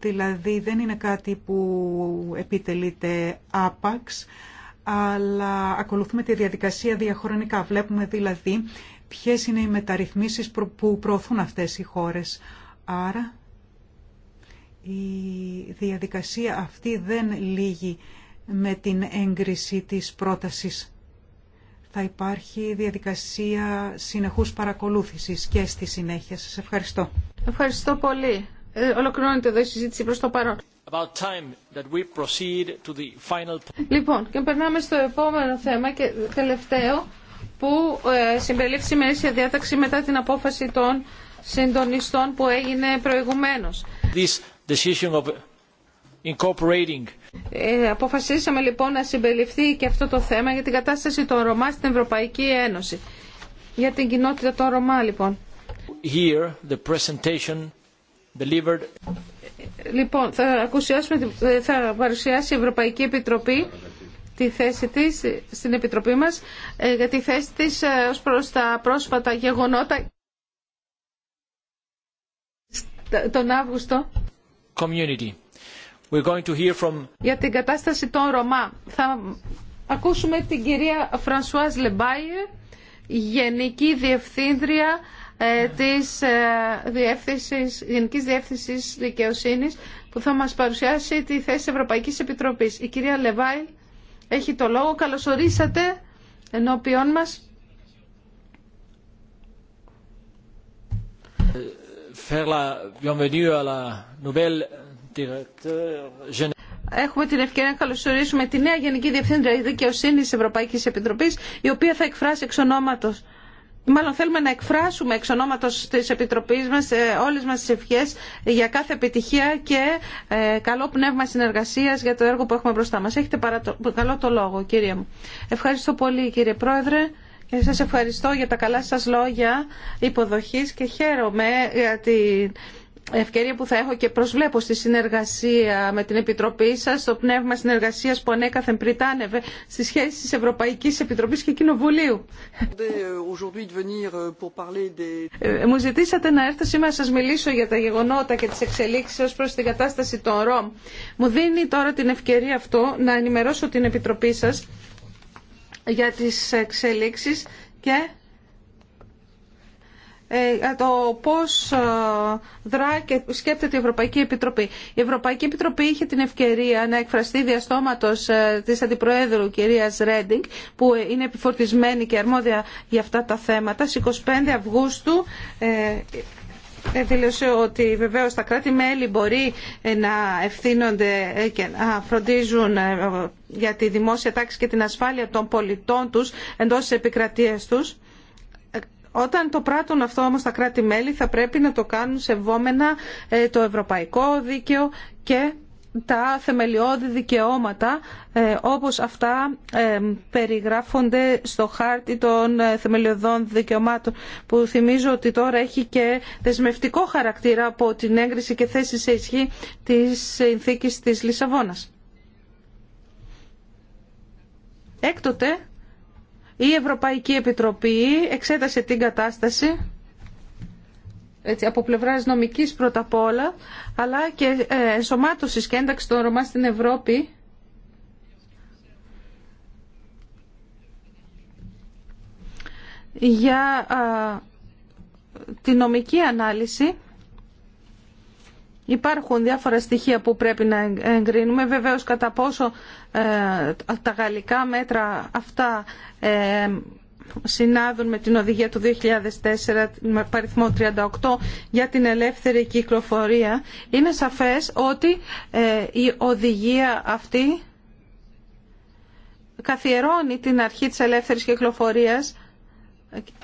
Δηλαδή δεν είναι κάτι που επιτελείται άπαξ, αλλά ακολουθούμε τη διαδικασία διαχρονικά. Βλέπουμε δηλαδή ποιες είναι οι μεταρρυθμίσεις που προωθούν αυτές οι χώρες. Άρα η διαδικασία αυτή δεν λύγει με την έγκριση της πρότασης. Θα υπάρχει διαδικασία συνεχούς παρακολούθησης και στη συνέχεια. Σας ευχαριστώ. Ευχαριστώ πολύ. Ε, ολοκληρώνεται εδώ η συζήτηση προς το παρόν. Λοιπόν, και περνάμε στο επόμενο θέμα και τελευταίο που ε, συμπεριλήφθη η διάταξη μετά την απόφαση των συντονιστών που έγινε προηγουμένως. Ε, αποφασίσαμε λοιπόν να συμπεριληφθεί και αυτό το θέμα για την κατάσταση των Ρωμά στην Ευρωπαϊκή Ένωση. Για την κοινότητα των Ρωμά λοιπόν. Λοιπόν, θα, θα παρουσιάσει η Ευρωπαϊκή Επιτροπή τη θέση της στην Επιτροπή μας ε, για τη θέση της ε, ως προς τα πρόσφατα γεγονότα τον Αύγουστο. Για την κατάσταση των Ρωμά θα ακούσουμε την κυρία Φρανσουάζ Λεμπάιε, Γενική Διευθύντρια ε, της ε, διεύθυνσης, Γενικής Διεύθυνσης Δικαιοσύνης που θα μας παρουσιάσει τη θέση της Ευρωπαϊκής Επιτροπής. Η κυρία Λεβάη έχει το λόγο. Καλωσορίσατε ενώπιόν μας. Έχουμε την ευκαιρία να καλωσορίσουμε τη νέα Γενική Διευθύντρια Δικαιοσύνη τη Ευρωπαϊκή Επιτροπή, η οποία θα εκφράσει εξ ονόματο. Μάλλον θέλουμε να εκφράσουμε εξ ονόματο τη Επιτροπή μα ε, όλε μα τι ευχέ για κάθε επιτυχία και ε, καλό πνεύμα συνεργασία για το έργο που έχουμε μπροστά μα. Έχετε καλό το λόγο, κύριε μου. Ευχαριστώ πολύ, κύριε Πρόεδρε. Σας ευχαριστώ για τα καλά σας λόγια υποδοχής και χαίρομαι για την ευκαιρία που θα έχω και προσβλέπω στη συνεργασία με την Επιτροπή σας, το πνεύμα συνεργασίας που ανέκαθεν πριτάνευε στις σχέσεις της Ευρωπαϊκής Επιτροπής και Κοινοβουλίου. Ε, μου ζητήσατε να έρθω σήμερα να σας μιλήσω για τα γεγονότα και τις εξελίξεις ως προς την κατάσταση των ΡΟΜ. Μου δίνει τώρα την ευκαιρία αυτό να ενημερώσω την Επιτροπή σας για τις εξελίξεις και ε, το πώς ε, δρά και σκέπτεται η Ευρωπαϊκή Επιτροπή. Η Ευρωπαϊκή Επιτροπή είχε την ευκαιρία να εκφραστεί διαστόματος ε, της Αντιπροέδρου κυρίας Ρέντινγκ που είναι επιφορτισμένη και αρμόδια για αυτά τα θέματα. Στις 25 Αυγούστου ε, δήλωσε ότι βεβαίως τα κράτη-μέλη μπορεί ε, να ευθύνονται ε, και να φροντίζουν για τη δημόσια τάξη και την ασφάλεια των πολιτών τους εντός της επικρατείας τους. Όταν το πράττουν αυτό όμως τα κράτη-μέλη θα πρέπει να το κάνουν σεβόμενα το ευρωπαϊκό δίκαιο και τα θεμελιώδη δικαιώματα ε, όπως αυτά ε, περιγράφονται στο χάρτη των ε, θεμελιωδών δικαιωμάτων που θυμίζω ότι τώρα έχει και δεσμευτικό χαρακτήρα από την έγκριση και θέση σε ισχύ της συνθήκης της Λισαβόνας. Έκτοτε η Ευρωπαϊκή Επιτροπή εξέτασε την κατάσταση έτσι, από πλευράς νομικής πρώτα απ' όλα, αλλά και ε, ενσωμάτωσης και ένταξη των Ρωμά στην Ευρώπη. Για τη νομική ανάλυση υπάρχουν διάφορα στοιχεία που πρέπει να εγκρίνουμε. Βεβαίως κατά πόσο ε, τα γαλλικά μέτρα αυτά ε, συνάδουν με την οδηγία του 2004 με παριθμό 38 για την ελεύθερη κυκλοφορία είναι σαφές ότι ε, η οδηγία αυτή καθιερώνει την αρχή της ελεύθερης κυκλοφορίας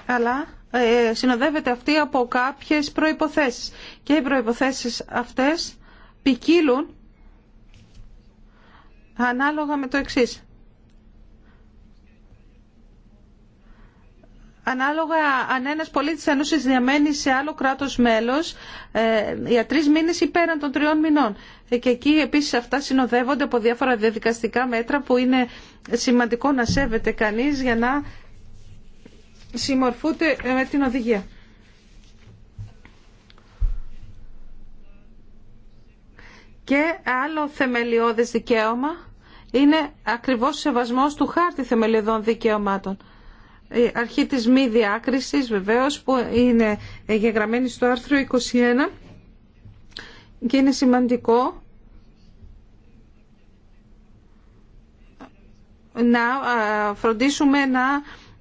αλλά ε, συνοδεύεται αυτή από κάποιες προϋποθέσεις και οι προϋποθέσεις αυτές ποικίλουν ανάλογα με το εξής Ανάλογα αν ένας πολίτης ανούσης διαμένει σε άλλο κράτος μέλος ε, για τρεις μήνες ή πέραν των τριών μηνών. Ε, και εκεί επίσης αυτά συνοδεύονται από διάφορα διαδικαστικά μέτρα που είναι σημαντικό να σέβεται κανείς για να συμμορφούνται με την οδηγία. Και άλλο θεμελιώδες δικαίωμα είναι ακριβώς ο σεβασμός του χάρτη θεμελιωδών δικαιωμάτων αρχή της μη διάκρισης βεβαίως που είναι εγγεγραμμένη στο άρθρο 21 και είναι σημαντικό να φροντίσουμε να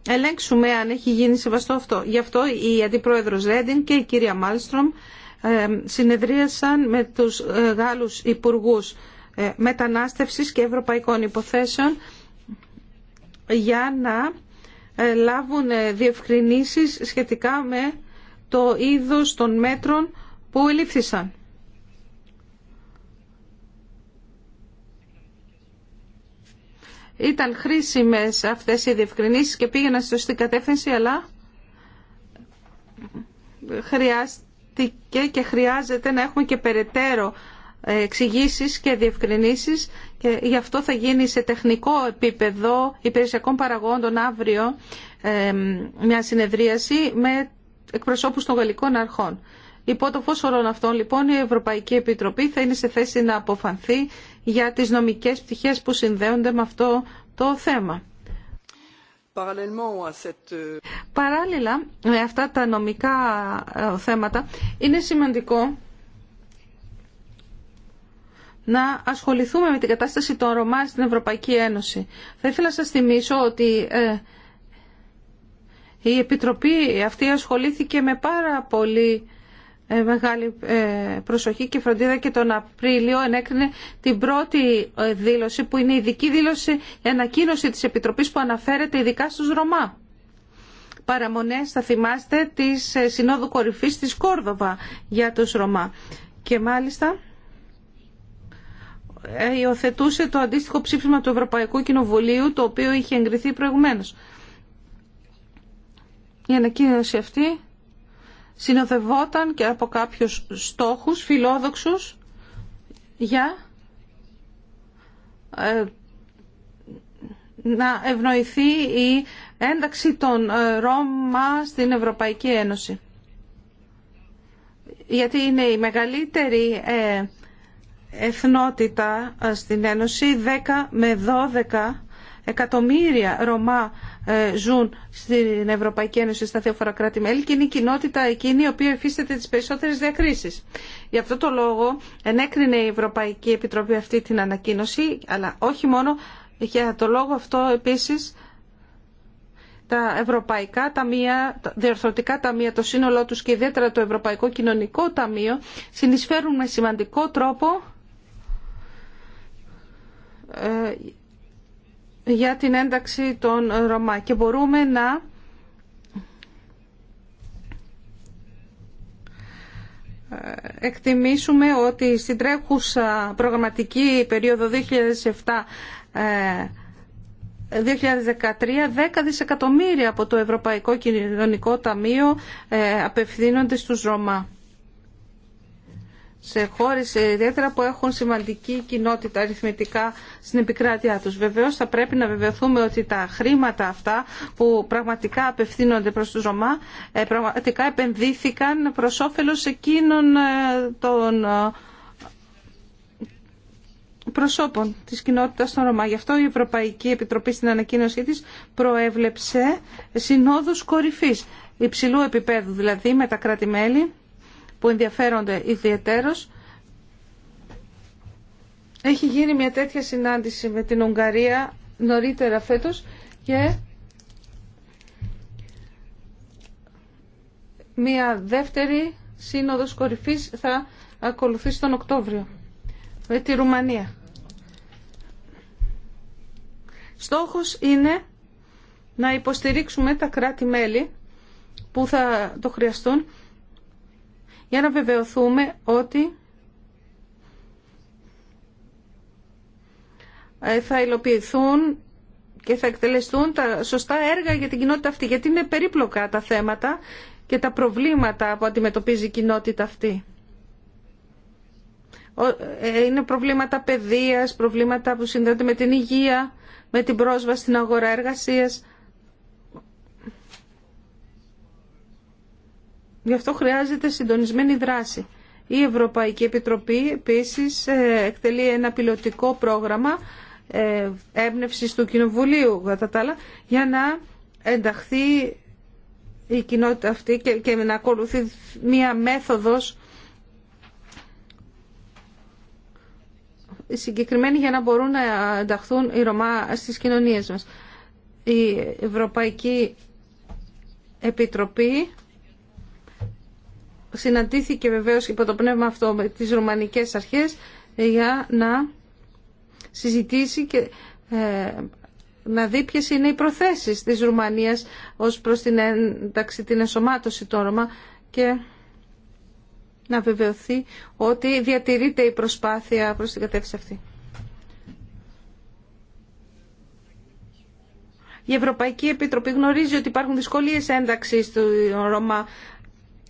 ελέγξουμε αν έχει γίνει σεβαστό αυτό. Γι' αυτό η Αντιπρόεδρος Ρέντιν και η κυρία Μάλστρομ ε, συνεδρίασαν με τους ε, Γάλλους Υπουργούς ε, Μετανάστευσης και Ευρωπαϊκών Υποθέσεων για να ε, λάβουν ε, διευκρινήσεις σχετικά με το είδος των μέτρων που ελήφθησαν. Ήταν χρήσιμες αυτές οι διευκρινήσεις και πήγαιναν στη σωστή κατεύθυνση, αλλά χρειάστηκε και χρειάζεται να έχουμε και περαιτέρω ε, εξηγήσει και διευκρινήσεις και γι' αυτό θα γίνει σε τεχνικό επίπεδο υπηρεσιακών παραγόντων αύριο μια συνεδρίαση με εκπροσώπους των γαλλικών αρχών. Υπό το φως όλων αυτών λοιπόν η Ευρωπαϊκή Επιτροπή θα είναι σε θέση να αποφανθεί για τις νομικές πτυχές που συνδέονται με αυτό το θέμα. Ε, Παράλληλα με αυτά τα νομικά ε, θέματα είναι σημαντικό να ασχοληθούμε με την κατάσταση των Ρωμά στην Ευρωπαϊκή Ένωση. Θα ήθελα να σας θυμίσω ότι ε, η Επιτροπή αυτή ασχολήθηκε με πάρα πολύ ε, μεγάλη ε, προσοχή και φροντίδα και τον Απρίλιο ενέκρινε την πρώτη δήλωση που είναι η ειδική δήλωση, η ανακοίνωση της Επιτροπής που αναφέρεται ειδικά στους Ρωμά. Παραμονές, θα θυμάστε, της Συνόδου Κορυφής της Κόρδοβα για τους Ρωμά. Και μάλιστα ε, υιοθετούσε το αντίστοιχο ψήφισμα του Ευρωπαϊκού Κοινοβουλίου, το οποίο είχε εγκριθεί προηγουμένως. Η ανακοίνωση αυτή συνοδευόταν και από κάποιους στόχους φιλόδοξους για ε, να ευνοηθεί η ένταξη των ε, Ρώμα στην Ευρωπαϊκή Ένωση. Γιατί είναι η μεγαλύτερη εθνότητα ε, στην Ένωση, 10 με 12 εκατομμύρια Ρωμά ε, ζουν στην Ευρωπαϊκή Ένωση στα διάφορα κράτη-μέλη και είναι η κοινότητα εκείνη η οποία υφίσταται τις περισσότερες διακρίσεις. Γι' αυτό το λόγο ενέκρινε η Ευρωπαϊκή Επιτροπή αυτή την ανακοίνωση, αλλά όχι μόνο, για το λόγο αυτό επίσης τα ευρωπαϊκά ταμεία, τα διορθωτικά ταμεία, το σύνολό τους και ιδιαίτερα το Ευρωπαϊκό Κοινωνικό Ταμείο συνεισφέρουν με σημαντικό τρόπο ε, για την ένταξη των Ρωμά και μπορούμε να εκτιμήσουμε ότι στην τρέχουσα προγραμματική περίοδο 2007 2013 10 δισεκατομμύρια από το Ευρωπαϊκό Κοινωνικό Ταμείο ε, απευθύνονται στους Ρωμά σε χώρες ιδιαίτερα που έχουν σημαντική κοινότητα αριθμητικά στην επικράτειά τους. Βεβαίως θα πρέπει να βεβαιωθούμε ότι τα χρήματα αυτά που πραγματικά απευθύνονται προς τους Ρωμά ε, πραγματικά επενδύθηκαν προς όφελος εκείνων ε, των ε, προσώπων της κοινότητας των Ρωμά. Γι' αυτό η Ευρωπαϊκή Επιτροπή στην ανακοίνωσή της προέβλεψε συνόδους κορυφής υψηλού επίπεδου δηλαδή με τα κράτη-μέλη που ενδιαφέρονται ιδιαιτέρως. Έχει γίνει μια τέτοια συνάντηση με την Ουγγαρία νωρίτερα φέτος και μια δεύτερη σύνοδος κορυφής θα ακολουθήσει τον Οκτώβριο με τη Ρουμανία. Στόχος είναι να υποστηρίξουμε τα κράτη-μέλη που θα το χρειαστούν για να βεβαιωθούμε ότι ε, θα υλοποιηθούν και θα εκτελεστούν τα σωστά έργα για την κοινότητα αυτή, γιατί είναι περίπλοκα τα θέματα και τα προβλήματα που αντιμετωπίζει η κοινότητα αυτή. Ε, είναι προβλήματα παιδείας, προβλήματα που συνδέονται με την υγεία, με την πρόσβαση στην αγορά εργασίας. Γι' αυτό χρειάζεται συντονισμένη δράση. Η Ευρωπαϊκή Επιτροπή επίσης ε, εκτελεί ένα πιλωτικό πρόγραμμα ε, έμπνευση του Κοινοβουλίου κατά για να ενταχθεί η κοινότητα αυτή και, και να ακολουθεί μία μέθοδος συγκεκριμένη για να μπορούν να ενταχθούν οι Ρωμά στις κοινωνίες μας. Η Ευρωπαϊκή Επιτροπή συναντήθηκε βεβαίως υπό το πνεύμα αυτό με τις ρουμανικές αρχές για να συζητήσει και ε, να δει ποιες είναι οι προθέσεις της Ρουμανίας ως προς την ένταξη, την ενσωμάτωση των Ρωμα και να βεβαιωθεί ότι διατηρείται η προσπάθεια προς την κατεύθυνση αυτή. Η Ευρωπαϊκή Επιτροπή γνωρίζει ότι υπάρχουν δυσκολίες ένταξης του Ρωμά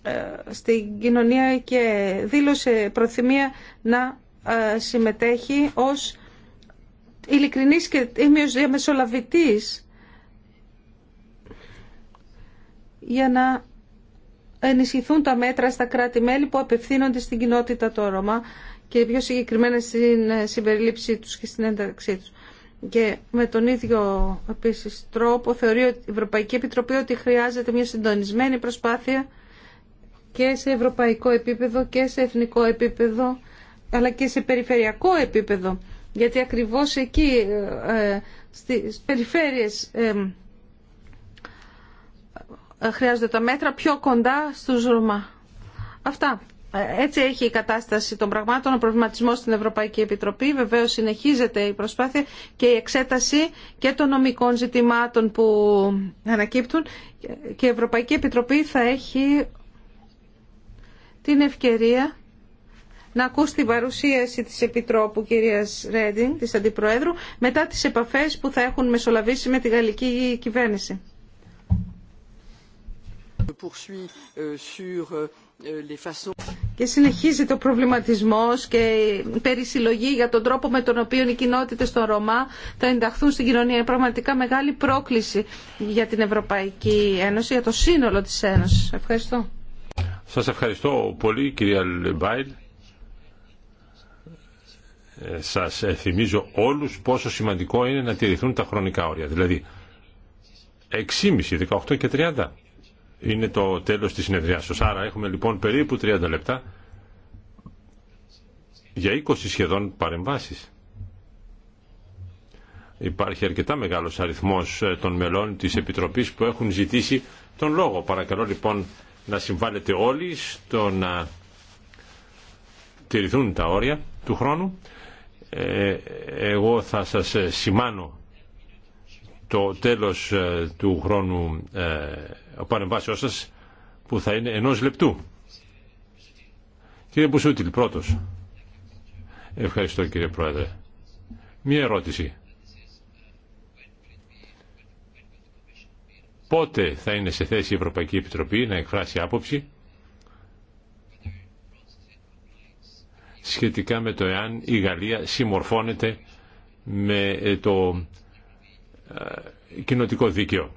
ε, στην κοινωνία και δήλωσε προθυμία να ε, συμμετέχει ως ειλικρινής και ήμιος διαμεσολαβητής για να ενισχυθούν τα μέτρα στα κράτη-μέλη που απευθύνονται στην κοινότητα το Ρώμα και πιο συγκεκριμένα στην ε, συμπεριλήψή τους και στην ένταξή τους. Και με τον ίδιο επίσης τρόπο θεωρεί η Ευρωπαϊκή Επιτροπή ότι χρειάζεται μια συντονισμένη προσπάθεια και σε ευρωπαϊκό επίπεδο και σε εθνικό επίπεδο αλλά και σε περιφερειακό επίπεδο γιατί ακριβώς εκεί ε, ε, στις περιφέρειες ε, χρειάζονται τα μέτρα πιο κοντά στους Ρωμά. Αυτά. Έτσι έχει η κατάσταση των πραγμάτων, ο προβληματισμό στην Ευρωπαϊκή Επιτροπή. Βεβαίω συνεχίζεται η προσπάθεια και η εξέταση και των νομικών ζητημάτων που ανακύπτουν και η Ευρωπαϊκή Επιτροπή θα έχει την ευκαιρία να ακούσει την παρουσίαση της Επιτρόπου κυρίας Ρέντινγκ, της Αντιπροέδρου, μετά τις επαφές που θα έχουν μεσολαβήσει με τη γαλλική κυβέρνηση. Euh, euh, και συνεχίζει το προβληματισμός και η περισυλλογή για τον τρόπο με τον οποίο οι κοινότητες των Ρωμά θα ενταχθούν στην κοινωνία. Είναι πραγματικά μεγάλη πρόκληση για την Ευρωπαϊκή Ένωση, για το σύνολο της Ένωσης. Ευχαριστώ. Σας ευχαριστώ πολύ κυρία Λεμπάιλ. Ε, σας ε, θυμίζω όλους πόσο σημαντικό είναι να τηρηθούν τα χρονικά όρια. Δηλαδή 6,5, 18 και 30 είναι το τέλος της συνεδριάσεως. Άρα έχουμε λοιπόν περίπου 30 λεπτά για 20 σχεδόν παρεμβάσεις. Υπάρχει αρκετά μεγάλος αριθμός ε, των μελών της Επιτροπής που έχουν ζητήσει τον λόγο. Παρακαλώ λοιπόν να συμβάλλετε όλοι στο να τηρηθούν τα όρια του χρόνου. Ε, εγώ θα σας σημάνω το τέλος ε, του χρόνου ε, παρεμβάσεώς σας που θα είναι ενός λεπτού. Κύριε Μπουσούτιλ, πρώτος. Ευχαριστώ κύριε Πρόεδρε. Μία ερώτηση. πότε θα είναι σε θέση η Ευρωπαϊκή Επιτροπή να εκφράσει άποψη σχετικά με το εάν η Γαλλία συμμορφώνεται με το ε, κοινοτικό δίκαιο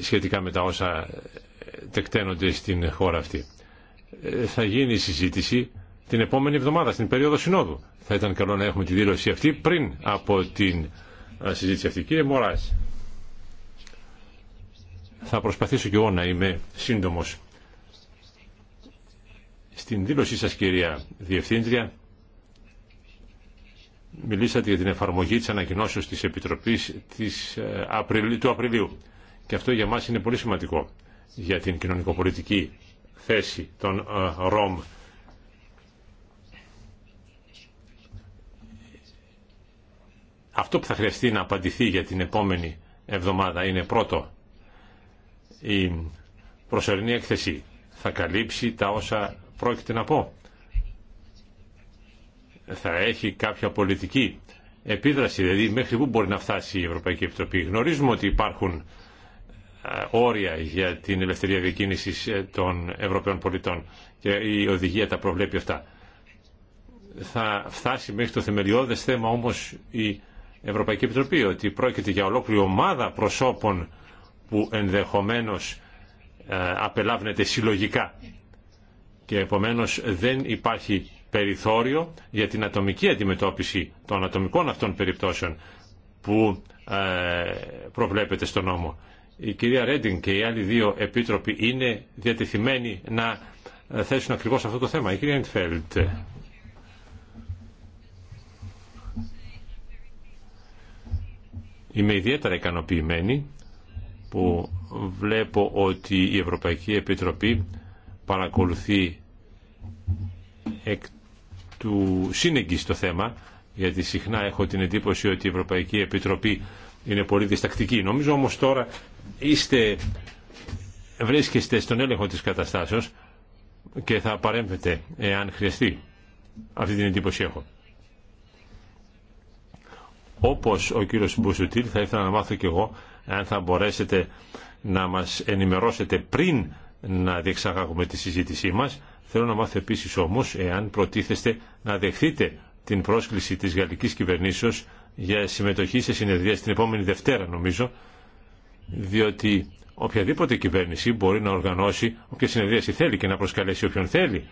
σχετικά με τα όσα τεκταίνονται στην χώρα αυτή. Ε, θα γίνει η συζήτηση την επόμενη εβδομάδα, στην περίοδο συνόδου. Θα ήταν καλό να έχουμε τη δήλωση αυτή πριν από την ε, συζήτηση αυτή. Κύριε Μωράς. Θα προσπαθήσω κι εγώ να είμαι σύντομος. Στην δήλωσή σας κυρία Διευθύντρια μιλήσατε για την εφαρμογή της ανακοινώσεως της Επιτροπής της, ε, του Απριλίου και αυτό για μας είναι πολύ σημαντικό για την κοινωνικοπολιτική θέση των ε, ΡΟΜ. Αυτό που θα χρειαστεί να απαντηθεί για την επόμενη εβδομάδα είναι πρώτο η προσωρινή έκθεση θα καλύψει τα όσα πρόκειται να πω. Θα έχει κάποια πολιτική επίδραση, δηλαδή μέχρι πού μπορεί να φτάσει η Ευρωπαϊκή Επιτροπή. Γνωρίζουμε ότι υπάρχουν ε, όρια για την ελευθερία διακίνηση ε, των Ευρωπαίων πολιτών και η οδηγία τα προβλέπει αυτά. Θα φτάσει μέχρι το θεμελιώδες θέμα όμως η Ευρωπαϊκή Επιτροπή ότι πρόκειται για ολόκληρη ομάδα προσώπων που ενδεχομένως ε, απελάβνεται συλλογικά και επομένως δεν υπάρχει περιθώριο για την ατομική αντιμετώπιση των ατομικών αυτών περιπτώσεων που ε, προβλέπεται στο νόμο. Η κυρία Ρέντιν και οι άλλοι δύο επίτροποι είναι διατεθειμένοι να ε, θέσουν ακριβώς αυτό το θέμα. Η κυρία Εντφέλτ. Είμαι ιδιαίτερα ικανοποιημένη που βλέπω ότι η Ευρωπαϊκή Επιτροπή παρακολουθεί εκ του σύνεγγυ το θέμα, γιατί συχνά έχω την εντύπωση ότι η Ευρωπαϊκή Επιτροπή είναι πολύ διστακτική. Νομίζω όμως τώρα είστε, βρίσκεστε στον έλεγχο της καταστάσεως και θα παρέμβετε εάν χρειαστεί. Αυτή την εντύπωση έχω. Όπως ο κύριος Μπουσουτήλ θα ήθελα να μάθω και εγώ αν θα μπορέσετε να μας ενημερώσετε πριν να διεξαγάγουμε τη συζήτησή μας. Θέλω να μάθω επίσης όμως εάν προτίθεστε να δεχθείτε την πρόσκληση της γαλλικής κυβερνήσεως για συμμετοχή σε συνεδρία στην επόμενη Δευτέρα νομίζω, διότι οποιαδήποτε κυβέρνηση μπορεί να οργανώσει όποια συνεδρίαση θέλει και να προσκαλέσει όποιον θέλει.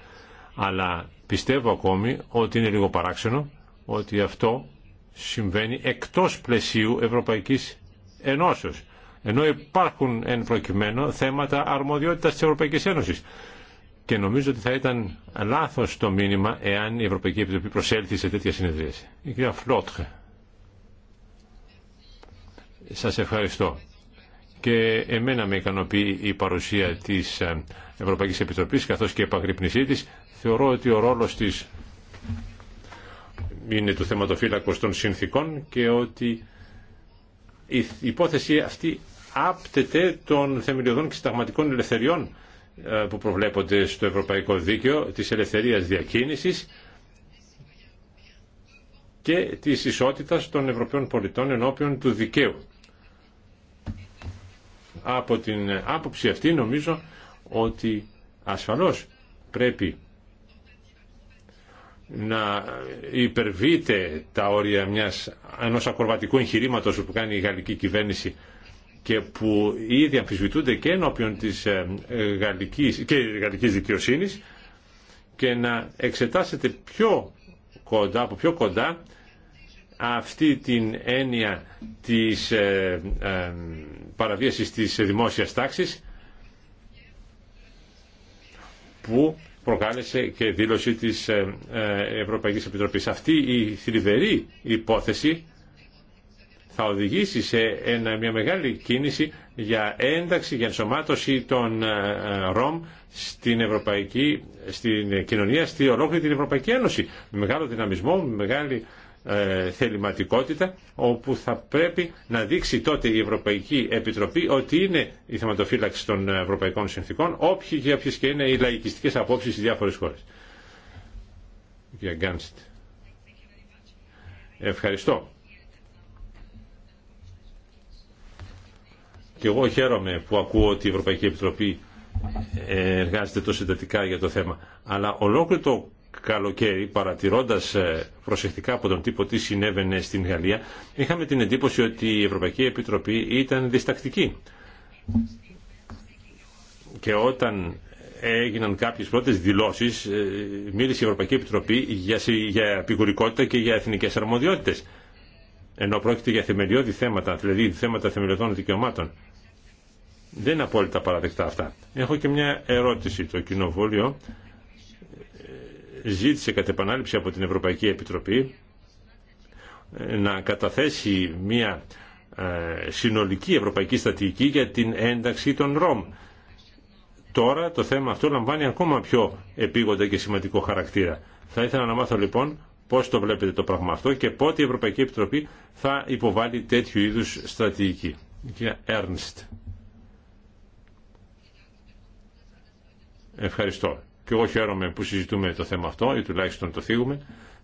Αλλά πιστεύω ακόμη ότι είναι λίγο παράξενο ότι αυτό συμβαίνει εκτός πλαισίου Ευρωπαϊκής ενώσεως. Ενώ υπάρχουν εν προκειμένου θέματα αρμοδιότητας της Ευρωπαϊκής Ένωσης. Και νομίζω ότι θα ήταν λάθος το μήνυμα εάν η Ευρωπαϊκή Επιτροπή προσέλθει σε τέτοια συνεδρίαση. Η κυρία Φλότχε. Σας ευχαριστώ. Και εμένα με ικανοποιεί η παρουσία της ε, Ευρωπαϊκής Επιτροπής καθώς και η επαγρυπνησή της. Θεωρώ ότι ο ρόλος της είναι του θεματοφύλακος των συνθήκων και ότι η υπόθεση αυτή άπτεται των θεμελιωδών και συνταγματικών ελευθεριών ε, που προβλέπονται στο Ευρωπαϊκό Δίκαιο, της ελευθερίας διακίνησης και της ισότητας των Ευρωπαίων πολιτών ενώπιον του δικαίου. Από την άποψη αυτή νομίζω ότι ασφαλώς πρέπει να υπερβείτε τα όρια μιας, ενός ακροβατικού εγχειρήματο που κάνει η γαλλική κυβέρνηση και που ήδη αμφισβητούνται και ενώπιον της ε, γαλλικής, και γαλλικής δικαιοσύνης και να εξετάσετε πιο κοντά, από πιο κοντά αυτή την έννοια της ε, ε παραβίασης της δημόσιας τάξης που προκάλεσε και δήλωση της ε, ε, Ευρωπαϊκής Επιτροπής. Αυτή η θλιβερή υπόθεση θα οδηγήσει σε μια μεγάλη κίνηση για ένταξη, για ενσωμάτωση των ε, ΡΟΜ στην, ευρωπαϊκή, στην κοινωνία, στη ολόκληρη την Ευρωπαϊκή Ένωση. Με μεγάλο δυναμισμό, με μεγάλη ε, θεληματικότητα όπου θα πρέπει να δείξει τότε η Ευρωπαϊκή Επιτροπή ότι είναι η θεματοφύλαξη των ευρωπαϊκών συνθήκων όποιοι και όποιες και είναι οι λαϊκιστικές απόψεις στις διάφορες χώρες. Ευχαριστώ. Και εγώ χαίρομαι που ακούω ότι η Ευρωπαϊκή Επιτροπή ε, εργάζεται τόσο εντατικά για το θέμα. Αλλά ολόκληρο το καλοκαίρι, παρατηρώντας ε, προσεκτικά από τον τύπο τι συνέβαινε στην Γαλλία, είχαμε την εντύπωση ότι η Ευρωπαϊκή Επιτροπή ήταν διστακτική. Και όταν έγιναν κάποιες πρώτες δηλώσεις, ε, μίλησε η Ευρωπαϊκή Επιτροπή για, για και για εθνικές αρμοδιότητες. Ενώ πρόκειται για θεμελιώδη θέματα, δηλαδή θέματα θεμελιωδών δικαιωμάτων. Δεν είναι απόλυτα παραδεκτά αυτά. Έχω και μια ερώτηση. Το κοινοβούλιο ζήτησε κατ' επανάληψη από την Ευρωπαϊκή Επιτροπή ε, να καταθέσει μια ε, συνολική ευρωπαϊκή στατική για την ένταξη των ΡΟΜ. Τώρα το θέμα αυτό λαμβάνει ακόμα πιο επίγοντα και σημαντικό χαρακτήρα. Θα ήθελα να μάθω λοιπόν πώς το βλέπετε το πράγμα αυτό και πότε η Ευρωπαϊκή Επιτροπή θα υποβάλει τέτοιου είδους στρατηγική. Ευχαριστώ και εγώ χαίρομαι που συζητούμε το θέμα αυτό ή τουλάχιστον το θίγουμε.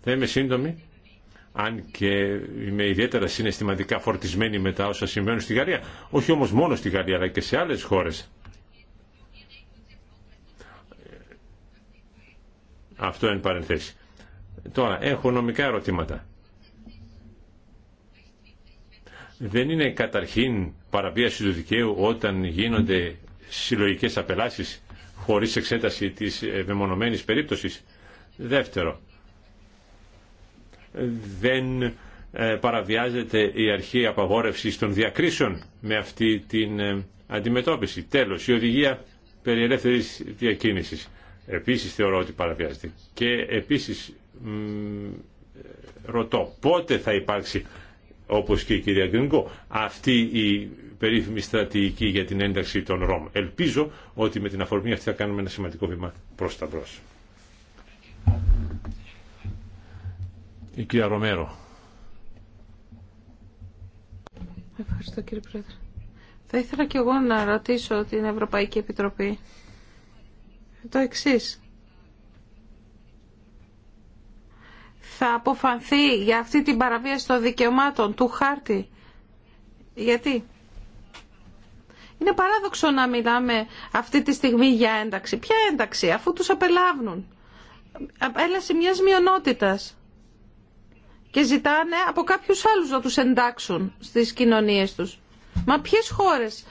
Θα είμαι σύντομη, αν και είμαι ιδιαίτερα συναισθηματικά φορτισμένη με τα όσα συμβαίνουν στη Γαλλία. Όχι όμως μόνο στη Γαλλία, αλλά και σε άλλες χώρες. Αυτό εν παρενθέσει. Τώρα, έχω νομικά ερωτήματα. Δεν είναι καταρχήν παραβίαση του δικαίου όταν γίνονται συλλογικές απελάσεις χωρίς εξέταση της μεμονωμένης περίπτωσης. Δεύτερο, δεν ε, παραβιάζεται η αρχή απαγόρευσης των διακρίσεων με αυτή την ε, αντιμετώπιση. Τέλος, η οδηγία περί ελεύθερης διακίνησης. Επίσης θεωρώ ότι παραβιάζεται. Και επίσης μ, ε, ρωτώ πότε θα υπάρξει, όπως και η κυρία Γκρινγκό, αυτή η περίφημη στρατηγική για την ένταξη των ΡΟΜ. Ελπίζω ότι με την αφορμή αυτή θα κάνουμε ένα σημαντικό βήμα προς τα μπρος. Η κυρία Ρομέρο. Ευχαριστώ κύριε Πρόεδρε. Θα ήθελα και εγώ να ρωτήσω την Ευρωπαϊκή Επιτροπή το εξής. θα αποφανθεί για αυτή την παραβίαση των δικαιωμάτων του χάρτη. Γιατί είναι παράδοξο να μιλάμε αυτή τη στιγμή για ένταξη. Ποια ένταξη, αφού τους απελάβνουν. Έλαση μιας μειονότητας. Και ζητάνε από κάποιους άλλους να τους εντάξουν στις κοινωνίες τους. Μα ποιες χώρες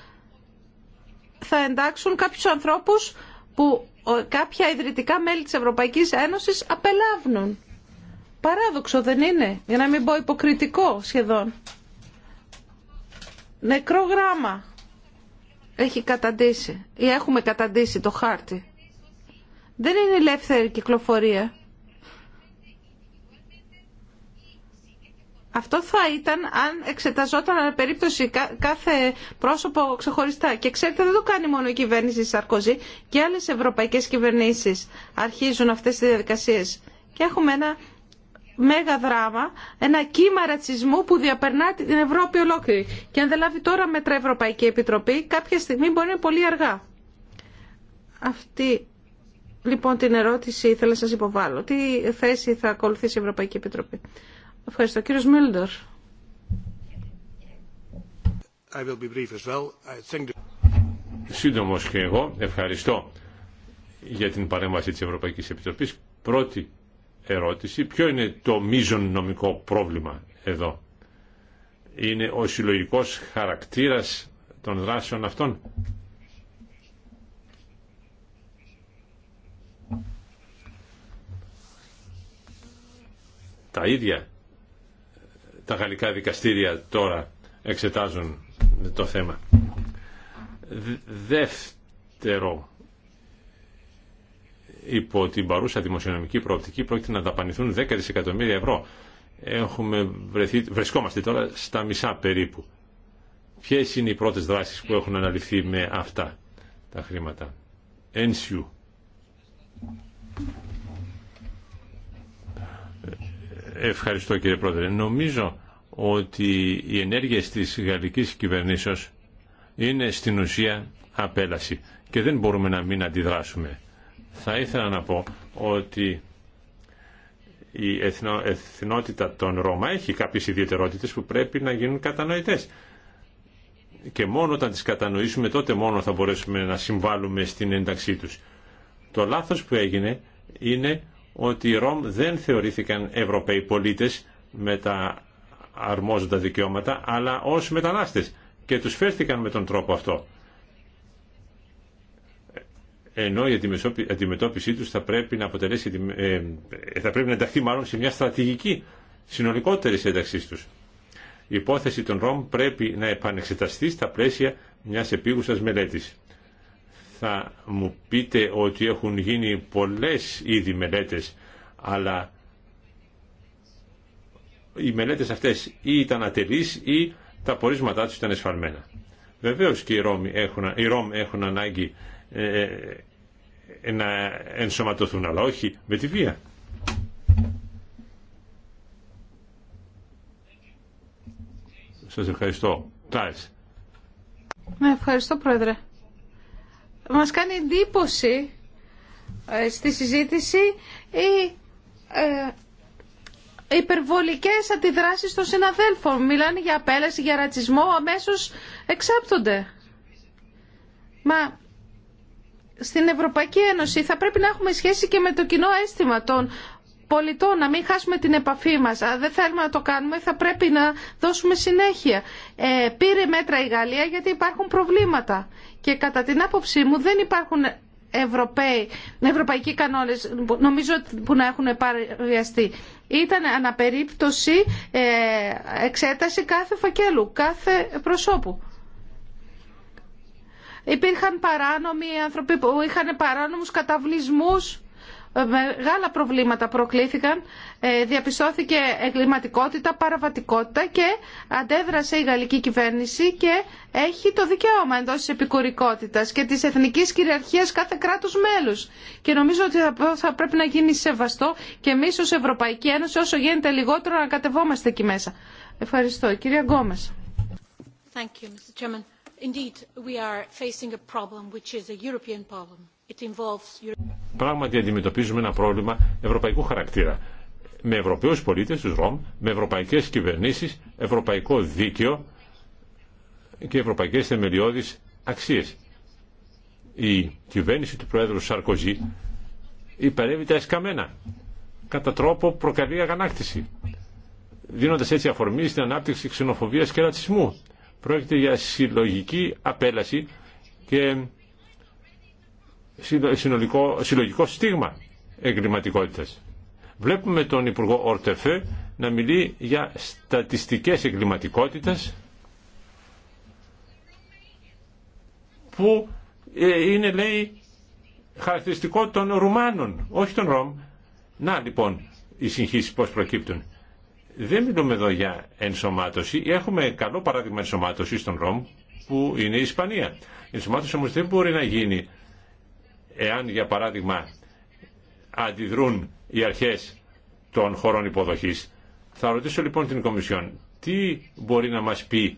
θα εντάξουν κάποιους ανθρώπους που κάποια ιδρυτικά μέλη της Ευρωπαϊκής Ένωσης απελάβνουν. Παράδοξο δεν είναι, για να μην πω υποκριτικό σχεδόν. Νεκρό γράμμα έχει καταντήσει ή έχουμε καταντήσει το χάρτη. Δεν είναι ελεύθερη κυκλοφορία. Αυτό θα ήταν αν εξεταζόταν περίπτωση κάθε πρόσωπο ξεχωριστά. Και ξέρετε δεν το κάνει μόνο η κυβέρνηση Σαρκοζή και άλλες ευρωπαϊκές κυβερνήσεις αρχίζουν αυτές τις διαδικασίες. Και έχουμε ένα μέγα δράμα, ένα κύμα ρατσισμού που διαπερνά την Ευρώπη ολόκληρη. Και αν δεν λάβει τώρα μέτρα Ευρωπαϊκή Επιτροπή, κάποια στιγμή μπορεί να είναι πολύ αργά. Αυτή λοιπόν την ερώτηση ήθελα να σας υποβάλω. Τι θέση θα ακολουθήσει η Ευρωπαϊκή Επιτροπή. Ευχαριστώ. Κύριος Μίλντορ. Σύντομος και εγώ ευχαριστώ για την παρέμβαση της Ευρωπαϊκής Επιτροπής. Πρώτη ερώτηση. Ποιο είναι το μείζον νομικό πρόβλημα εδώ. Είναι ο συλλογικό χαρακτήρας των δράσεων αυτών. Τα ίδια τα γαλλικά δικαστήρια τώρα εξετάζουν το θέμα. Δεύτερο υπό την παρούσα δημοσιονομική προοπτική πρόκειται να δαπανηθούν 10 εκατομμύρια ευρώ. Έχουμε βρεθεί, βρισκόμαστε τώρα στα μισά περίπου. Ποιε είναι οι πρώτε δράσει που έχουν αναλυθεί με αυτά τα χρήματα. Ένσιου. Ευχαριστώ κύριε Πρόεδρε. Νομίζω ότι οι ενέργειες της γαλλικής κυβερνήσεως είναι στην ουσία απέλαση και δεν μπορούμε να μην αντιδράσουμε. Θα ήθελα να πω ότι η εθνο, εθνότητα των Ρώμα έχει κάποιες ιδιαιτερότητες που πρέπει να γίνουν κατανοητές. Και μόνο όταν τις κατανοήσουμε τότε μόνο θα μπορέσουμε να συμβάλλουμε στην ένταξή τους. Το λάθος που έγινε είναι ότι οι Ρώμ δεν θεωρήθηκαν Ευρωπαίοι πολίτες με τα αρμόζοντα δικαιώματα, αλλά ως μετανάστες και τους φέρθηκαν με τον τρόπο αυτό ενώ η αντιμετώπιση τους θα πρέπει να αποτελέσει, ε, ε, θα πρέπει να ενταχθεί μάλλον σε μια στρατηγική συνολικότερη ένταξή του. Η υπόθεση των ΡΟΜ πρέπει να επανεξεταστεί στα πλαίσια μιας επίγουσας μελέτης. Θα μου πείτε ότι έχουν γίνει πολλές ήδη μελέτες, αλλά οι μελέτες αυτές ή ήταν ατελείς ή τα πορίσματά τους ήταν εσφαλμένα. Βεβαίως και οι έχουν, οι Ρομ έχουν ανάγκη ε, να ενσωματωθούν, αλλά όχι με τη βία. Σας ευχαριστώ. Τάις. Ναι, ευχαριστώ Πρόεδρε. Μας κάνει εντύπωση ε, στη συζήτηση η ε, υπερβολικές αντιδράσεις των συναδέλφων. Μιλάνε για απέλαση, για ρατσισμό, αμέσως εξάπτονται. Μα στην Ευρωπαϊκή Ένωση θα πρέπει να έχουμε σχέση και με το κοινό αίσθημα των πολιτών, να μην χάσουμε την επαφή μας. Αν δεν θέλουμε να το κάνουμε θα πρέπει να δώσουμε συνέχεια. Ε, πήρε μέτρα η Γαλλία γιατί υπάρχουν προβλήματα και κατά την άποψή μου δεν υπάρχουν Ευρωπαίοι, ευρωπαϊκοί κανόνες νομίζω που να έχουν παριαστεί. Ήταν αναπερίπτωση ε, εξέταση κάθε φακέλου, κάθε προσώπου υπήρχαν παράνομοι άνθρωποι που είχαν παράνομους καταβλισμούς ε, μεγάλα προβλήματα προκλήθηκαν, ε, διαπιστώθηκε εγκληματικότητα, παραβατικότητα και αντέδρασε η γαλλική κυβέρνηση και έχει το δικαίωμα εντό τη επικουρικότητα και τη εθνική κυριαρχία κάθε κράτου μέλου. Και νομίζω ότι θα πρέπει να γίνει σεβαστό και εμεί ω Ευρωπαϊκή Ένωση, όσο γίνεται λιγότερο, να κατεβόμαστε εκεί μέσα. Ευχαριστώ. Κυρία Γκόμε. Indeed, we are facing a problem which is a European problem. Πράγματι αντιμετωπίζουμε ένα πρόβλημα ευρωπαϊκού χαρακτήρα. Με ευρωπαίους πολίτες, τους ΡΟΜ, με ευρωπαϊκές κυβερνήσεις, ευρωπαϊκό δίκαιο και ευρωπαϊκές θεμελιώδεις αξίες. Η κυβέρνηση του Πρόεδρου Σαρκοζή υπερεύει τα εσκαμμένα κατά τρόπο προκαλεί αγανάκτηση δίνοντας έτσι αφορμή στην ανάπτυξη ξενοφοβίας και ρατσισμού Πρόκειται για συλλογική απέλαση και συλλογικό στίγμα εγκληματικότητας. Βλέπουμε τον Υπουργό Ορτεφέ να μιλεί για στατιστικές εγκληματικότητας που ε, είναι λέει χαρακτηριστικό των Ρουμάνων, όχι των Ρωμ. Να λοιπόν οι συγχύσεις πώς προκύπτουν δεν μιλούμε εδώ για ενσωμάτωση. Έχουμε καλό παράδειγμα ενσωμάτωση στον ΡΟΜ που είναι η Ισπανία. Η ενσωμάτωση όμως δεν μπορεί να γίνει εάν για παράδειγμα αντιδρούν οι αρχές των χωρών υποδοχής. Θα ρωτήσω λοιπόν την Κομισιόν τι μπορεί να μας πει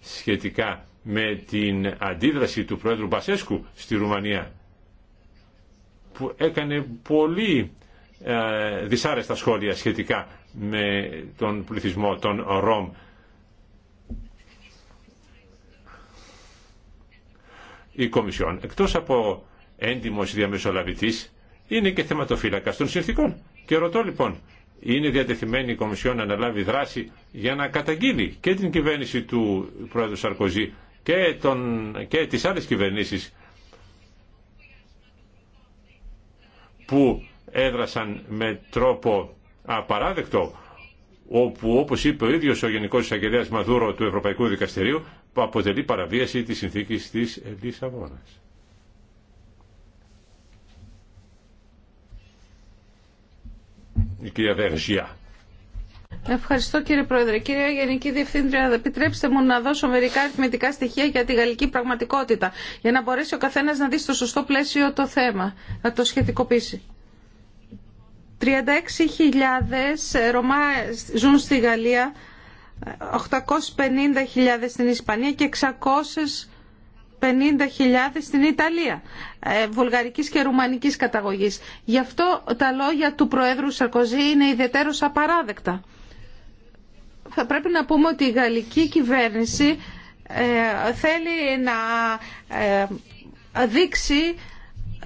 σχετικά με την αντίδραση του Πρόεδρου Μπασέσκου στη Ρουμανία που έκανε πολύ ε, δυσάρεστα σχόλια σχετικά με τον πληθυσμό των ΡΟΜ. Η Κομισιόν, εκτός από έντιμος διαμεσολαβητής, είναι και θεματοφύλακα των συνθήκων. Και ρωτώ λοιπόν, είναι διατεθειμένη η Κομισιόν να αναλάβει δράση για να καταγγείλει και την κυβέρνηση του πρόεδρου Σαρκοζή και, τον, και τις άλλες κυβερνήσεις που έδρασαν με τρόπο απαράδεκτο όπου όπως είπε ο ίδιος ο Γενικός Εισαγγελέας Μαδούρο του Ευρωπαϊκού Δικαστηρίου που αποτελεί παραβίαση της συνθήκης της Λισαβόνας. Η κυρία Βεργία. Ευχαριστώ κύριε Πρόεδρε. Κυρία Γενική Διευθύντρια, επιτρέψτε μου να δώσω μερικά αριθμητικά στοιχεία για τη γαλλική πραγματικότητα, για να μπορέσει ο καθένας να δει στο σωστό πλαίσιο το θέμα, να το σχετικοποιήσει. 36.000 Ρωμά ζουν στη Γαλλία, 850.000 στην Ισπανία και 650.000 στην Ιταλία, ε, βουλγαρικής και ρουμανικής καταγωγής. Γι' αυτό τα λόγια του Προέδρου Σαρκοζή είναι ιδιαίτερως απαράδεκτα. Θα πρέπει να πούμε ότι η γαλλική κυβέρνηση ε, θέλει να ε, δείξει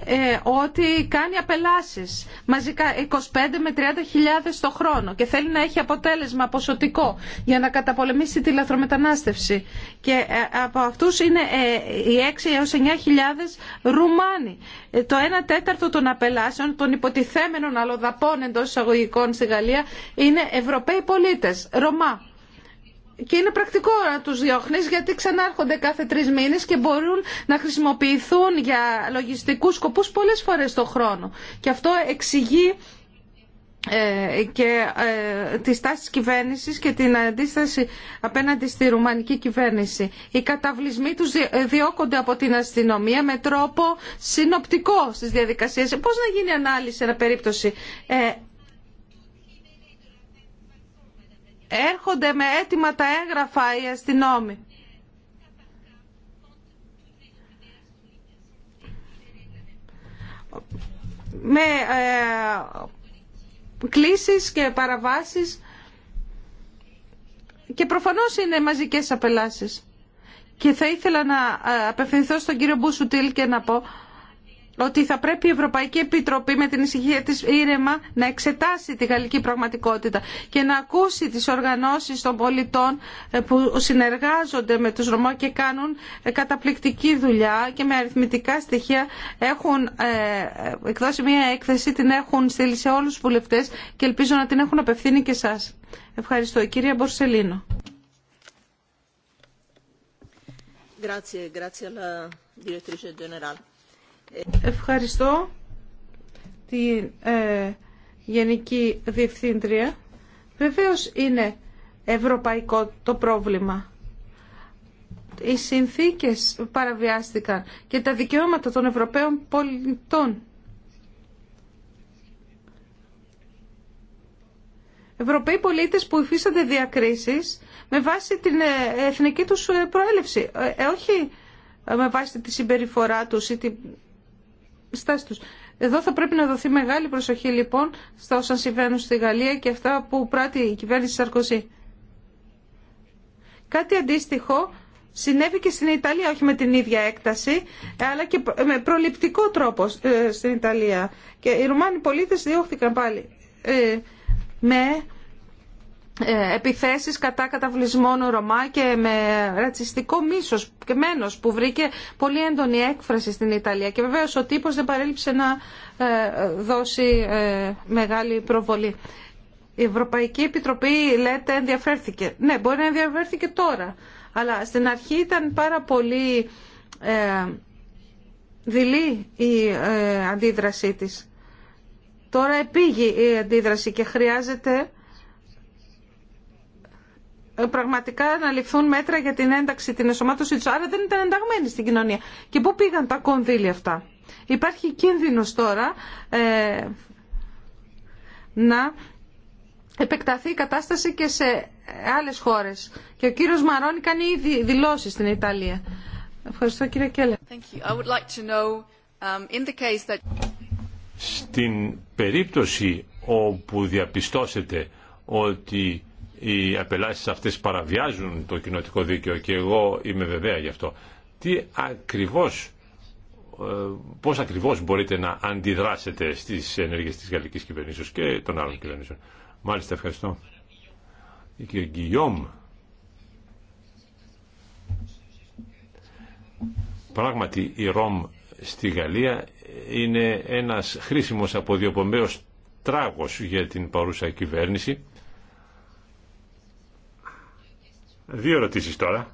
ε, ότι κάνει απελάσεις μαζικά 25 με 30 χιλιάδες το χρόνο και θέλει να έχει αποτέλεσμα ποσοτικό για να καταπολεμήσει τη λαθρομετανάστευση και ε, από αυτούς είναι ε, οι 6 έως 9 χιλιάδες Ρουμάνοι το 1 τέταρτο των απελάσεων των υποτιθέμενων αλλοδαπών εντός εισαγωγικών στη Γαλλία είναι Ευρωπαίοι πολίτες Ρωμά και είναι πρακτικό να του διώχνεις γιατί ξανάρχονται κάθε τρει μήνε και μπορούν να χρησιμοποιηθούν για λογιστικού σκοπού πολλέ φορέ το χρόνο. Και αυτό εξηγεί ε, και ε, τη στάση της κυβέρνησης και την αντίσταση απέναντι στη ρουμανική κυβέρνηση. Οι καταβλισμοί τους ε, διώκονται από την αστυνομία με τρόπο συνοπτικό στις διαδικασίες. Πώς να γίνει ανάλυση σε ένα περίπτωση. Ε, έρχονται με έτοιμα τα έγγραφα οι αστυνόμοι. Με ε, κλήσεις και παραβάσεις και προφανώς είναι μαζικές απελάσεις. Και θα ήθελα να ε, απευθυνθώ στον κύριο Μπουσουτήλ και να πω ότι θα πρέπει η Ευρωπαϊκή Επιτροπή με την ησυχία της ήρεμα να εξετάσει τη γαλλική πραγματικότητα και να ακούσει τις οργανώσεις των πολιτών ε, που συνεργάζονται με τους Ρωμό και κάνουν ε, καταπληκτική δουλειά και με αριθμητικά στοιχεία έχουν ε, εκδώσει μια έκθεση, την έχουν στείλει σε όλους τους βουλευτές και ελπίζω να την έχουν απευθύνει και εσά. Ευχαριστώ. κυρία Μπορσελίνο. Grazie, grazie alla direttrice generale. Ευχαριστώ την ε, Γενική Διευθύντρια. Βεβαίως είναι ευρωπαϊκό το πρόβλημα. Οι συνθήκες παραβιάστηκαν και τα δικαιώματα των Ευρωπαίων πολιτών. Ευρωπαίοι πολίτες που υφίστανται διακρίσεις με βάση την ε, εθνική τους ε, προέλευση, όχι με βάση τη συμπεριφορά τους ή την εδώ θα πρέπει να δοθεί μεγάλη προσοχή λοιπόν στα όσα συμβαίνουν στη Γαλλία και αυτά που πράττει η κυβέρνηση Σαρκοζή. Κάτι αντίστοιχο συνέβη και στην Ιταλία, όχι με την ίδια έκταση, αλλά και με προληπτικό τρόπο ε, στην Ιταλία. Και οι Ρουμάνοι πολίτες διώχθηκαν πάλι ε, με ε, επιθέσεις κατά καταβλισμών Ρωμά και με ρατσιστικό μίσος και μένος που βρήκε πολύ έντονη έκφραση στην Ιταλία και βεβαίως ο τύπος δεν παρέλειψε να ε, δώσει ε, μεγάλη προβολή. Η Ευρωπαϊκή Επιτροπή λέτε ενδιαφέρθηκε. Ναι, μπορεί να ενδιαφέρθηκε τώρα, αλλά στην αρχή ήταν πάρα πολύ ε, δειλή η αντίδρασή της. Τώρα επήγει η αντίδραση και χρειάζεται ε, πραγματικά να ληφθούν μέτρα για την ένταξη, την εσωμάτωσή του. Άρα δεν ήταν ενταγμένοι στην κοινωνία. Και πού πήγαν τα κονδύλια αυτά. Υπάρχει κίνδυνος τώρα ε, να επεκταθεί η κατάσταση και σε άλλες χώρες. Και ο κύριο Μαρόνι κάνει ήδη δηλώσει στην Ιταλία. Ευχαριστώ κύριε Κέλλε. Στην περίπτωση όπου διαπιστώσετε ότι οι απελάσεις αυτές παραβιάζουν το κοινοτικό δίκαιο και εγώ είμαι βεβαία γι' αυτό. Τι ακριβώς, ε, πώς ακριβώς μπορείτε να αντιδράσετε στις ενέργειες της γαλλικής κυβερνήσεως και των άλλων κυβερνήσεων. Μάλιστα, ευχαριστώ. Η κυρία Πράγματι, η ΡΟΜ στη Γαλλία είναι ένας χρήσιμος αποδιοπομπαίο τράγος για την παρούσα κυβέρνηση Δύο ερωτήσεις τώρα.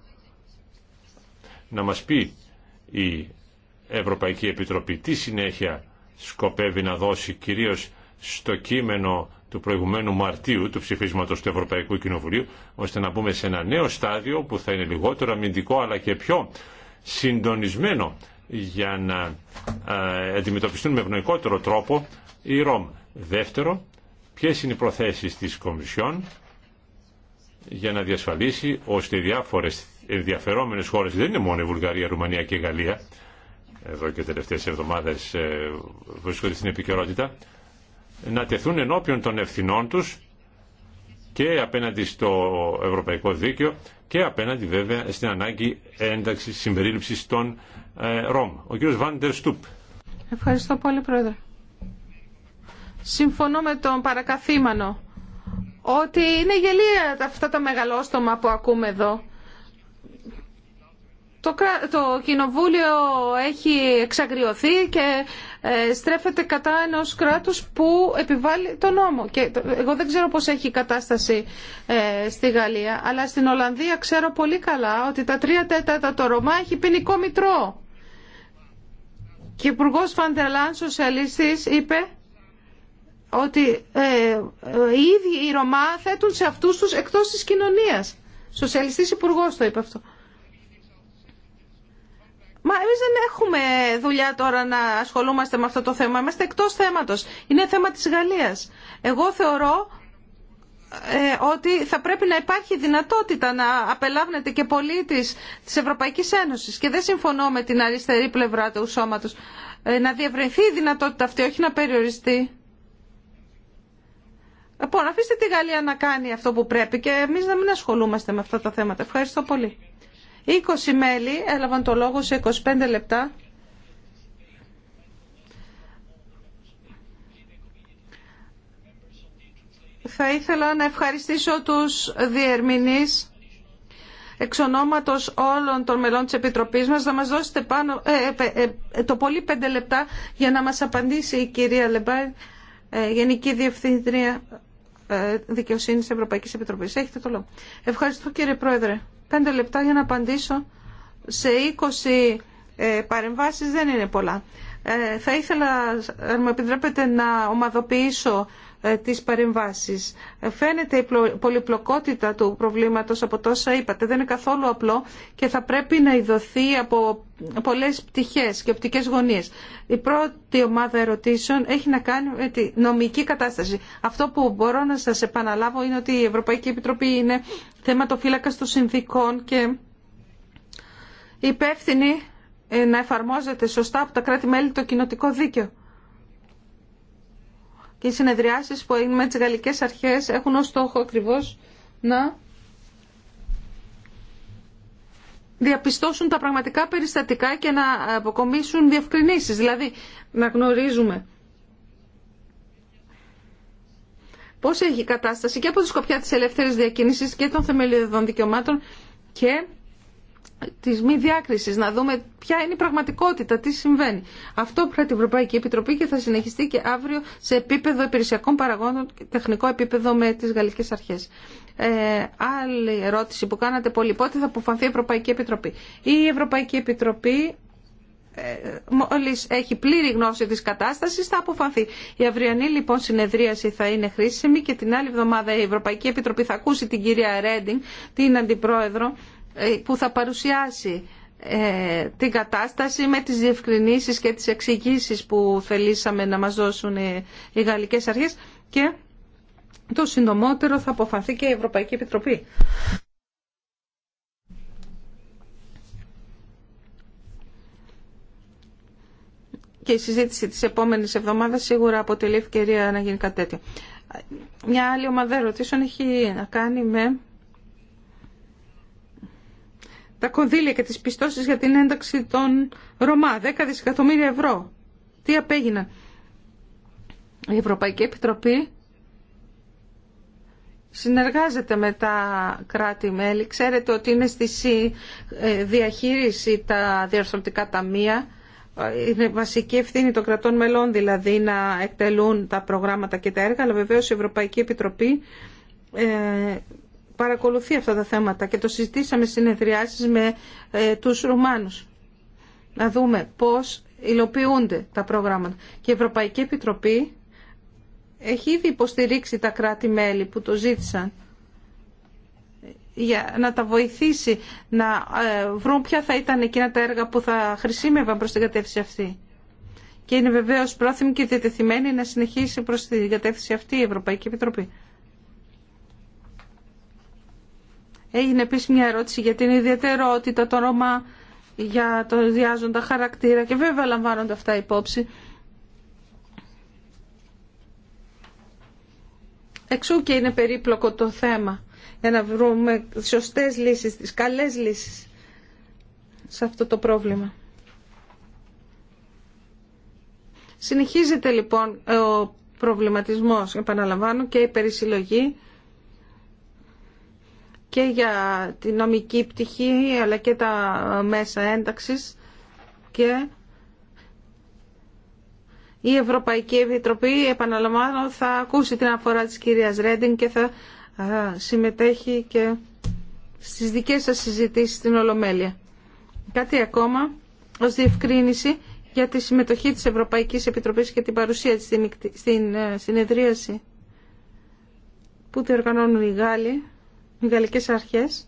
Να μας πει η Ευρωπαϊκή Επιτροπή τι συνέχεια σκοπεύει να δώσει κυρίως στο κείμενο του προηγουμένου Μαρτίου του ψηφίσματος του Ευρωπαϊκού Κοινοβουλίου ώστε να μπούμε σε ένα νέο στάδιο που θα είναι λιγότερο αμυντικό αλλά και πιο συντονισμένο για να αντιμετωπιστούν με ευνοϊκότερο τρόπο η ΡΟΜ. Δεύτερο, ποιες είναι οι προθέσεις της Κομισιόν για να διασφαλίσει ώστε οι διάφορες ενδιαφερόμενες χώρες, δεν είναι μόνο η Βουλγαρία, η Ρουμανία και η Γαλλία, εδώ και τελευταίες εβδομάδες ε, βρίσκονται στην επικαιρότητα, να τεθούν ενώπιον των ευθυνών του και απέναντι στο ευρωπαϊκό δίκαιο και απέναντι βέβαια στην ανάγκη ένταξη συμπερίληψη των ε, ΡΟΜ. Ο κύριος Βάντερ Στούπ. Ευχαριστώ πολύ Πρόεδρε. Συμφωνώ με τον παρακαθήμανο ότι είναι γελία αυτά τα μεγαλόστομα που ακούμε εδώ. Το, το κοινοβούλιο έχει εξαγριωθεί και ε, στρέφεται κατά ενός κράτους που επιβάλλει τον νόμο. Και εγώ δεν ξέρω πώς έχει η κατάσταση ε, στη Γαλλία, αλλά στην Ολλανδία ξέρω πολύ καλά ότι τα τρία τέταρτα το Ρωμά έχει ποινικό μητρό. Και ο Υπουργός Φαντελάν, σοσιαλιστής, είπε ότι ε, ε, οι ίδιοι οι Ρωμά θέτουν σε αυτούς τους εκτός της κοινωνίας. Σοσιαλιστής υπουργό το είπε αυτό. Μα εμείς δεν έχουμε δουλειά τώρα να ασχολούμαστε με αυτό το θέμα. Είμαστε εκτός θέματος. Είναι θέμα της Γαλλίας. Εγώ θεωρώ ε, ότι θα πρέπει να υπάρχει δυνατότητα να απελάβνεται και πολίτης της Ευρωπαϊκής Ένωσης. Και δεν συμφωνώ με την αριστερή πλευρά του σώματος. Ε, να διευρυνθεί η δυνατότητα αυτή, όχι να περιοριστεί. Λοιπόν, αφήστε τη Γαλλία να κάνει αυτό που πρέπει και εμεί να μην ασχολούμαστε με αυτά τα θέματα. Ευχαριστώ πολύ. 20 μέλη έλαβαν το λόγο σε 25 λεπτά. Θα ήθελα να ευχαριστήσω τους διερμηνείς εξ ονόματος όλων των μελών της Επιτροπής μας να μας δώσετε πάνω, ε, ε, ε, το πολύ πέντε λεπτά για να μας απαντήσει η κυρία Λεμπάρ, Γενική Διευθύντρια ε, Δικαιοσύνης Ευρωπαϊκή Επιτροπής. Έχετε το λόγο. Ευχαριστώ κύριε Πρόεδρε. Πέντε λεπτά για να απαντήσω σε 20 ε, παρεμβάσεις δεν είναι πολλά. Ε, θα ήθελα, αν μου επιτρέπετε, να ομαδοποιήσω ε, τις παρεμβάσεις. Ε, φαίνεται η πολυπλοκότητα του προβλήματος από τόσα είπατε. Δεν είναι καθόλου απλό και θα πρέπει να ειδωθεί από πολλές πτυχές και οπτικές γωνίες. Η πρώτη ομάδα ερωτήσεων έχει να κάνει με τη νομική κατάσταση. Αυτό που μπορώ να σας επαναλάβω είναι ότι η Ευρωπαϊκή Επιτροπή είναι θέματοφύλακας των συνδικών και υπεύθυνη ε, να εφαρμόζεται σωστά από τα κράτη-μέλη το κοινοτικό δίκαιο οι συνεδριάσεις που έγιναν με τις γαλλικές αρχές έχουν ως στόχο ακριβώς να διαπιστώσουν τα πραγματικά περιστατικά και να αποκομίσουν διευκρινήσεις, δηλαδή να γνωρίζουμε πώς έχει η κατάσταση και από τη σκοπιά της ελεύθερης διακίνησης και των θεμελιωδών δικαιωμάτων και Τη μη διάκριση να δούμε ποια είναι η πραγματικότητα, τι συμβαίνει. Αυτό πρέπει την Ευρωπαϊκή Επιτροπή και θα συνεχιστεί και αύριο σε επίπεδο υπηρεσιακών παραγόντων και τεχνικό επίπεδο με τι γαλλικέ αρχέ. Ε, άλλη ερώτηση που κάνατε πολύ, πότε θα αποφανθεί η Ευρωπαϊκή Επιτροπή. Η Ευρωπαϊκή Επιτροπή ε, μόλις έχει πλήρη γνώση της κατάστασης θα αποφανθεί. Η αυριανή λοιπόν συνεδρίαση θα είναι χρήσιμη και την άλλη εβδομάδα η Ευρωπαϊκή Επιτροπή θα ακούσει την κυρία Ρέντινγκ, την Αντιπρόεδρο ε, που θα παρουσιάσει ε, την κατάσταση με τις διευκρινήσεις και τις εξηγήσεις που θελήσαμε να μας δώσουν οι γαλλικές αρχές και το συντομότερο θα αποφανθεί και η Ευρωπαϊκή Επιτροπή. Και η συζήτηση της επόμενης εβδομάδας σίγουρα αποτελεί ευκαιρία να γίνει κάτι τέτοιο. Μια άλλη ομάδα ερωτήσεων έχει να κάνει με τα κονδύλια και τις πιστώσεις για την ένταξη των Ρωμά, 10 δισεκατομμύρια ευρώ. Τι απέγιναν. Η Ευρωπαϊκή Επιτροπή συνεργάζεται με τα κράτη-μέλη. Ξέρετε ότι είναι στη ε, διαχείριση τα διαρθρωτικά ταμεία. Είναι βασική ευθύνη των κρατών μελών δηλαδή να εκτελούν τα προγράμματα και τα έργα, αλλά βεβαίως η Ευρωπαϊκή Επιτροπή ε, παρακολουθεί αυτά τα θέματα και το συζητήσαμε συνεδριάσεις με ε, τους Ρουμάνους. Να δούμε πώς υλοποιούνται τα προγράμματα. Και η Ευρωπαϊκή Επιτροπή έχει ήδη υποστηρίξει τα κράτη-μέλη που το ζήτησαν για να τα βοηθήσει να ε, βρουν ποια θα ήταν εκείνα τα έργα που θα χρησιμεύαν προς την κατεύθυνση αυτή. Και είναι βεβαίως πρόθυμη και διατεθειμένη να συνεχίσει προς την κατεύθυνση αυτή η Ευρωπαϊκή Επιτροπή. Έγινε επίση μια ερώτηση για την ιδιαιτερότητα το όνομα για τον διάζοντα χαρακτήρα και βέβαια λαμβάνονται αυτά υπόψη. Εξού και είναι περίπλοκο το θέμα για να βρούμε σωστές λύσεις, τις καλές λύσεις σε αυτό το πρόβλημα. Συνεχίζεται λοιπόν ο προβληματισμός, επαναλαμβάνω, και η περισυλλογή και για τη νομική πτυχή αλλά και τα μέσα ένταξης και η Ευρωπαϊκή Επιτροπή, επαναλαμβάνω, θα ακούσει την αφορά της κυρίας Ρέντιν και θα συμμετέχει και στις δικές σας συζητήσεις στην Ολομέλεια. Κάτι ακόμα ως διευκρίνηση για τη συμμετοχή της Ευρωπαϊκής Επιτροπής και την παρουσία της στην ε, συνεδρίαση που διοργανώνουν οι Γάλλοι οι γαλλικές αρχές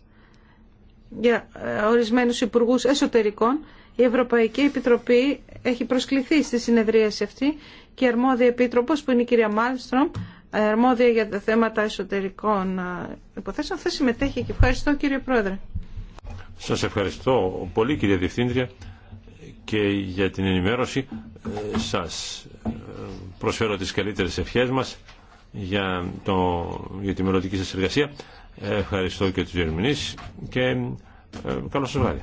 για ε, ορισμένους υπουργούς εσωτερικών η Ευρωπαϊκή Επιτροπή έχει προσκληθεί στη συνεδρίαση αυτή και η αρμόδια επίτροπος που είναι η κυρία Μάλστρομ ε, αρμόδια για τα θέματα εσωτερικών ε, υποθέσεων θα συμμετέχει και ευχαριστώ κύριε Πρόεδρε. Σας ευχαριστώ πολύ κύριε Διευθύντρια και για την ενημέρωση σας προσφέρω τις καλύτερες ευχές μας για, το, για τη μελλοντική σας εργασία. Ευχαριστώ και τους Γερμηνείς και ε, καλό σας βράδυ.